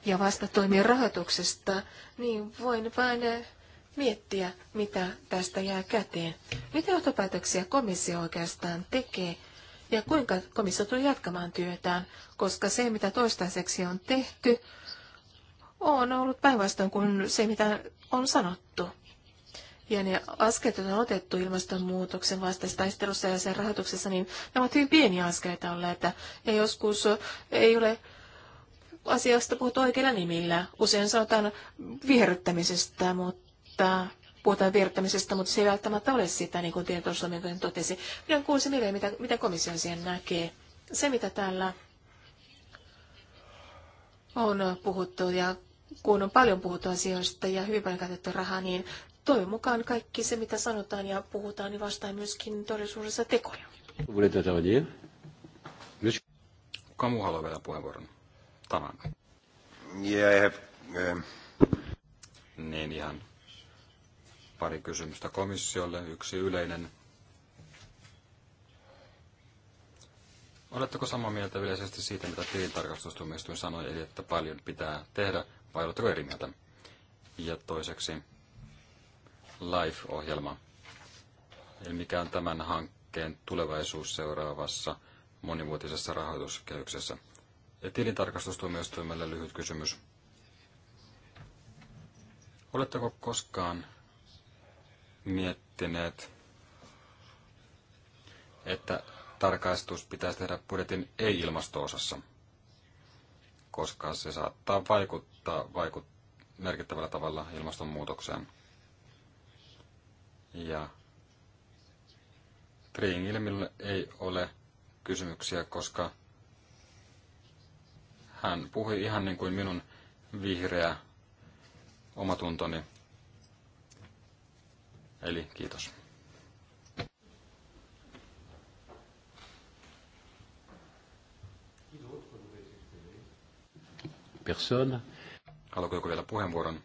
Speaker 2: ja vastatoimien rahoituksesta, niin voin vain miettiä, mitä tästä jää käteen. Mitä johtopäätöksiä komissio oikeastaan tekee ja kuinka komissio tulee jatkamaan työtään, koska se, mitä toistaiseksi on tehty, on ollut päinvastoin kuin se, mitä on sanottu. Ja ne askeleet, joita on otettu ilmastonmuutoksen vastaisessa taistelussa ja sen rahoituksessa, niin nämä ovat hyvin pieniä askeleita olleet. Ja joskus ei ole asiasta puhuttu oikeilla nimillä. Usein sanotaan viherryttämisestä, mutta puhutaan virtamisesta, mutta se ei välttämättä ole sitä, niin kuin tietosuojelun totesi. Minä kuulisin mieleen, mitä, mitä komissio siihen näkee. Se, mitä täällä on puhuttu ja kun on paljon puhuttu asioista ja hyvin paljon käytetty rahaa, niin toivon mukaan kaikki se, mitä sanotaan ja puhutaan, niin vastaa myöskin todellisuudessa tekoja.
Speaker 1: Kuka muu haluaa vielä puheenvuoron? Tämä. Yeah, I have, um, Niin ihan pari kysymystä komissiolle. Yksi yleinen. Oletteko samaa mieltä yleisesti siitä, mitä tilintarkastustuomioistuin sanoi, eli että paljon pitää tehdä, vai oletteko eri mieltä? Ja toiseksi LIFE-ohjelma. Eli mikä on tämän hankkeen tulevaisuus seuraavassa monivuotisessa rahoituskehyksessä? Ja tilintarkastustuomioistuimelle lyhyt kysymys. Oletteko koskaan miettineet, että tarkastus pitäisi tehdä budjetin ei-ilmasto-osassa, koska se saattaa vaikuttaa vaikut- merkittävällä tavalla ilmastonmuutokseen. Ja Triin ilmiölle ei ole kysymyksiä, koska hän puhui ihan niin kuin minun vihreä omatuntoni – Eli kiitos. Haluatko joku vielä puheenvuoron?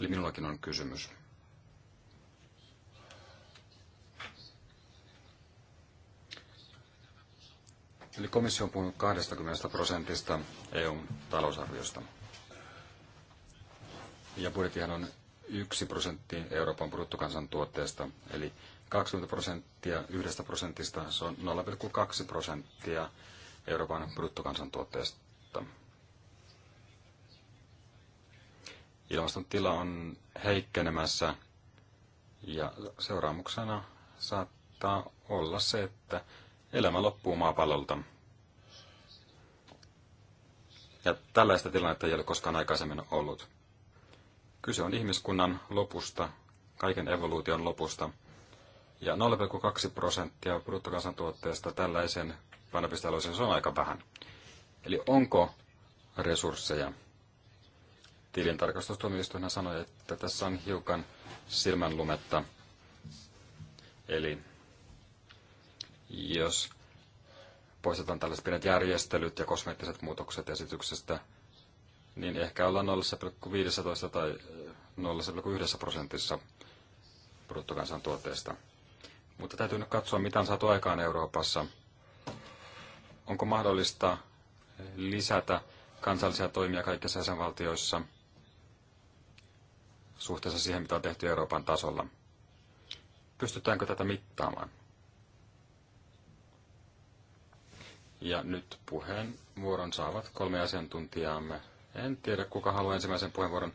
Speaker 1: Eli minullakin on kysymys. Eli komissio on puhunut 20 prosentista EUn talousarviosta. Ja budjettihan on 1 prosentti Euroopan bruttokansantuotteesta, eli 20 prosenttia yhdestä prosentista, se on 0,2 prosenttia Euroopan bruttokansantuotteesta. Ilmaston tila on heikkenemässä ja seuraamuksena saattaa olla se, että elämä loppuu maapallolta. Ja tällaista tilannetta ei ole koskaan aikaisemmin ollut. Kyse on ihmiskunnan lopusta, kaiken evoluution lopusta. Ja 0,2 prosenttia bruttokansantuotteesta tällaisen painopistealueeseen se on aika vähän. Eli onko resursseja? Tilintarkastustuomioistuinhan sanoi, että tässä on hiukan silmänlumetta. Eli jos poistetaan tällaiset pienet järjestelyt ja kosmeettiset muutokset esityksestä, niin ehkä ollaan 0,15 tai 0,1 eh, prosentissa bruttokansantuotteesta. Mutta täytyy nyt katsoa, mitä on saatu aikaan Euroopassa. Onko mahdollista eh, lisätä kansallisia toimia kaikissa jäsenvaltioissa suhteessa siihen, mitä on tehty Euroopan tasolla? Pystytäänkö tätä mittaamaan? Ja nyt puheenvuoron saavat kolme asiantuntijaamme en tiedä, kuka haluaa ensimmäisen puheenvuoron.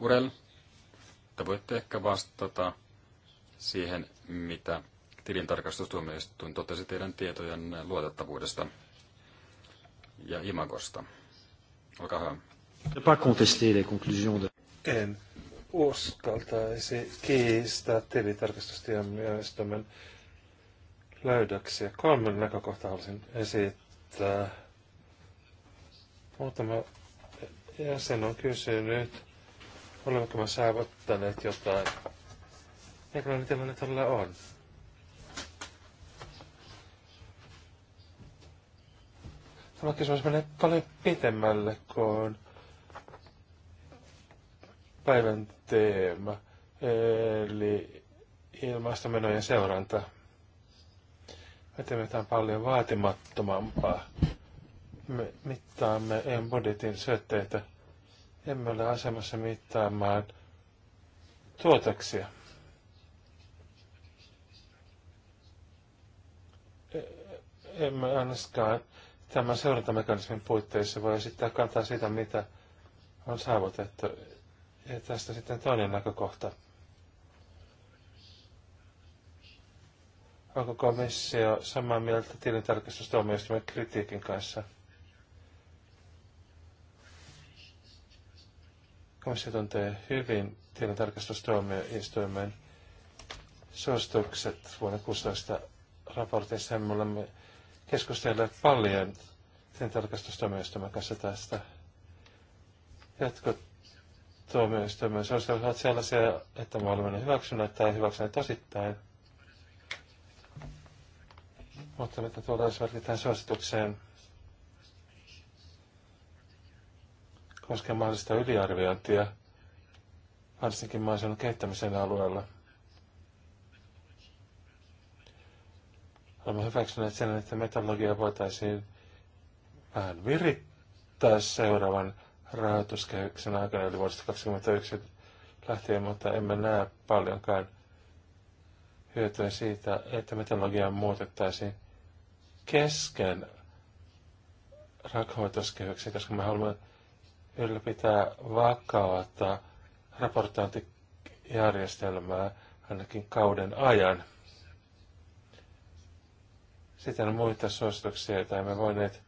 Speaker 1: Urel, te voitte ehkä vastata siihen, mitä tilintarkastustuomioistuin totesi teidän tietojen luotettavuudesta ja imagosta. Olkaa hyvä. En uskaltaisi
Speaker 3: kiistää tilintarkastustuomioistuimen löydöksiä. Kolmen näkökohtaa haluaisin esittää. Muutama ja sen on kysynyt, olemmeko me saavuttaneet jotain. Minkälainen tilanne todella on? Tämä kysymys menee paljon pitemmälle kuin päivän teema, eli ilmastomenojen seuranta. Me teemme jotain paljon vaatimattomampaa me mittaamme EUn syötteitä, emme ole asemassa mittaamaan tuotoksia. E-, emme ainakaan tämän seurantamekanismin puitteissa voi esittää kantaa siitä, mitä on saavutettu. Ja tästä sitten toinen näkökohta. Onko komissio samaa mieltä tilintarkastustuomioistuimen kritiikin kanssa? Komissio tuntee hyvin tilintarkastustuomioistuimen suositukset vuonna 16 raportissa. Me olemme keskustelleet paljon tilintarkastustuomioistuimen kanssa tästä. Jotkut tuomioistuimen suositukset ovat sellaisia, että me olemme ne hyväksyneet tai hyväksyneet osittain. Mutta mitä tuolla esimerkiksi tähän suositukseen koskee mahdollista yliarviointia, varsinkin maaseudun kehittämisen alueella. Olemme hyväksyneet sen, että metallogia voitaisiin vähän virittää seuraavan rahoituskehyksen aikana, eli vuodesta 2021 lähtien, mutta emme näe paljonkaan hyötyä siitä, että metallogia muutettaisiin kesken rahoituskehyksen, koska me haluamme ylläpitää vakaata raportointijärjestelmää ainakin kauden ajan. Sitten on muita suosituksia, joita emme voineet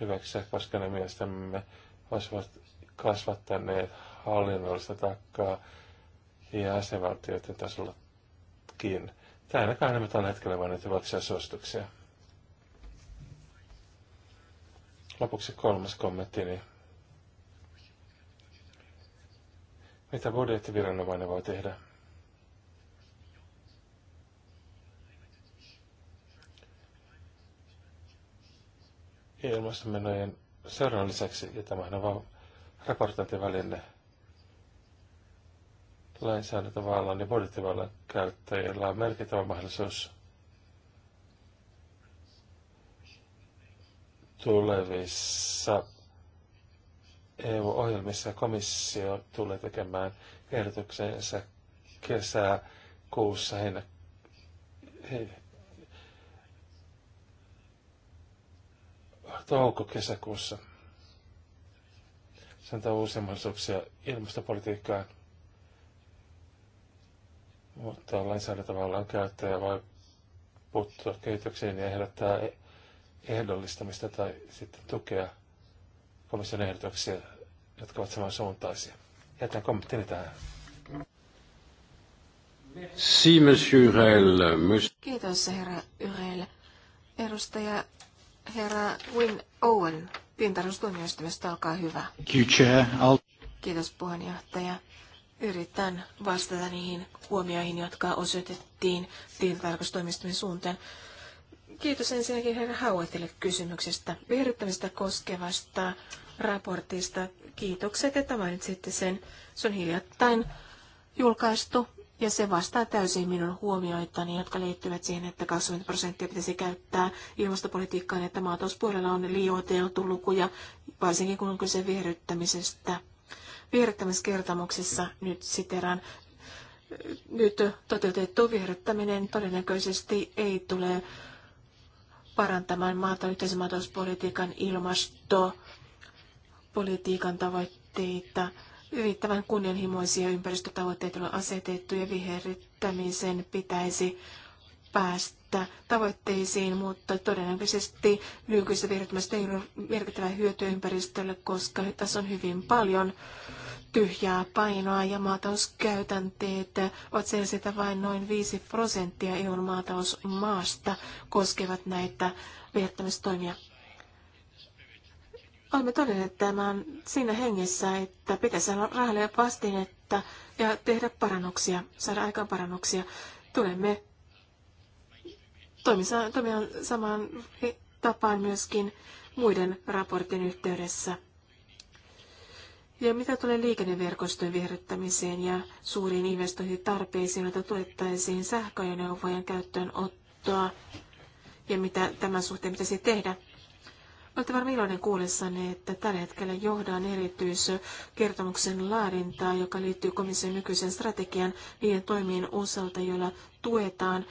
Speaker 3: hyväksyä, koska ne mielestämme olisivat kasvattaneet hallinnollista takkaa ja asevaltioiden tasollakin. Tämä ainakaan emme tällä hetkellä voineet hyväksyä suosituksia. Lopuksi kolmas kommentti. Niin Mitä budjettiviranomainen voi tehdä? Ilmastonmenojen seurannan lisäksi, ja tämähän on vain raportointiväline lainsäädäntövallan ja budjettivallan käyttäjillä on merkittävä mahdollisuus tulevissa EU-ohjelmissa komissio tulee tekemään ehdotuksensa kesäkuussa heinä, hei, touko-kesäkuussa. Se antaa uusia mahdollisuuksia ilmastopolitiikkaan, mutta on käyttäjä voi puuttua kehitykseen ja ehdottaa e- ehdollistamista tai sitten tukea komission ehdotuksia, jotka ovat
Speaker 2: samansuuntaisia. Jätän
Speaker 3: kommenttini tähän. Si, monsieur Yrel.
Speaker 2: Kiitos, herra Yrel. Edustaja herra Win Owen, tintarustuomioistumista, olkaa hyvä. Kiitos, puheenjohtaja. Yritän vastata niihin huomioihin, jotka osoitettiin tilintarkastustoimistojen suuntaan. Kiitos ensinnäkin herra Hauetille kysymyksestä, viherryttämistä koskevasta raportista. Kiitokset, että mainitsitte sen. Se on hiljattain julkaistu ja se vastaa täysin minun huomioitani, jotka liittyvät siihen, että 20 prosenttia pitäisi käyttää ilmastopolitiikkaan, että maatalouspuolella on liioiteltu lukuja, varsinkin kun on kyse viherryttämisestä. Viherryttämiskertomuksessa nyt siteran nyt toteutettu viherryttäminen todennäköisesti ei tule parantamaan maata, yhteisen maatalouspolitiikan ilmastopolitiikan tavoitteita. yrittävän kunnianhimoisia ympäristötavoitteita on asetettu ja viherryttämisen pitäisi päästä tavoitteisiin, mutta todennäköisesti nykyisestä viherryttämästä ei ole merkittävää hyötyä ympäristölle, koska tässä on hyvin paljon tyhjää painoa ja maatauskäytänteet ovat sellaisia, vain noin 5 prosenttia EUn maatausmaasta koskevat näitä viettämistoimia. Olemme todenneet tämän siinä hengessä, että pitäisi olla rahalle vastinetta ja tehdä parannuksia, saada aikaan parannuksia. Tulemme toimimaan samaan tapaan myöskin muiden raportin yhteydessä. Ja mitä tulee liikenneverkostojen viherryttämiseen ja suuriin investointitarpeisiin, joita tuettaisiin sähköajoneuvojen käyttöönottoa ja mitä tämän suhteen pitäisi tehdä? Olette varmaan iloinen kuullessanne, että tällä hetkellä johdaan erityiskertomuksen laadintaa, joka liittyy komission nykyisen strategian niiden toimien osalta, joilla tuetaan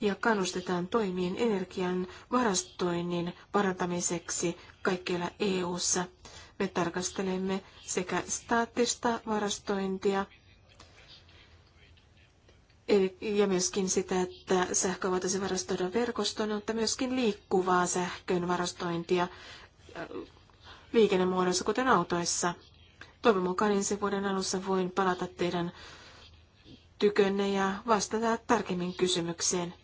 Speaker 2: ja kannustetaan toimiin energian varastoinnin parantamiseksi kaikkialla EU-ssa me tarkastelemme sekä staattista varastointia ja myöskin sitä, että sähkö voitaisiin varastoida verkostoon, mutta myöskin liikkuvaa sähkön varastointia äh, liikennemuodossa, kuten autoissa. Toivon mukaan ensi vuoden alussa voin palata teidän tykönne ja vastata tarkemmin kysymykseen.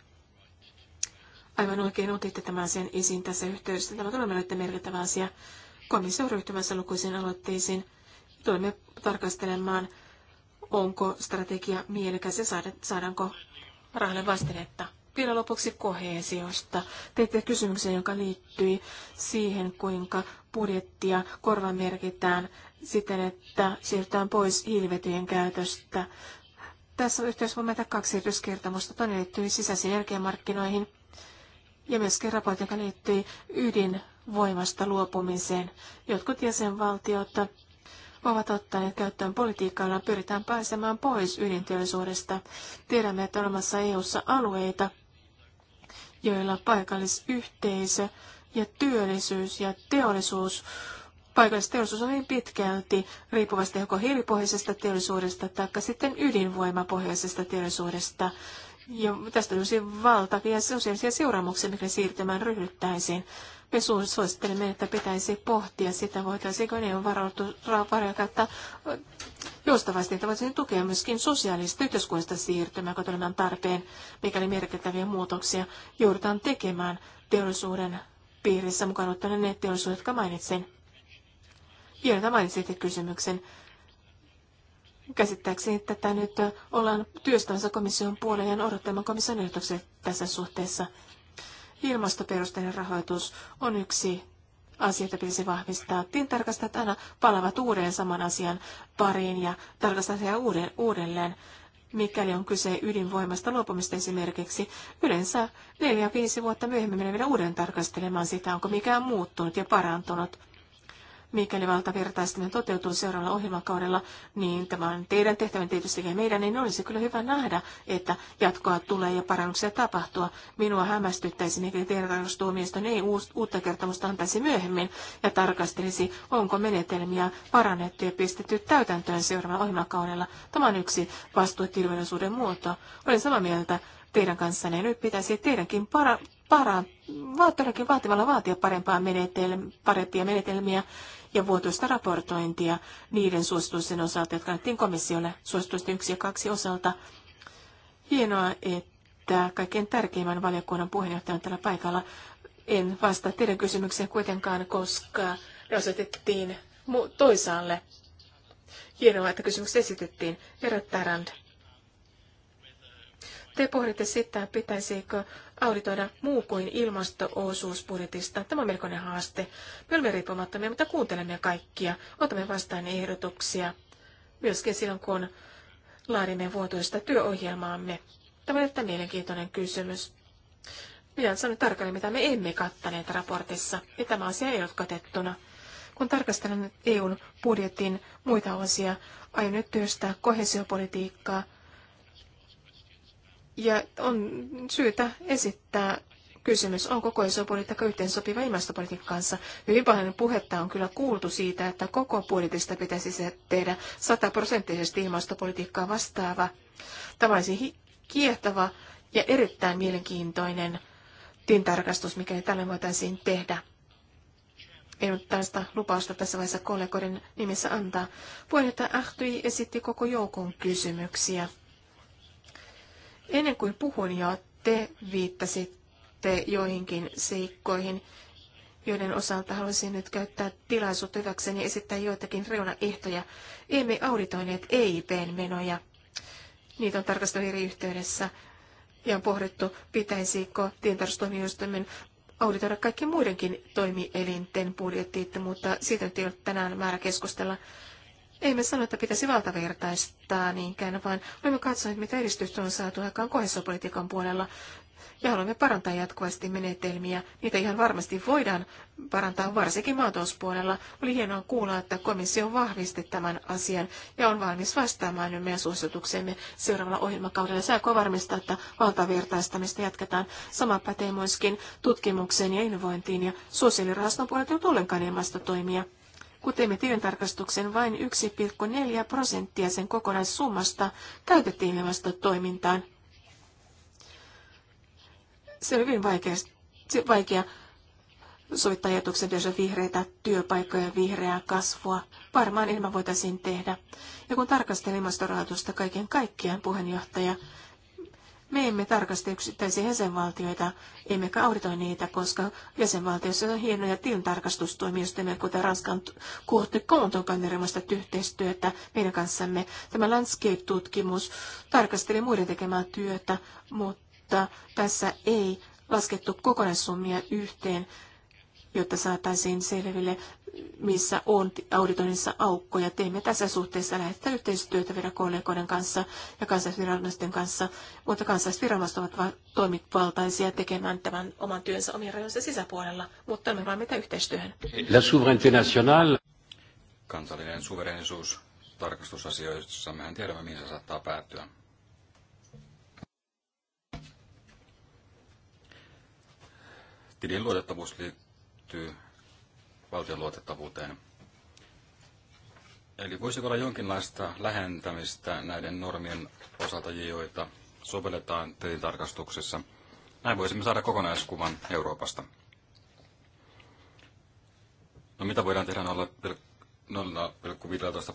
Speaker 2: Aivan oikein otitte tämän asian esiin tässä yhteydessä. Tämä tulee meille merkittävä asia komissio ryhtymässä lukuisiin aloitteisiin. Tulemme tarkastelemaan, onko strategia mielekäs ja saadaanko rahalle vastinetta. Vielä lopuksi koheesiosta. Teitte kysymyksen, joka liittyi siihen, kuinka budjettia korvamerkitään siten, että siirrytään pois hiilivetyjen käytöstä. Tässä yhteydessä voimme kaksi erityiskertomusta. Toinen liittyy sisäisiin energiamarkkinoihin ja myöskin raportti, joka liittyy ydin voimasta luopumiseen. Jotkut jäsenvaltiot ovat ottaneet käyttöön politiikkaa, jolla pyritään pääsemään pois ydintyöllisuudesta. Tiedämme, että olemassa EU-ssa alueita, joilla paikallisyhteisö ja työllisyys ja teollisuus Paikallisteollisuus on hyvin pitkälti riippuvasti joko hiilipohjaisesta teollisuudesta tai sitten ydinvoimapohjaisesta teollisuudesta. Ja tästä tulisi valtavia sosiaalisia seuraamuksia, mikä siirtymään ryhdyttäisiin. Me suosittelemme, että pitäisi pohtia sitä, voitaisiinko ne varjota joustavasti, että voitaisiin tukea myöskin sosiaalista yhteiskunnasta siirtymää, kun tulemaan tarpeen, mikäli merkittäviä muutoksia joudutaan tekemään teollisuuden piirissä mukaan ottaen ne teollisuudet, jotka mainitsin. Hienota mainitsitte kysymyksen. Käsittääkseni tätä nyt ollaan työstämässä komission puoleen ja odottamaan komission ehdotukset tässä suhteessa. Ilmastoperusteinen rahoitus on yksi asia, jota pitäisi vahvistaa. Tintarkastajat aina palavat uudelleen saman asian pariin ja tarkastavat heidän uudelleen. Mikäli on kyse ydinvoimasta luopumista esimerkiksi, yleensä neljä viisi vuotta myöhemmin menee vielä uuden tarkastelemaan sitä, onko mikään muuttunut ja parantunut mikäli valtavirtaistaminen toteutuu seuraavalla ohjelmakaudella, niin tämä on teidän tehtävän tietysti ja meidän, niin olisi kyllä hyvä nähdä, että jatkoa tulee ja parannuksia tapahtua. Minua hämmästyttäisi, mikäli terveystuomioistuin ei uutta kertomusta antaisi myöhemmin ja tarkastelisi, onko menetelmiä parannettu ja pistetty täytäntöön seuraavalla ohjelmakaudella. Tämä on yksi vastuutilvollisuuden muoto. Olen samaa mieltä teidän kanssanne. Nyt pitäisi teidänkin para, para, todellakin vaativalla vaatia parempaa menetelm parempia menetelmiä ja vuotuista raportointia niiden suositusten osalta, jotka annettiin komissiolle suositusten 1 ja 2 osalta. Hienoa, että kaikkein tärkeimmän valiokunnan puheenjohtaja on tällä paikalla. En vastaa teidän kysymykseen kuitenkaan, koska ne osoitettiin toisaalle. Hienoa, että kysymys esitettiin. Herra Tarand, te pohditte sitä, pitäisikö auditoida muu kuin ilmasto-osuusbudjetista. Tämä on melkoinen haaste. Me olemme riippumattomia, mutta kuuntelemme kaikkia. Otamme vastaan ehdotuksia. Myöskin silloin, kun laadimme vuotuista työohjelmaamme. Tämä on erittäin mielenkiintoinen kysymys. Minä en sanonut tarkalleen, mitä me emme kattaneet raportissa, ja tämä asia ei ole katettuna. Kun tarkastelen EUn budjetin muita osia, aion nyt työstää kohesiopolitiikkaa – ja on syytä esittää kysymys, onko yhteen sopiva ilmastopolitiikka kanssa. Hyvin paljon puhetta on kyllä kuultu siitä, että koko budjetista pitäisi tehdä sataprosenttisesti ilmastopolitiikkaa vastaava. Tämä olisi kiehtova ja erittäin mielenkiintoinen tintarkastus, mikä tälle voitaisiin tehdä. En ole tällaista lupausta tässä vaiheessa kollegoiden nimessä antaa. Puheenjohtaja Ahtui esitti koko joukon kysymyksiä. Ennen kuin puhun ja te viittasitte joihinkin seikkoihin, joiden osalta haluaisin nyt käyttää tilaisuutta hyväkseni esittää joitakin reunaehtoja. Emme auditoineet EIPn menoja. Niitä on tarkasteltu eri yhteydessä ja on pohdittu, pitäisikö tientarkastustoimijoistamme auditoida kaikki muidenkin toimielinten budjettiit, mutta siitä nyt ei ole tänään määrä keskustella. Ei me sano, että pitäisi valtavertaistaa niinkään, vaan olemme katsoneet, mitä edistystä on saatu aikaan kohesopolitiikan puolella. Ja haluamme parantaa jatkuvasti menetelmiä. Niitä ihan varmasti voidaan parantaa, varsinkin maatalouspuolella. Oli hienoa kuulla, että komissio vahvisti tämän asian ja on valmis vastaamaan nyt meidän suosituksemme seuraavalla ohjelmakaudella. Saako varmistaa, että valtavirtaistamista jatketaan. Sama pätee myöskin tutkimukseen ja innovointiin ja sosiaalirahaston puolelta ei ole ollenkaan ilmastotoimia. Kun teimme tilintarkastuksen, vain 1,4 prosenttia sen kokonaissummasta käytettiin ilmastotoimintaan. Se on hyvin vaikea, se vaikea sovittaa ajatuksen vihreitä työpaikkoja ja vihreää kasvua. Varmaan ilman voitaisiin tehdä. Ja kun tarkastelin ilmastorahoitusta kaiken kaikkiaan, puheenjohtaja, me emme tarkasta yksittäisiä jäsenvaltioita, emmekä auditoi niitä, koska jäsenvaltioissa on hienoja tilintarkastustoimijoistamme, kuten Ranskan Cour de Compte on yhteistyötä meidän kanssamme. Tämä landscape-tutkimus tarkasteli muiden tekemää työtä, mutta tässä ei laskettu kokonaissummia yhteen, jotta saataisiin selville, missä on auditoinnissa aukkoja. Teemme tässä suhteessa lähettä yhteistyötä kollegoiden kanssa ja kansallisviranomaisten kanssa, mutta kansallisviranomaiset ovat toimivaltaisia tekemään tämän oman työnsä omien rajojensa sisäpuolella, mutta olemme valmiita yhteistyöhön.
Speaker 1: La nationale. Kansallinen suverenisuus tarkastusasioissa, mehän tiedämme, mihin se saattaa päättyä. Tilin luotettavuus liittyy valtion luotettavuuteen. Eli voisiko olla jonkinlaista lähentämistä näiden normien osalta, joita sovelletaan tilintarkastuksessa? Näin voisimme saada kokonaiskuvan Euroopasta. No mitä voidaan tehdä 0,15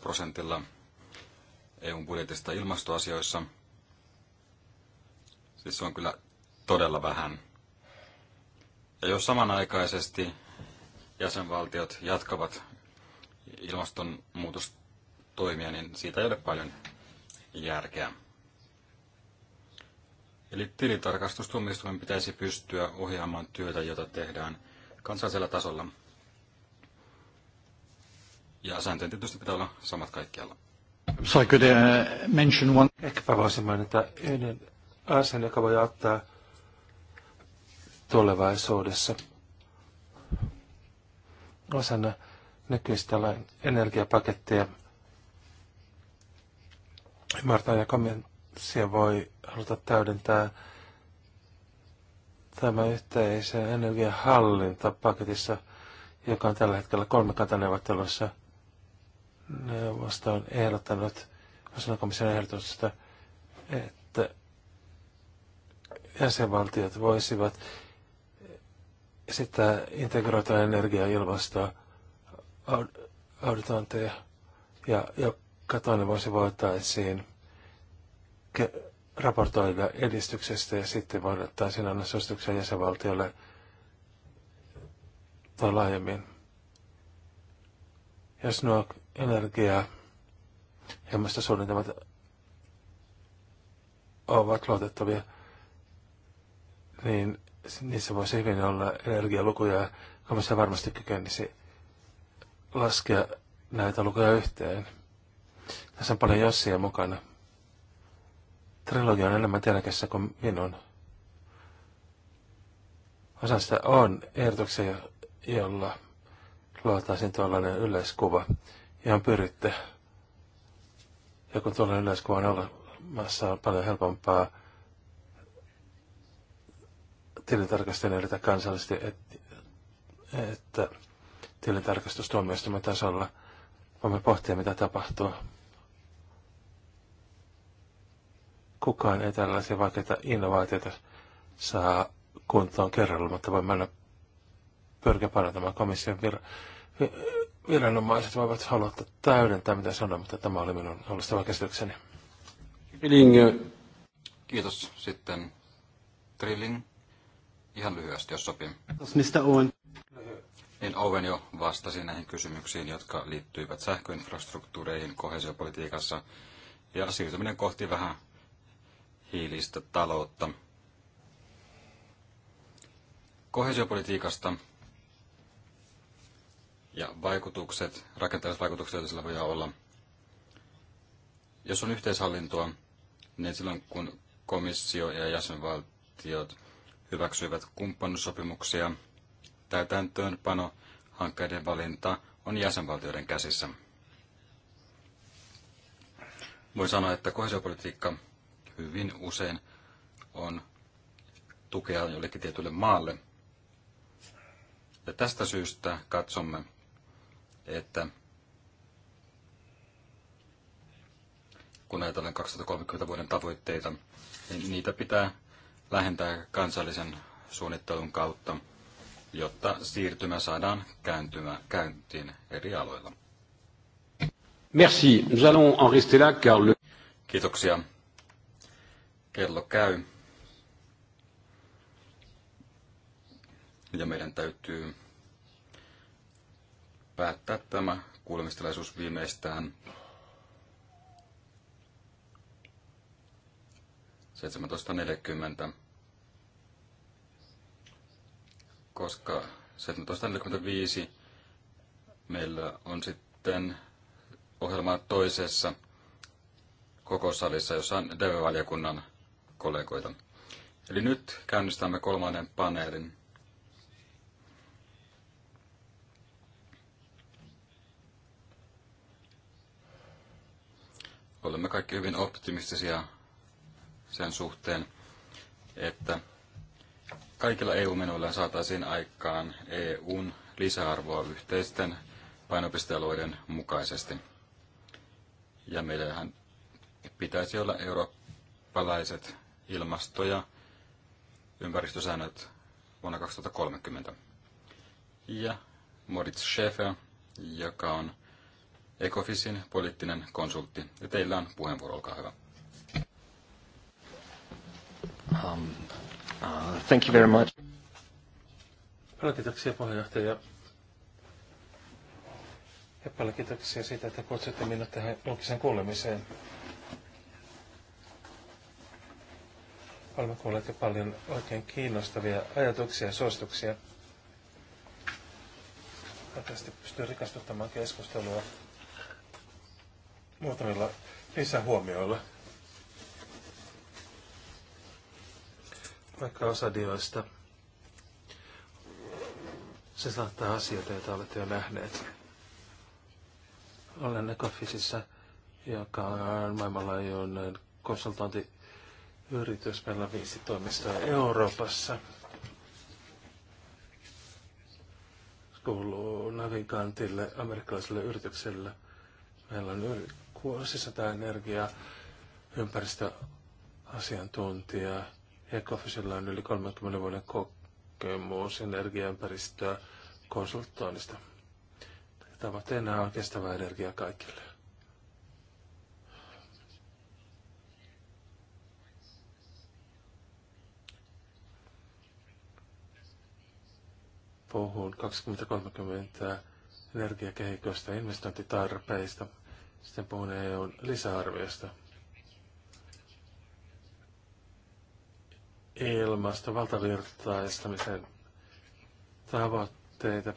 Speaker 1: prosentilla EUn budjetista ilmastoasioissa? Siis se on kyllä todella vähän. Ja jos samanaikaisesti jäsenvaltiot jatkavat ilmastonmuutostoimia, niin siitä ei ole paljon järkeä. Eli tilitarkastustuomioistuimen pitäisi pystyä ohjaamaan työtä, jota tehdään kansallisella tasolla. Ja sääntöjen tietysti pitää olla samat kaikkialla.
Speaker 3: So I could, uh, mention one... Ehkäpä voisin mainita yhden asian, joka voi auttaa tulevaisuudessa osana nykyistä energiapakettia. Ymmärtää ja komissio voi haluta täydentää tämä yhteisen energiahallintapaketissa, joka on tällä hetkellä kolmikantaneuvottelussa. Neuvosto on ehdottanut osana komission ehdotusta, että jäsenvaltiot voisivat sitten integroitua energiaa ilmastoa, auditointeja ja joka toinen vuosi voitaisiin raportoida edistyksestä ja sitten voitaisiin anna suosituksen jäsenvaltiolle tai laajemmin. Jos nuo energia- ja ilmastosuunnitelmat ovat luotettavia, niin niissä voisi hyvin olla energialukuja, komissio varmasti kykenisi laskea näitä lukuja yhteen. Tässä on paljon jossia mukana. Trilogia on enemmän tärkeässä kuin minun. Osa sitä on ehdotuksia, jolla luotaisin tuollainen yleiskuva, johon pyritte. Ja kun tuollainen yleiskuva on olemassa, on paljon helpompaa tilintarkastajan kansallisesti, että, että tilintarkastustuomioistuimen tasolla voimme pohtia, mitä tapahtuu. Kukaan ei tällaisia vaikeita innovaatioita saa kuntoon kerralla, mutta voi mennä pyrkiä parantamaan komission vir- viranomaiset voivat haluta täydentää, mitä sanoa, mutta tämä oli minun alustava käsitykseni.
Speaker 1: Trilling. Kiitos. Sitten Trilling. Ihan lyhyesti, jos sopii. Mr. Owen? Niin Owen jo vastasi näihin kysymyksiin, jotka liittyivät sähköinfrastruktuureihin kohesiopolitiikassa ja siirtyminen kohti vähän hiilistä taloutta. Kohesiopolitiikasta ja vaikutukset, rakenteelliset vaikutukset, joita sillä voi olla. Jos on yhteishallintoa, niin silloin kun komissio ja jäsenvaltiot – hyväksyivät kumppanussopimuksia. Täytäntöönpano hankkeiden valinta on jäsenvaltioiden käsissä. Voi sanoa, että kohesiopolitiikka hyvin usein on tukea jollekin tietylle maalle. Ja tästä syystä katsomme, että kun ajatellaan 2030 vuoden tavoitteita, niin niitä pitää lähentää kansallisen suunnittelun kautta, jotta siirtymä saadaan kääntymä, käyntiin eri aloilla. Merci. Nous allons en rester là, car le... Kiitoksia. Kello käy. Ja meidän täytyy päättää tämä kuulemistilaisuus viimeistään 17.40. koska 17.45 meillä on sitten ohjelma toisessa kokosalissa, jossa on DV-valiokunnan kollegoita. Eli nyt käynnistämme kolmannen paneelin. Olemme kaikki hyvin optimistisia sen suhteen, että kaikilla EU-menoilla saataisiin aikaan EUn lisäarvoa yhteisten painopistealueiden mukaisesti. Ja meillähän pitäisi olla eurooppalaiset ilmasto- ja ympäristösäännöt vuonna 2030. Ja Moritz Schäfer, joka on Ecofisin poliittinen konsultti. Ja teillä on puheenvuoro, olkaa hyvä. Um, thank you very much. Paljon
Speaker 3: kiitoksia puheenjohtaja. Ja paljon kiitoksia siitä, että kutsutte minut tähän julkiseen kuulemiseen. Olemme kuulleet jo paljon oikein kiinnostavia ajatuksia ja suosituksia. tästä pystyy rikastuttamaan keskustelua muutamilla lisähuomioilla. vaikka osadioista. Se saattaa asioita, joita olette jo nähneet. Olen Ecofisissa, joka on maailmanlaajuinen konsultointiyritys. Meillä on viisi toimistoa Euroopassa. Se kuuluu Navigantille, amerikkalaiselle yritykselle. Meillä on yli 600 energiaa, ympäristöasiantuntijaa, Ecofisilla on yli 30 vuoden kokemus energiaympäristöä konsultoinnista. Tavoitteena on kestävä energia kaikille. puhun 2030 energiakehiköistä investointitarpeista, sitten puhun EUn lisäarviosta. ilmasta valtavirtaistamisen tavoitteita.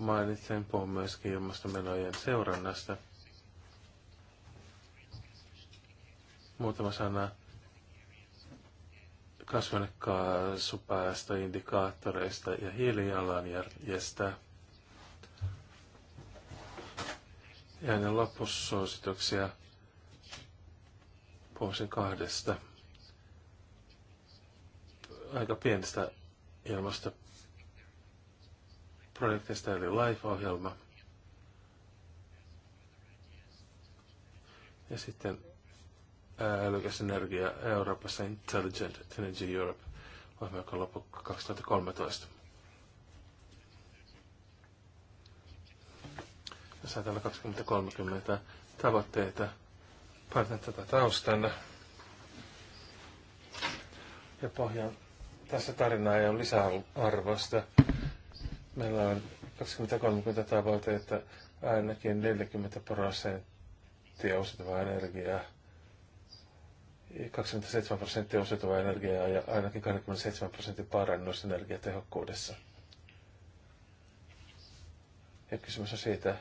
Speaker 3: Mainitsen puhun myöskin ilmastomenojen seurannasta. Muutama sana kasvihuonekaasupäästöindikaattoreista ja hiilijalanjäljestä. Ja ennen loppussuosituksia puhuisin kahdesta aika pienestä ilmasta projekteista, eli Life-ohjelma. Ja sitten älykäs energia Euroopassa, Intelligent Energy Europe, ohjelma, joka loppui 2013. Tässä on täällä 2030 tavoitteita. Painetaan tätä taustana. Ja pohjan tässä tarinaa ei ole lisäarvosta. Meillä on 20-30 tavoite, että ainakin 40 prosenttia uusiutuvaa energiaa, 27 prosenttia uusiutuvaa energiaa ja ainakin 27 prosenttia parannus energiatehokkuudessa. Ja kysymys on siitä,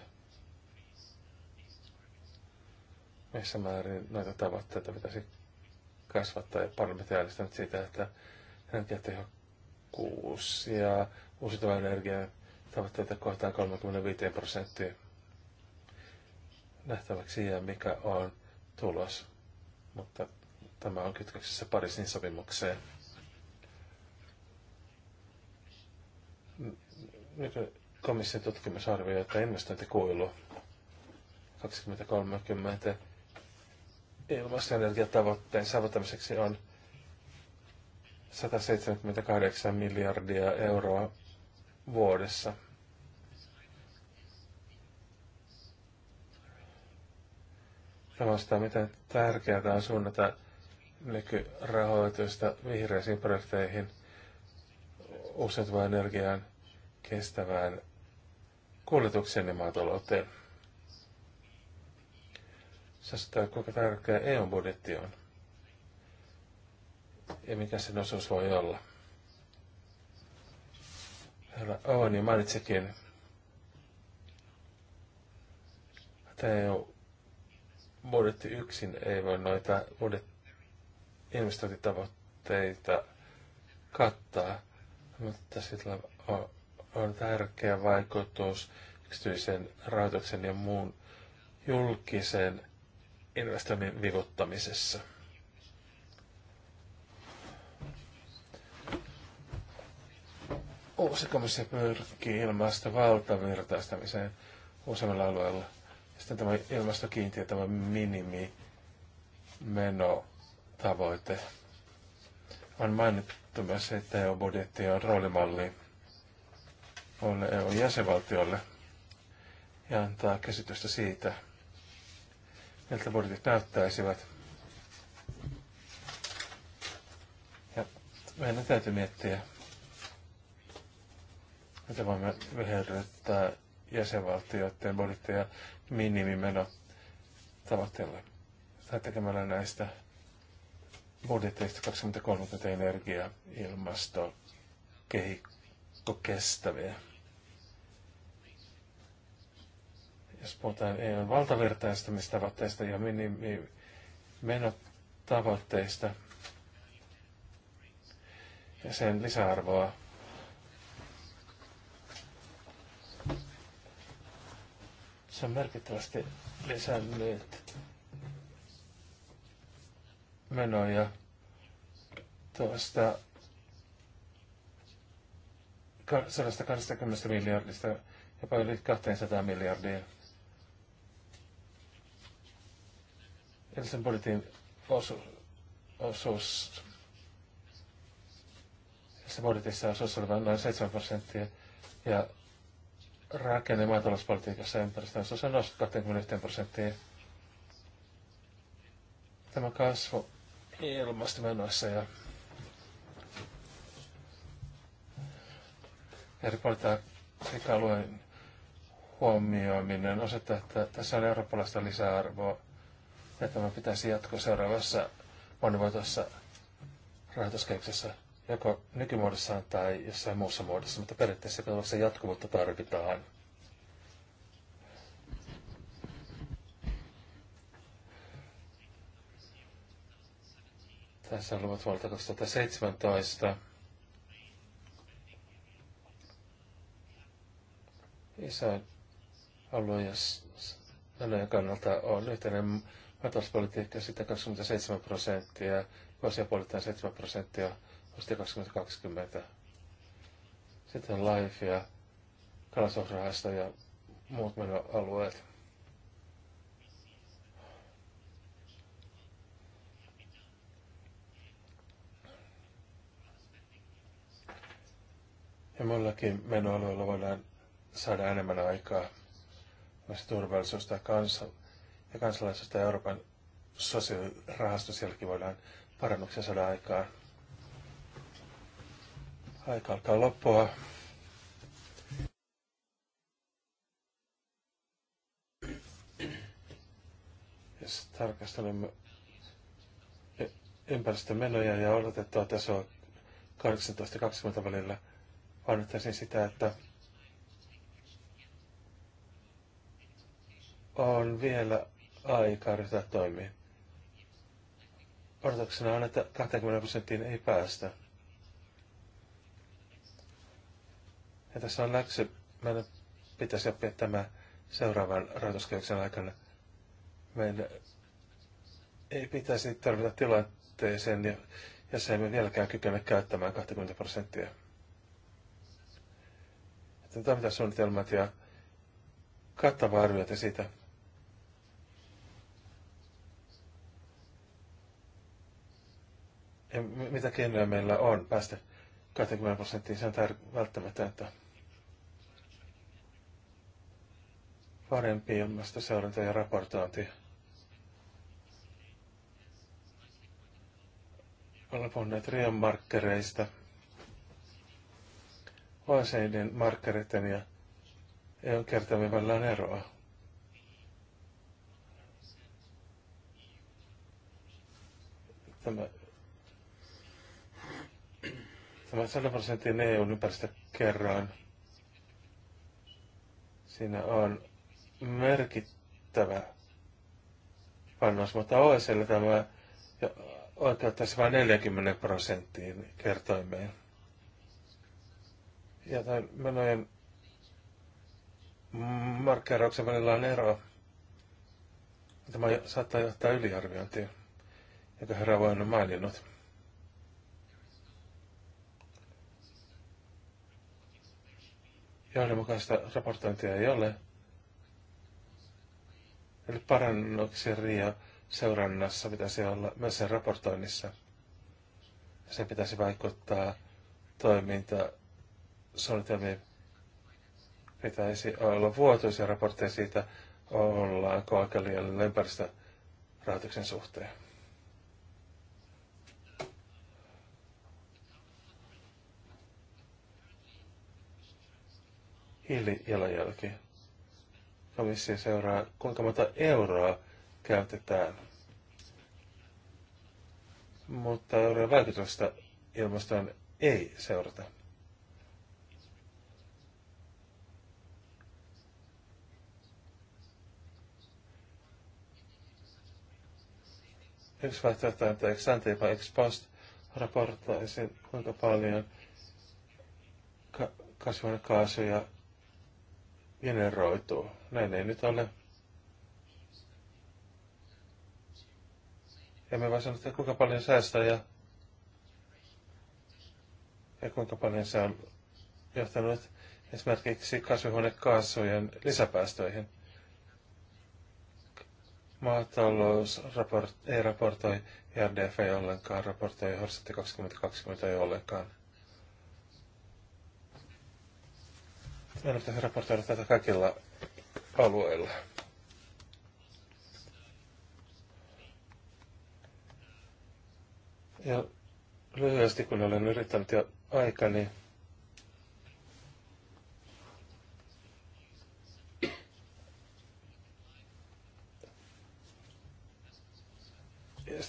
Speaker 3: missä määrin näitä tavoitteita pitäisi kasvattaa ja parlamentti siitä, että energiatehokkuus ja uusiutuvan energian tavoitteita kohtaan 35 prosenttia. Nähtäväksi ja mikä on tulos, mutta tämä on kytköksessä Pariisin sopimukseen. Komission tutkimus arvioi, että investointikuilu 2030 ilmastoenergiatavoitteen saavuttamiseksi on 178 miljardia euroa vuodessa. Tämä miten tärkeää on suunnata nykyrahoitusta vihreisiin projekteihin, uusiutuvaan energiaan, kestävään kuljetukseen ja maatalouteen. Se kuinka tärkeä EU-budjetti on ja mikä sen osuus voi olla. Herra Ooni niin mainitsikin, ei ole budjetti yksin ei voi noita uudet investointitavoitteita kattaa, mutta sillä on, on tärkeä vaikutus yksityisen rahoituksen ja muun julkisen investoinnin vivuttamisessa. Uusi komissio pyrkii ilmaista valtavirtaistamiseen useammalla alueella. Ja sitten tämä ilmastokiintiö, tämä minimi tavoite On mainittu myös se, että EU-budjetti on roolimalli muille EU-jäsenvaltioille ja antaa käsitystä siitä, miltä budjetit näyttäisivät. Ja meidän täytyy miettiä, että voimme viherryttää jäsenvaltioiden ja minimimeno tavoitteella tai tekemällä näistä budjetteista 2030 energia, ilmasto, kehikko kestäviä. Jos puhutaan EUn valtavirtaistamistavoitteista ja minimimenotavoitteista ja sen lisäarvoa Se on merkittävästi lisännyt menoja tuosta 120 miljardista jopa yli 200 miljardia. Edellisen budjetin osu, osuus Se budjetissa osuus oli vain noin 7 prosenttia ja rakenne maatalouspolitiikassa ja ympäristössä on noussut 21 prosenttiin. Tämä kasvu ilmastomenoissa ja eri politiikka-alueen huomioiminen osoittaa, että tässä on eurooppalaista lisäarvoa ja tämä pitäisi jatkoa seuraavassa monivuotoisessa rahoituskeksessä joko nykymuodossaan tai jossain muussa muodossa, mutta periaatteessa se jatkuvuutta tarvitaan. Tässä on luvut vuodelta 2017. Isoin alue, jos menojen kannalta on yhteinen matalaispolitiikka, sitten 27 prosenttia, vuosia puolittain 7 prosenttia Ostia 2020. Sitten on Life ja kalastusrahasto ja muut menoalueet. Ja muillakin menoalueilla voidaan saada enemmän aikaa myös turvallisuus tai kansa, ja kansalaisesta ja Euroopan sosiaalirahastosjälki voidaan parannuksia saada aikaan. Aika alkaa loppua. Jos tarkastelemme ympäristömenoja ja odotettua tasoa 18-20 välillä, painottaisin sitä, että on vielä aika ryhtyä toimiin. Odotuksena on, että 20 prosenttiin ei päästä. Ja tässä on läksy. Mä nyt pitäisi oppia tämä seuraavan rahoituskehyksen aikana. Meidän ei pitäisi tarvita tilanteeseen, ja jos emme vieläkään kykene käyttämään 20 prosenttia. Että suunnitelmat ja kattava arviointi siitä. Ja mitä keinoja meillä on päästä 20 prosenttiin, se on välttämätöntä. parempi ilmastoseuranta ja raportointi. Olen puhunut Rion markkereista, OECDn markkereiden ja EUn kertoimien välillä on eroa. Tämä, tämä 100 prosentin EUn ympäristökerroin, siinä on merkittävä panos, mutta OSL e tämä oikeuttaisi vain 40 prosenttiin kertoimeen. Ja tämän menojen markkerauksen välillä on ero. Tämä saattaa johtaa yliarviointiin, joka herra voi on maininnut. Johdonmukaista raportointia ei ole. Eli parannuksen Ria seurannassa pitäisi olla myös sen raportoinnissa. Sen pitäisi vaikuttaa toiminta suunnitelmiin pitäisi olla vuotuisia raportteja siitä, ollaanko aika liian ympäristörahoituksen suhteen. hiilijalanjälki komissio seuraa, kuinka monta euroa käytetään. Mutta euroa vaikutusta ilmastoon ei seurata. Yksi vaihtoehto on, että ex ante vai ex post kuinka paljon ka- kasvihuonekaasuja generoituu. Näin ei nyt ole. Emme vaan sano, että kuinka paljon säästää ja, ja kuinka paljon se on johtanut esimerkiksi kasvihuonekaasujen lisäpäästöihin. Maatalous raport, ei raportoi RDF ei ollenkaan, raportoi Horsetti 2020 ei ollenkaan. Meidän pitäisi raportoida tätä kaikilla alueilla. Ja lyhyesti, kun olen yrittänyt jo niin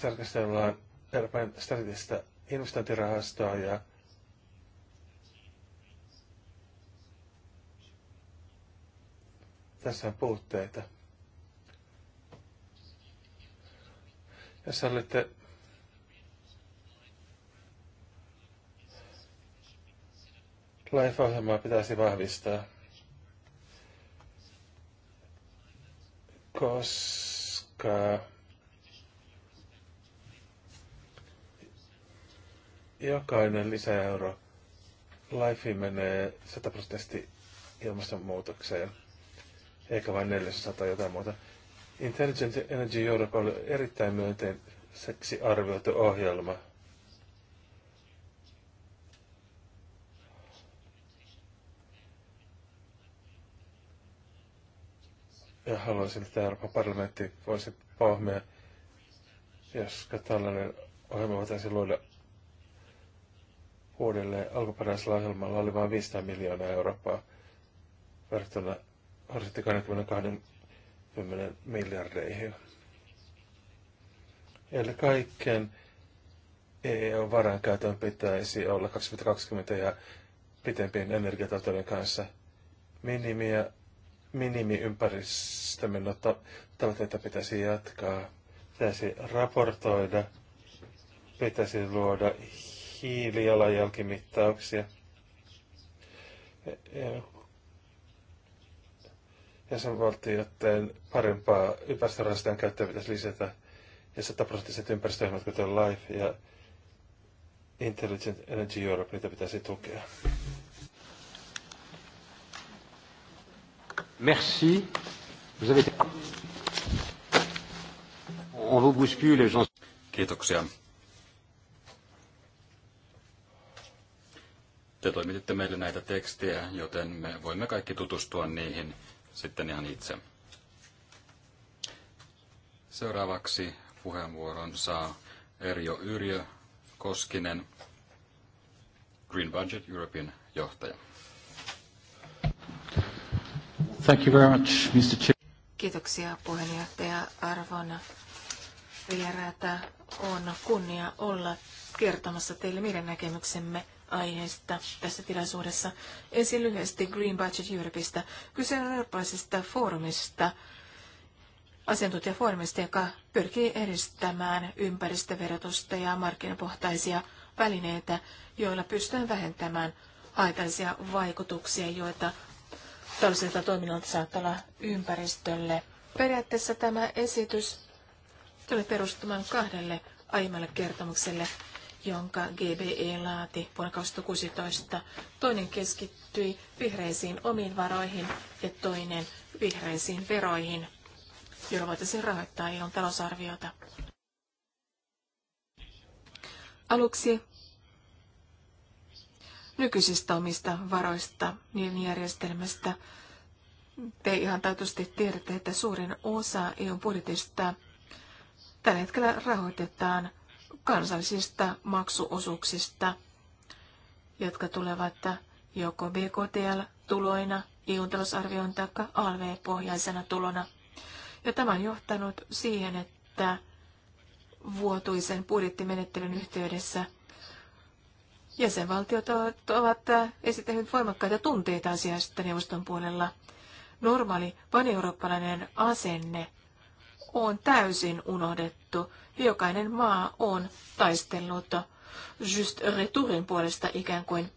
Speaker 3: tarkastellaan Euroopan strategista investointirahastoa ja Tässä on puutteita. Tässä sallitte Life-ohjelmaa pitäisi vahvistaa, koska jokainen lisäeuro Life menee sataprosenttisesti ilmastonmuutokseen eikä vain 400 tai jotain muuta. Intelligent Energy Europe oli erittäin myönteiseksi arvioitu ohjelma. Ja haluaisin, että Euroopan parlamentti voisi pohmia, jos tällainen ohjelma voitaisiin luoda uudelleen. Alkuperäisellä ohjelmalla oli vain 500 miljoonaa Eurooppaa verrattuna arvitti 22 miljardeihin. Eli kaikkien EU-varankäytön pitäisi olla 2020 ja pitempien energiatautojen kanssa minimiä, minimiympäristömenot tavoitteita pitäisi jatkaa. Pitäisi raportoida, pitäisi luoda hiilijalanjälkimittauksia. E-, että parempaa ympäristörahastojen käyttöä pitäisi lisätä ja sataprosenttiset ympäristöohjelmat, kuten LIFE ja Intelligent Energy Europe, niitä pitäisi tukea.
Speaker 1: Merci. Vous avez... On vous bouscule, les gens... Kiitoksia. Te toimititte meille näitä tekstejä, joten me voimme kaikki tutustua niihin sitten ihan itse. Seuraavaksi puheenvuoron saa Erjo Yrjö Koskinen, Green Budget European johtaja.
Speaker 2: Thank you very much, Mr. Chair. Kiitoksia puheenjohtaja Arvon vieräätä. On kunnia olla kertomassa teille meidän näkemyksemme aiheesta tässä tilaisuudessa. Ensin lyhyesti Green Budget Europeista. Kyse on eurooppalaisesta foorumista, asiantuntijafoorumista, joka pyrkii edistämään ympäristöverotusta ja markkinapohtaisia välineitä, joilla pystytään vähentämään haitallisia vaikutuksia, joita tällaisilta toiminnalta saattaa olla ympäristölle. Periaatteessa tämä esitys tulee perustumaan kahdelle aiemmalle kertomukselle, jonka GBE laati vuonna 2016. Toinen keskittyi vihreisiin omiin varoihin ja toinen vihreisiin veroihin, joilla voitaisiin rahoittaa EUn talousarviota. Aluksi nykyisistä omista varoista, niin järjestelmästä. Te ihan taitusti tiedätte, että suurin osa EUn budjetista tällä hetkellä rahoitetaan – kansallisista maksuosuuksista, jotka tulevat joko BKTL-tuloina, EUn talousarvion tai ALV-pohjaisena tulona. Ja tämä on johtanut siihen, että vuotuisen budjettimenettelyn yhteydessä jäsenvaltiot ovat esittäneet voimakkaita tunteita asiasta neuvoston puolella. Normaali paneurooppalainen asenne on täysin unohdettu Jokainen maa on taistellut just returin puolesta ikään kuin.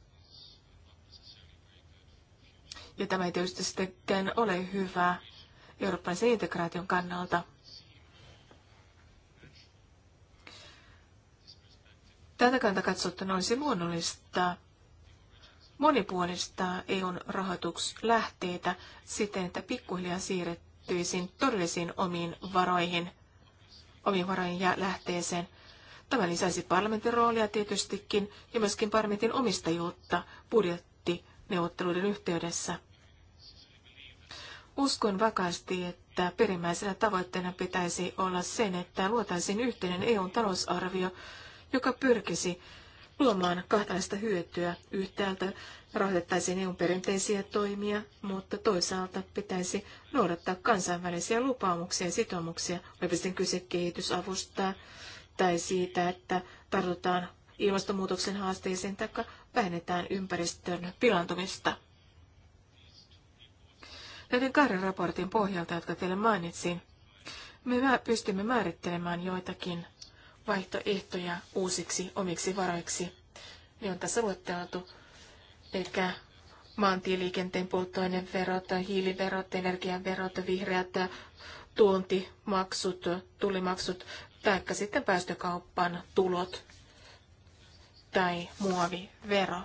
Speaker 2: Ja tämä ei tietysti sittenkään ole hyvää eurooppalaisen integraation kannalta. Tätä kanta katsottuna olisi luonnollista monipuolista EUn rahoituslähteitä siten, että pikkuhiljaa siirrettyisiin todellisiin omiin varoihin – omiin varojen ja lähteeseen. Tämä lisäisi parlamentin roolia tietystikin ja myöskin parlamentin omistajuutta budjettineuvotteluiden yhteydessä. Uskon vakaasti, että perimmäisenä tavoitteena pitäisi olla sen, että luotaisiin yhteinen eu talousarvio, joka pyrkisi luomaan kahtaista hyötyä. Yhtäältä rahoitettaisiin EUn perinteisiä toimia, mutta toisaalta pitäisi noudattaa kansainvälisiä lupaamuksia ja sitoumuksia, olipa sitten kyse kehitysavusta tai siitä, että tartutaan ilmastonmuutoksen haasteisiin tai vähennetään ympäristön pilantumista. Näiden kahden raportin pohjalta, jotka teille mainitsin, me pystymme määrittelemään joitakin vaihtoehtoja uusiksi omiksi varoiksi. Ne on tässä luetteltu. Eli maantieliikenteen polttoaineverot, hiiliverot, energiaverot, vihreät tuontimaksut, tulimaksut, taikka sitten päästökauppan tulot tai muovivero.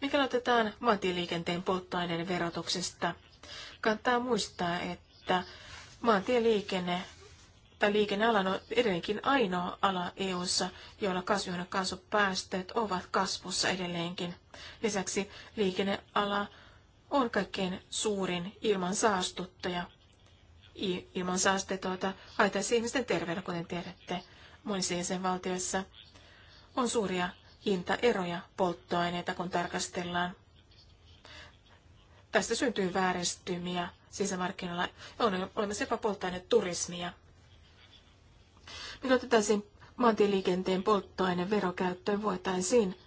Speaker 2: Mikä otetaan maantieliikenteen polttoaineen verotuksesta? Kannattaa muistaa, että Maantieliikenne tai liikennealan on edelleenkin ainoa ala EU:ssa, jolla kasvihuonekaasupäästöt ovat kasvussa edelleenkin. Lisäksi liikenneala on kaikkein suurin ilman saastuttaja. Ilman saastetoita haitaisi ihmisten terveydellä, kuten tiedätte. Monissa jäsenvaltioissa on suuria hintaeroja polttoaineita, kun tarkastellaan. Tästä syntyy vääristymiä sisämarkkinoilla. On olemassa jopa polttoaineturismia. Mitä otettaisiin maantieliikenteen polttoaineverokäyttöön voitaisiin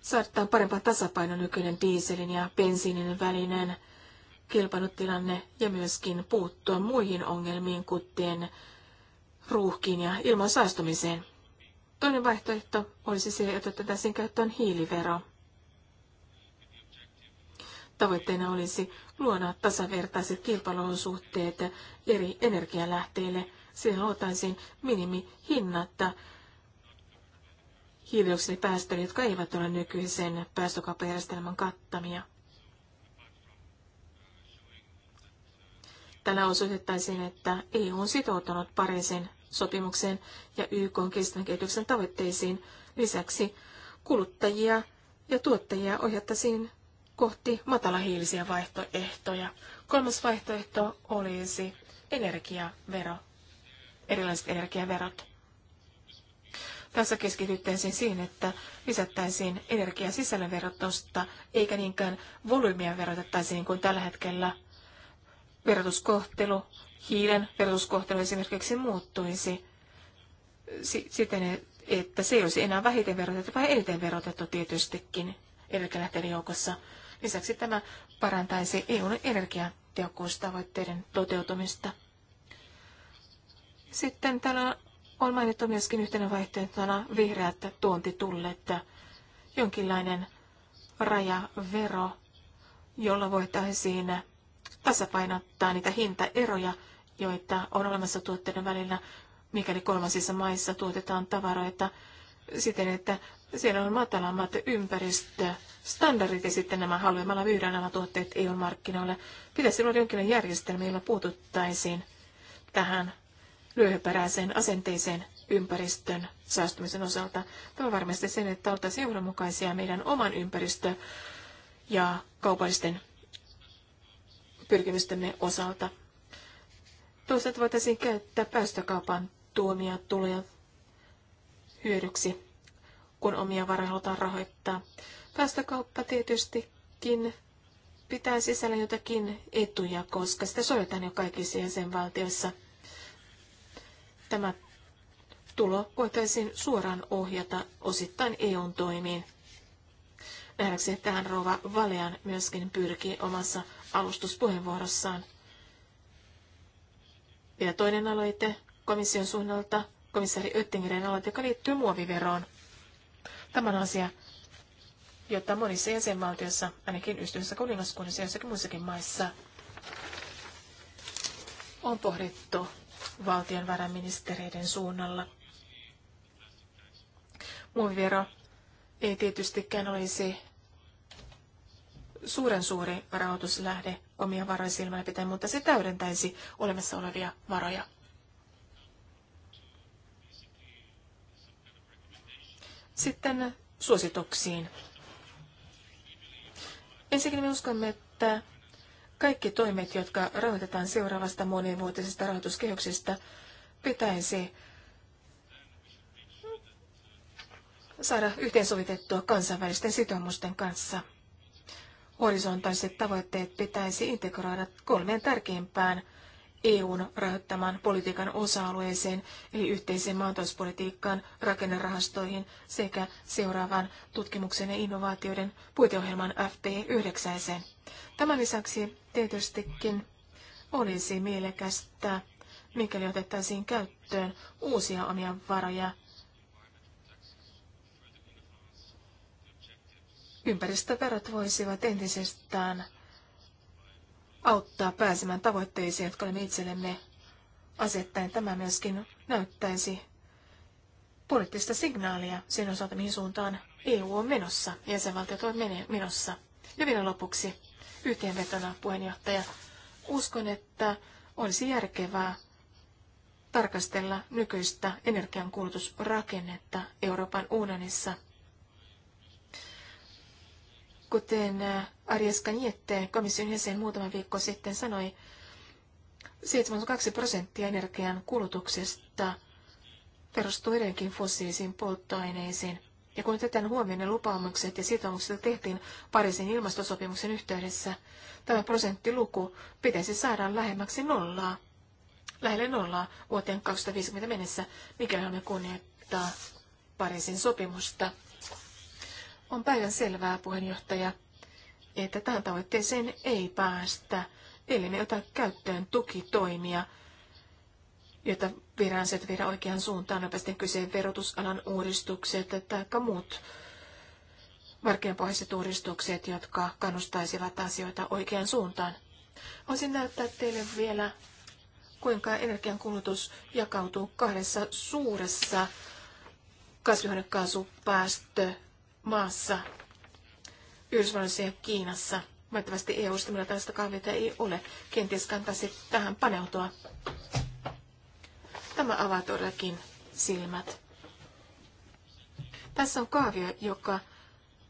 Speaker 2: saattaa parempaa tasapaino nykyinen diiselin ja bensiinin välinen kilpailutilanne ja myöskin puuttua muihin ongelmiin, kuten ruuhkiin ja ilman saastumiseen. Toinen vaihtoehto olisi se, että otettaisiin käyttöön hiilivero. Tavoitteena olisi luoda tasavertaiset kilpailuolosuhteet eri energialähteille. Siihen luotaisiin minimihinnat hiilidioksidipäästöjä, jotka eivät ole nykyisen päästökauppajärjestelmän kattamia. Tällä osoitettaisiin, että EU on sitoutunut Pariisin sopimukseen ja YK on kestävän kehityksen tavoitteisiin. Lisäksi kuluttajia ja tuottajia ohjattaisiin kohti matalahiilisiä vaihtoehtoja. Kolmas vaihtoehto olisi energiavero, erilaiset energiaverot. Tässä keskityttäisiin siihen, että lisättäisiin energiasisällön verotusta, eikä niinkään volyymia verotettaisiin kuin tällä hetkellä. Verotuskohtelu, hiilen verotuskohtelu esimerkiksi muuttuisi siten, että se ei olisi enää vähiten verotettu, vaan eniten verotettu tietystikin energialähteiden joukossa. Lisäksi tämä parantaisi EUn energiatehokkuustavoitteiden toteutumista. Sitten täällä on mainittu myöskin yhtenä vaihtoehtona vihreät tuontitullet, jonkinlainen rajavero, jolla voitaisiin tasapainottaa niitä hintaeroja, joita on olemassa tuotteiden välillä, mikäli kolmansissa maissa tuotetaan tavaroita, siten, että siellä on matalammat ympäristöstandardit ja sitten nämä halvemmalla myydään nämä tuotteet EU-markkinoille. Pitäisi olla jonkinlainen järjestelmä, jolla puututtaisiin tähän lyöhyperäiseen asenteeseen ympäristön saastumisen osalta. Tämä varmasti sen, että oltaisiin johdonmukaisia meidän oman ympäristö- ja kaupallisten pyrkimystemme osalta. Toisaalta voitaisiin käyttää päästökaupan tuomia tuloja hyödyksi, kun omia varoja halutaan rahoittaa. Päästökauppa tietystikin pitää sisällä jotakin etuja, koska sitä soitetaan jo kaikissa jäsenvaltioissa. Tämä tulo voitaisiin suoraan ohjata osittain EUn toimiin. Nähdäkseni tähän Rova Valean myöskin pyrkii omassa alustuspuheenvuorossaan. Vielä toinen aloite komission suunnalta komissaari Öttingerin aloite, joka liittyy muoviveroon. Tämä on asia, jota monissa jäsenvaltioissa, ainakin ystävissä kuningaskunnissa ja jossakin muissakin maissa, on pohdittu valtionvarainministereiden suunnalla. Muovivero ei tietystikään olisi suuren suuri rahoituslähde omia varoja silmällä pitäen, mutta se täydentäisi olemassa olevia varoja. Sitten suosituksiin. Ensinnäkin me uskomme, että kaikki toimet, jotka rahoitetaan seuraavasta monivuotisesta rahoituskehyksestä, pitäisi saada yhteensovitettua kansainvälisten sitoumusten kanssa. Horisontaaliset tavoitteet pitäisi integroida kolmeen tärkeimpään EUn rahoittamaan politiikan osa-alueeseen, eli yhteiseen maatalouspolitiikkaan, rakennerahastoihin sekä seuraavaan tutkimuksen ja innovaatioiden puiteohjelman FP9. Tämän lisäksi tietystikin olisi mielekästä, mikäli otettaisiin käyttöön uusia omia varoja Ympäristöverot voisivat entisestään auttaa pääsemään tavoitteisiin, jotka olemme itsellemme asettaen. Tämä myöskin näyttäisi poliittista signaalia sen osalta, mihin suuntaan EU on menossa, jäsenvaltiot ovat menossa. Ja vielä lopuksi yhteenvetona puheenjohtaja. Uskon, että olisi järkevää tarkastella nykyistä energiankulutusrakennetta Euroopan unionissa – Kuten äh, Arias Kanjette, komission jäsen muutama viikko sitten sanoi, 72 prosenttia energian kulutuksesta perustuu edelleenkin fossiilisiin polttoaineisiin. Ja kun tätä huomioon ne lupaamukset ja sitoumukset tehtiin Pariisin ilmastosopimuksen yhteydessä, tämä prosenttiluku pitäisi saada lähemmäksi nollaa, lähelle nollaa vuoteen 2050 mennessä, mikäli haluamme kunnioittaa Pariisin sopimusta. On päivän selvää, puheenjohtaja, että tähän tavoitteeseen ei päästä, eli me ottaa käyttöön tukitoimia, jotta viranset viedä oikeaan suuntaan nopeasti kyseen verotusalan uudistukset tai muut markkinapohjaiset uudistukset, jotka kannustaisivat asioita oikeaan suuntaan. Voisin näyttää teille vielä, kuinka energiankulutus jakautuu kahdessa suuressa kasvihuonekaasupäästö maassa, Yhdysvalloissa ja Kiinassa. Valitettavasti EU-sta meillä tällaista kahvia ei ole. Kenties kantaisi tähän paneutua. Tämä avaa todellakin silmät. Tässä on kaavio, joka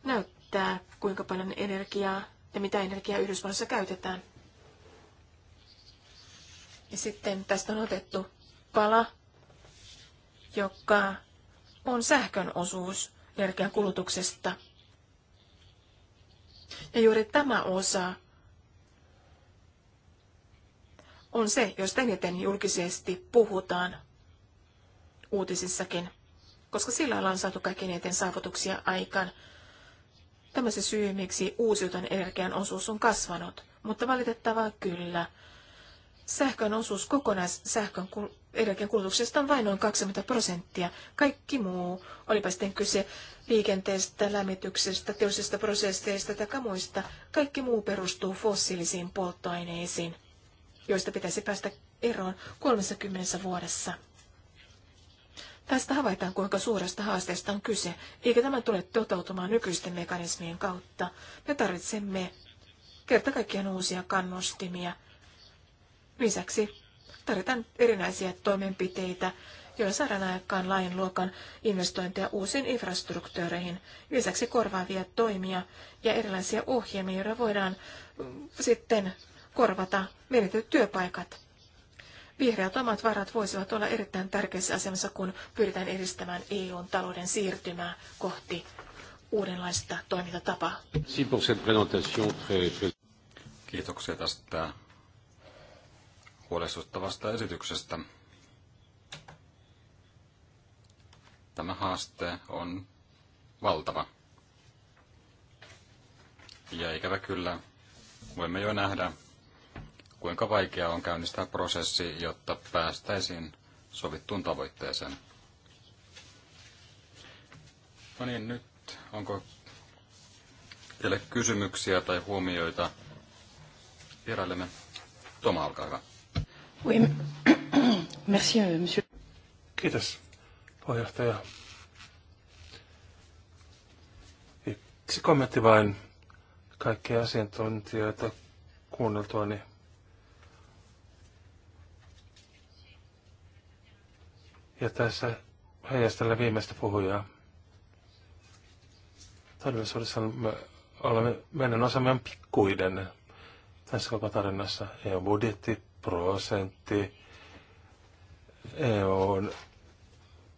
Speaker 2: näyttää, kuinka paljon energiaa ja mitä energiaa Yhdysvalloissa käytetään. Ja sitten tästä on otettu pala, joka on sähkön osuus energian kulutuksesta. Ja juuri tämä osa on se, josta eniten julkisesti puhutaan uutisissakin, koska sillä ollaan on saatu kaikkein eniten saavutuksia aikaan. Tämä se syy, miksi uusiutuvan energian osuus on kasvanut, mutta valitettavaa kyllä. Sähkön osuus kokonaissähkön energiankulutuksesta vain noin 20 prosenttia. Kaikki muu, olipa sitten kyse liikenteestä, lämmityksestä, teollisista prosesseista tai muista, kaikki muu perustuu fossiilisiin polttoaineisiin, joista pitäisi päästä eroon 30 vuodessa. Tästä havaitaan, kuinka suuresta haasteesta on kyse, eikä tämä tule toteutumaan nykyisten mekanismien kautta. Me tarvitsemme kerta kaikkiaan uusia kannustimia. Lisäksi tarvitaan erinäisiä toimenpiteitä, joilla saadaan aikaan laajan luokan investointeja uusiin infrastruktuureihin, lisäksi korvaavia toimia ja erilaisia ohjelmia, joilla voidaan mm, sitten korvata menetetyt työpaikat. Vihreät omat varat voisivat olla erittäin tärkeässä asemassa, kun pyritään edistämään EUn talouden siirtymää kohti uudenlaista toimintatapaa.
Speaker 1: Kiitoksia tästä huolestuttavasta esityksestä. Tämä haaste on valtava. Ja ikävä kyllä voimme jo nähdä, kuinka vaikeaa on käynnistää prosessi, jotta päästäisiin sovittuun tavoitteeseen. No niin, nyt onko teille kysymyksiä tai huomioita vierailemme? Toma, olkaa hyvä.
Speaker 2: Oui. Merci,
Speaker 3: euh, monsieur.
Speaker 1: Kiitos, puheenjohtaja.
Speaker 3: Yksi kommentti vain kaikkia asiantuntijoita kuunneltuani. Niin ja tässä heijastella viimeistä puhujaa. Todellisuudessa me olemme meidän osamme pikkuiden tässä koko tarinassa. EU-budjetti prosentti EUn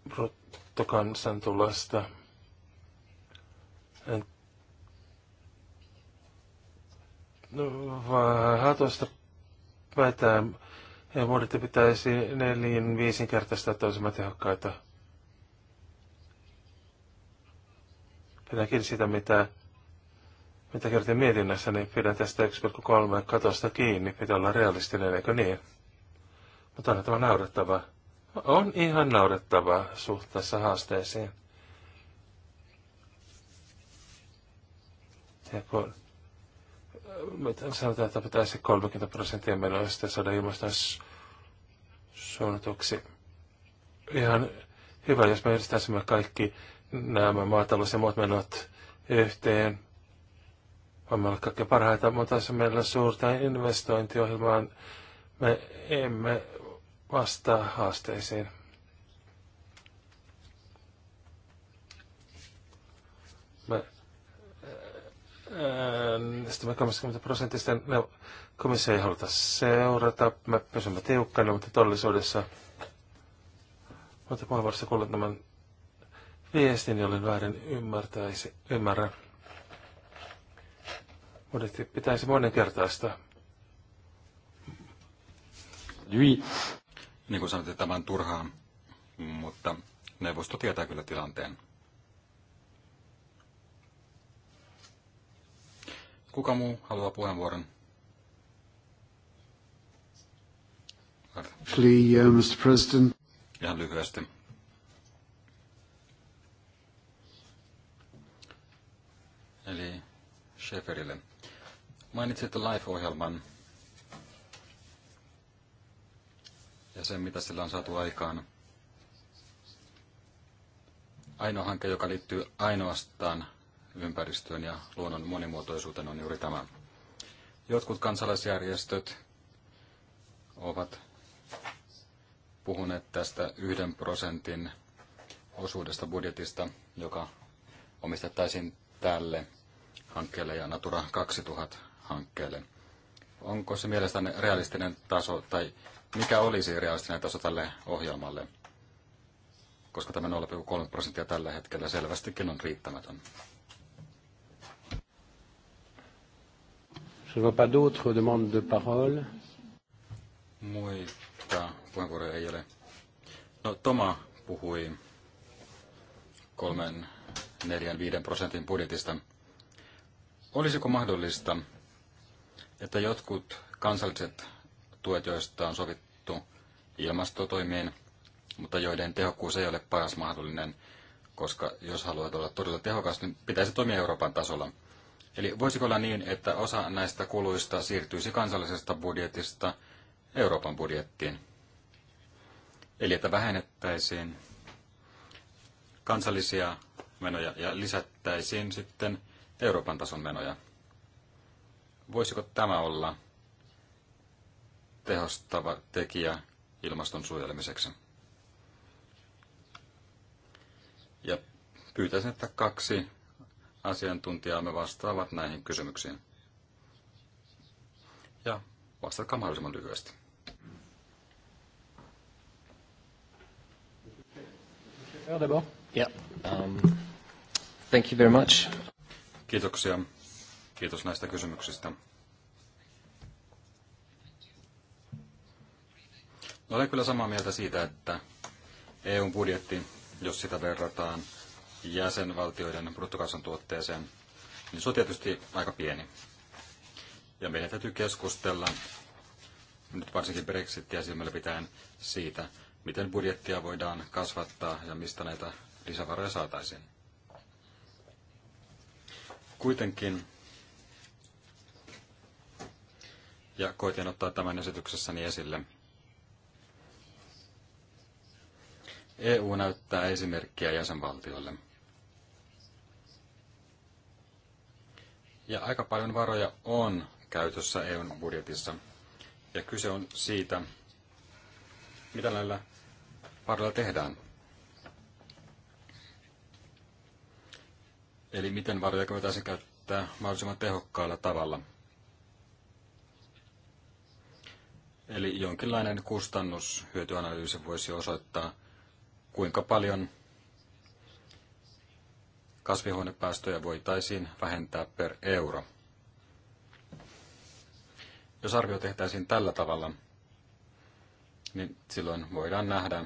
Speaker 3: bruttokansantulosta. En no, vaan tuosta päätään budjetti pitäisi nelin viisinkertaista toisemme tehokkaita. Pidäkin sitä, mitä mitä kertin mietinnässä, niin pidän tästä 1,3 katosta kiinni. Pitää olla realistinen, eikö niin? Mutta on tämä naurettavaa. On ihan naurettavaa suhteessa haasteisiin. Ja kun sanotaan, että pitäisi 30 prosenttia menoista saada ilmaston Ihan hyvä, jos me yhdistäisimme kaikki nämä maatalous- ja muut menot yhteen voimme olla kaikkein parhaita, mutta se meillä suurta investointiohjelmaa, me emme vastaa haasteisiin. Me äänestämme 30 prosentista, ne komissio ei haluta seurata, me pysymme tiukkana, mutta todellisuudessa mutta puheenvuorossa kuulen tämän viestin, jolloin väärin ymmärtäisi, ymmärrä budjetti pitäisi moninkertaistaa.
Speaker 1: Jui. Niin kuin sanoitte, tämän turhaa, mutta neuvosto tietää kyllä tilanteen. Kuka muu haluaa puheenvuoron?
Speaker 3: Please, uh, Mr. President.
Speaker 1: Ihan lyhyesti. Eli Schäferille. Mainitsit LIFE-ohjelman ja sen, mitä sillä on saatu aikaan. Ainoa hanke, joka liittyy ainoastaan ympäristöön ja luonnon monimuotoisuuteen, on juuri tämä. Jotkut kansalaisjärjestöt ovat puhuneet tästä yhden prosentin osuudesta budjetista, joka omistettaisiin tälle hankkeelle ja Natura 2000 hankkeelle. Onko se mielestäni realistinen taso, tai mikä olisi realistinen taso tälle ohjelmalle? Koska tämä 0,3 prosenttia tällä hetkellä selvästikin on riittämätön.
Speaker 3: Je vois pas d'autres demandes de parole.
Speaker 1: Muita puheenvuoroja ei ole. No, Toma puhui kolmen, neljän, viiden prosentin budjetista. Olisiko mahdollista että jotkut kansalliset tuet, joista on sovittu ilmastotoimiin, mutta joiden tehokkuus ei ole paras mahdollinen, koska jos haluat olla todella tehokas, niin pitäisi toimia Euroopan tasolla. Eli voisiko olla niin, että osa näistä kuluista siirtyisi kansallisesta budjetista Euroopan budjettiin? Eli että vähennettäisiin kansallisia menoja ja lisättäisiin sitten Euroopan tason menoja. Voisiko tämä olla tehostava tekijä ilmaston suojelemiseksi? Ja pyytäisin, että kaksi asiantuntijaa me vastaavat näihin kysymyksiin. Ja vastatkaa mahdollisimman lyhyesti. Yeah. Um, thank you very much. Kiitoksia. Kiitos näistä kysymyksistä. No, olen kyllä samaa mieltä siitä, että EUn budjetti, jos sitä verrataan jäsenvaltioiden bruttokansantuotteeseen, niin se on tietysti aika pieni. Ja meidän täytyy keskustella, nyt varsinkin Brexitia silmällä pitäen, siitä, miten budjettia voidaan kasvattaa ja mistä näitä lisävaroja saataisiin. Kuitenkin ja koitin ottaa tämän esityksessäni esille. EU näyttää esimerkkiä jäsenvaltioille. Ja aika paljon varoja on käytössä EUn budjetissa. Ja kyse on siitä, mitä näillä varoilla tehdään. Eli miten varoja voitaisiin käyttää mahdollisimman tehokkaalla tavalla – Eli jonkinlainen kustannushyötyanalyysi voisi osoittaa, kuinka paljon kasvihuonepäästöjä voitaisiin vähentää per euro. Jos arvio tehtäisiin tällä tavalla, niin silloin voidaan nähdä,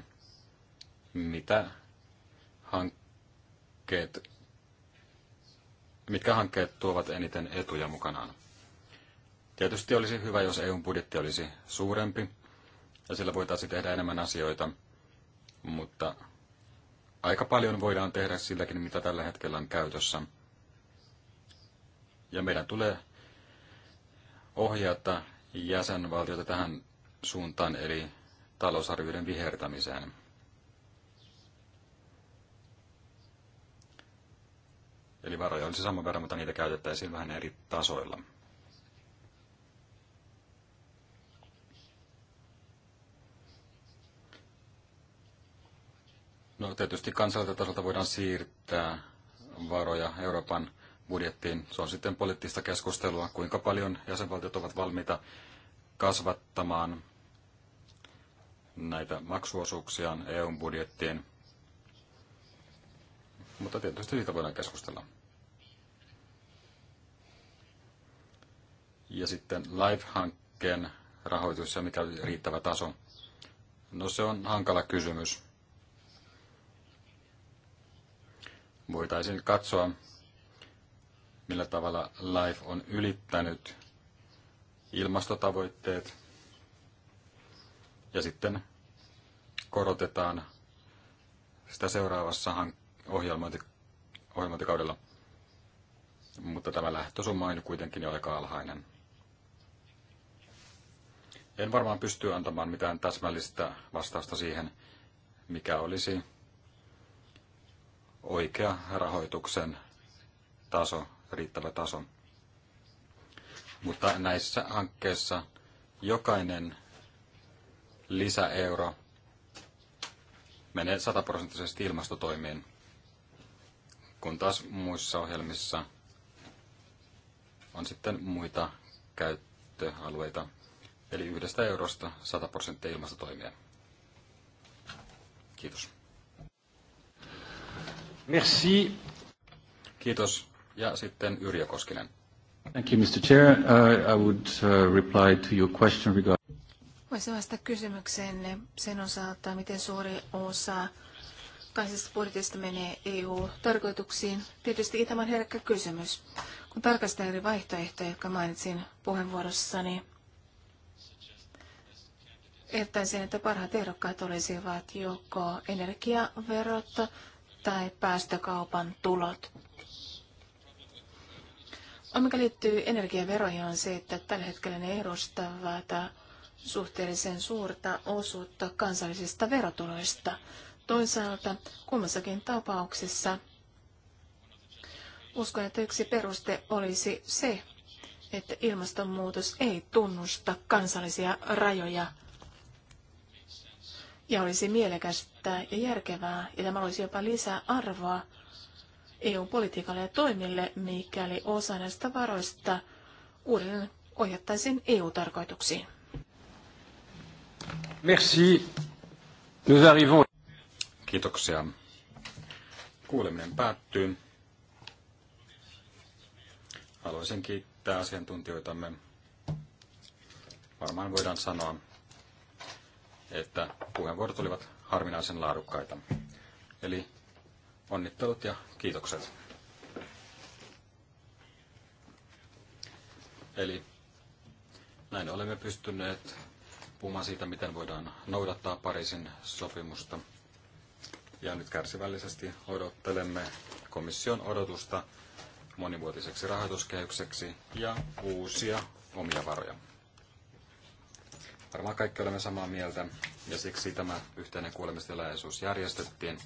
Speaker 1: mitä hankkeet, mitkä hankkeet tuovat eniten etuja mukanaan. Tietysti olisi hyvä, jos EUn budjetti olisi suurempi ja sillä voitaisiin tehdä enemmän asioita, mutta aika paljon voidaan tehdä silläkin, mitä tällä hetkellä on käytössä. Ja meidän tulee ohjata jäsenvaltiota tähän suuntaan, eli talousarvioiden vihertämiseen. Eli varoja olisi saman verran, mutta niitä käytettäisiin vähän eri tasoilla. No tietysti kansalliselta tasolta voidaan siirtää varoja Euroopan budjettiin. Se on sitten poliittista keskustelua, kuinka paljon jäsenvaltiot ovat valmiita kasvattamaan näitä maksuosuuksiaan EUn budjettiin. Mutta tietysti siitä voidaan keskustella. Ja sitten Live-hankkeen rahoitus ja mikä riittävä taso. No se on hankala kysymys. voitaisiin katsoa, millä tavalla LIFE on ylittänyt ilmastotavoitteet. Ja sitten korotetaan sitä seuraavassa ohjelmointi, ohjelmointikaudella. Mutta tämä lähtösumma on kuitenkin jo aika alhainen. En varmaan pysty antamaan mitään täsmällistä vastausta siihen, mikä olisi oikea rahoituksen taso, riittävä taso. Mutta näissä hankkeissa jokainen lisäeuro menee sataprosenttisesti ilmastotoimiin, kun taas muissa ohjelmissa on sitten muita käyttöalueita, eli yhdestä eurosta 100 prosenttia ilmastotoimia. Kiitos. Merci. Kiitos. Ja sitten Yrjö Koskinen. Thank you, Mr. Chair. Uh, I would uh, reply to your question regarding...
Speaker 2: Voisin vastata kysymykseenne sen osalta, miten suuri osa kansallisesta budjetista menee EU-tarkoituksiin. Tietysti tämä on herkkä kysymys. Kun tarkastan eri vaihtoehtoja, jotka mainitsin puheenvuorossani, ehdottaisin, että parhaat ehdokkaat olisivat joko energiaverot, tai päästökaupan tulot. On mikä liittyy energiaveroihin on se, että tällä hetkellä ne edustavat suhteellisen suurta osuutta kansallisista verotuloista. Toisaalta kummassakin tapauksessa uskon, että yksi peruste olisi se, että ilmastonmuutos ei tunnusta kansallisia rajoja ja olisi mielekästä ja järkevää, ja tämä olisi jopa lisää arvoa EU-politiikalle ja toimille, mikäli osa näistä varoista uudelleen ohjattaisiin EU-tarkoituksiin.
Speaker 1: Merci. Nous arrivons. Kiitoksia. Kuuleminen päättyy. Haluaisin kiittää asiantuntijoitamme. Varmaan voidaan sanoa, että puheenvuorot olivat harvinaisen laadukkaita. Eli onnittelut ja kiitokset. Eli näin olemme pystyneet puhumaan siitä, miten voidaan noudattaa Pariisin sopimusta. Ja nyt kärsivällisesti odottelemme komission odotusta monivuotiseksi rahoituskehykseksi ja uusia omia varoja. Varmaan kaikki olemme samaa mieltä ja siksi tämä yhteinen kuulemistilaisuus järjestettiin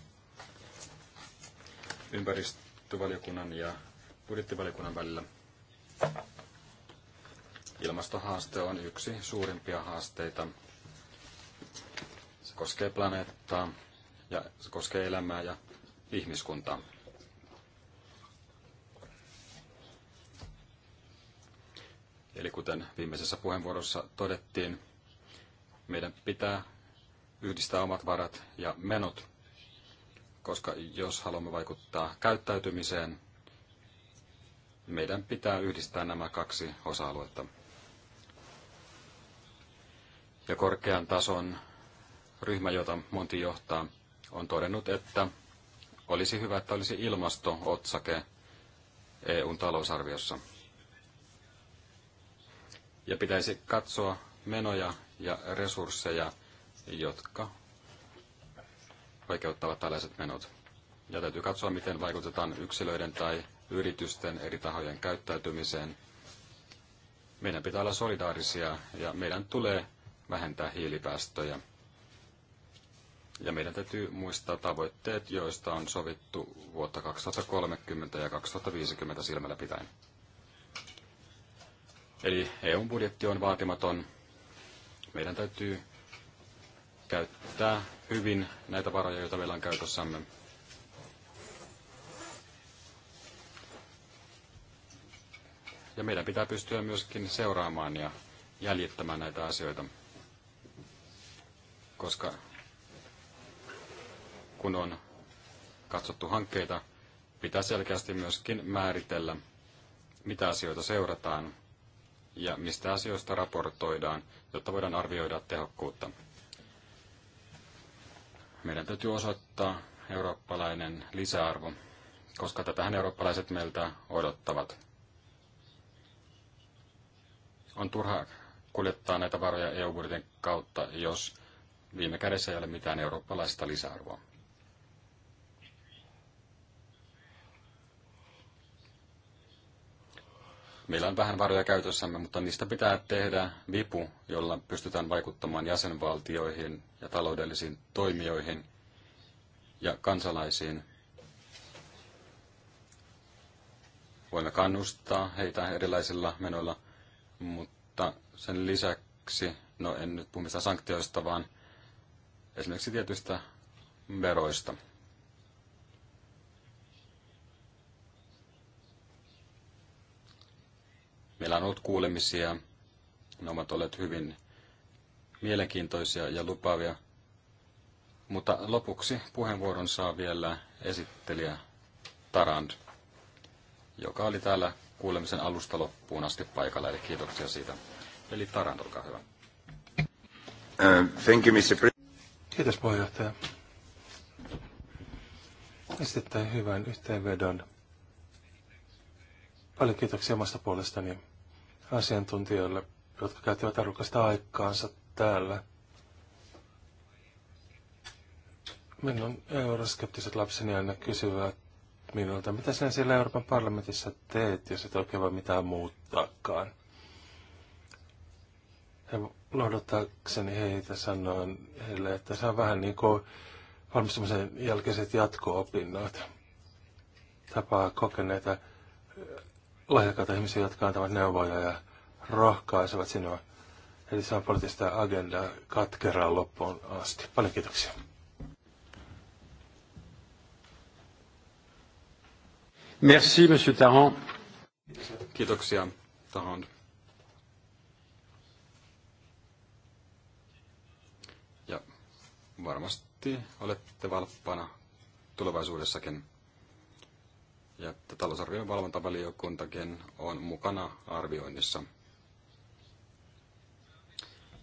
Speaker 1: ympäristövaliokunnan ja budjettivaliokunnan välillä. Ilmastohaaste on yksi suurimpia haasteita. Se koskee planeettaa ja se koskee elämää ja ihmiskuntaa. Eli kuten viimeisessä puheenvuorossa todettiin, meidän pitää yhdistää omat varat ja menot, koska jos haluamme vaikuttaa käyttäytymiseen, meidän pitää yhdistää nämä kaksi osa-aluetta. Ja korkean tason ryhmä, jota Monti johtaa, on todennut, että olisi hyvä, että olisi ilmasto-otsake EUn talousarviossa. Ja pitäisi katsoa menoja ja resursseja, jotka vaikeuttavat tällaiset menot. Ja täytyy katsoa, miten vaikutetaan yksilöiden tai yritysten eri tahojen käyttäytymiseen. Meidän pitää olla solidaarisia ja meidän tulee vähentää hiilipäästöjä. Ja meidän täytyy muistaa tavoitteet, joista on sovittu vuotta 2030 ja 2050 silmällä pitäen. Eli eu budjetti on vaatimaton meidän täytyy käyttää hyvin näitä varoja, joita meillä on käytössämme. Ja meidän pitää pystyä myöskin seuraamaan ja jäljittämään näitä asioita, koska kun on katsottu hankkeita, pitää selkeästi myöskin määritellä, mitä asioita seurataan ja mistä asioista raportoidaan jotta voidaan arvioida tehokkuutta. Meidän täytyy osoittaa eurooppalainen lisäarvo, koska tätähän eurooppalaiset meiltä odottavat. On turha kuljettaa näitä varoja EU-budjetin kautta, jos viime kädessä ei ole mitään eurooppalaista lisäarvoa. Meillä on vähän varoja käytössämme, mutta niistä pitää tehdä vipu, jolla pystytään vaikuttamaan jäsenvaltioihin ja taloudellisiin toimijoihin ja kansalaisiin. Voimme kannustaa heitä erilaisilla menoilla, mutta sen lisäksi, no en nyt puhu mistään sanktioista, vaan esimerkiksi tietyistä veroista – Meillä on ollut kuulemisia, ne ovat olleet hyvin mielenkiintoisia ja lupaavia. Mutta lopuksi puheenvuoron saa vielä esittelijä Tarand, joka oli täällä kuulemisen alusta loppuun asti paikalla, eli kiitoksia siitä. Eli Tarand, olkaa hyvä. Uh, thank you, Mr.
Speaker 3: Kiitos puheenjohtaja. Esittäin hyvän yhteenvedon. Paljon kiitoksia omasta puolestani asiantuntijoille, jotka käyttivät arvokasta aikaansa täällä. Minun euroskeptiset lapseni aina kysyvät minulta, mitä sinä siellä Euroopan parlamentissa teet, jos et oikein voi mitään muuttaakaan. Ja lohduttaakseni heitä sanoin heille, että se on vähän niin kuin valmistumisen jälkeiset jatko-opinnot. Tapaa kokeneita lahjakkaita ihmisiä, jotka antavat neuvoja ja rohkaisevat sinua. Eli saa poliittista agendaa katkeraan loppuun asti. Paljon kiitoksia.
Speaker 1: Merci, Monsieur Tarant. Kiitoksia, Tarant. Ja varmasti olette valppana tulevaisuudessakin ja että talousarvion valvontavaliokuntakin on mukana arvioinnissa.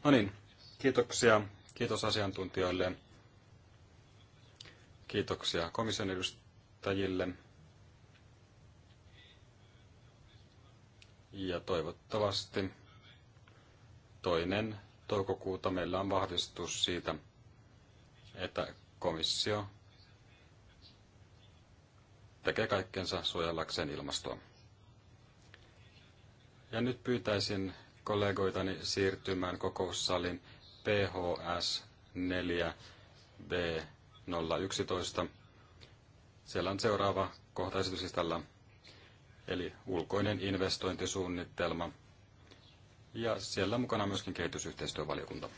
Speaker 1: No niin, kiitoksia. Kiitos asiantuntijoille. Kiitoksia komission edustajille. Ja toivottavasti toinen toukokuuta meillä on vahvistus siitä, että komissio tekee kaikkensa suojellakseen ilmastoa. Ja nyt pyytäisin kollegoitani siirtymään kokoussalin PHS 4B011. Siellä on seuraava kohta esityslistalla, eli ulkoinen investointisuunnitelma. Ja siellä mukana on myöskin kehitysyhteistyövaliokunta.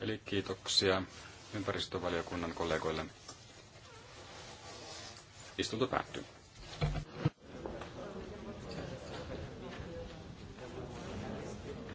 Speaker 1: Eli kiitoksia ympäristövaliokunnan kollegoille. Istunto päättyy.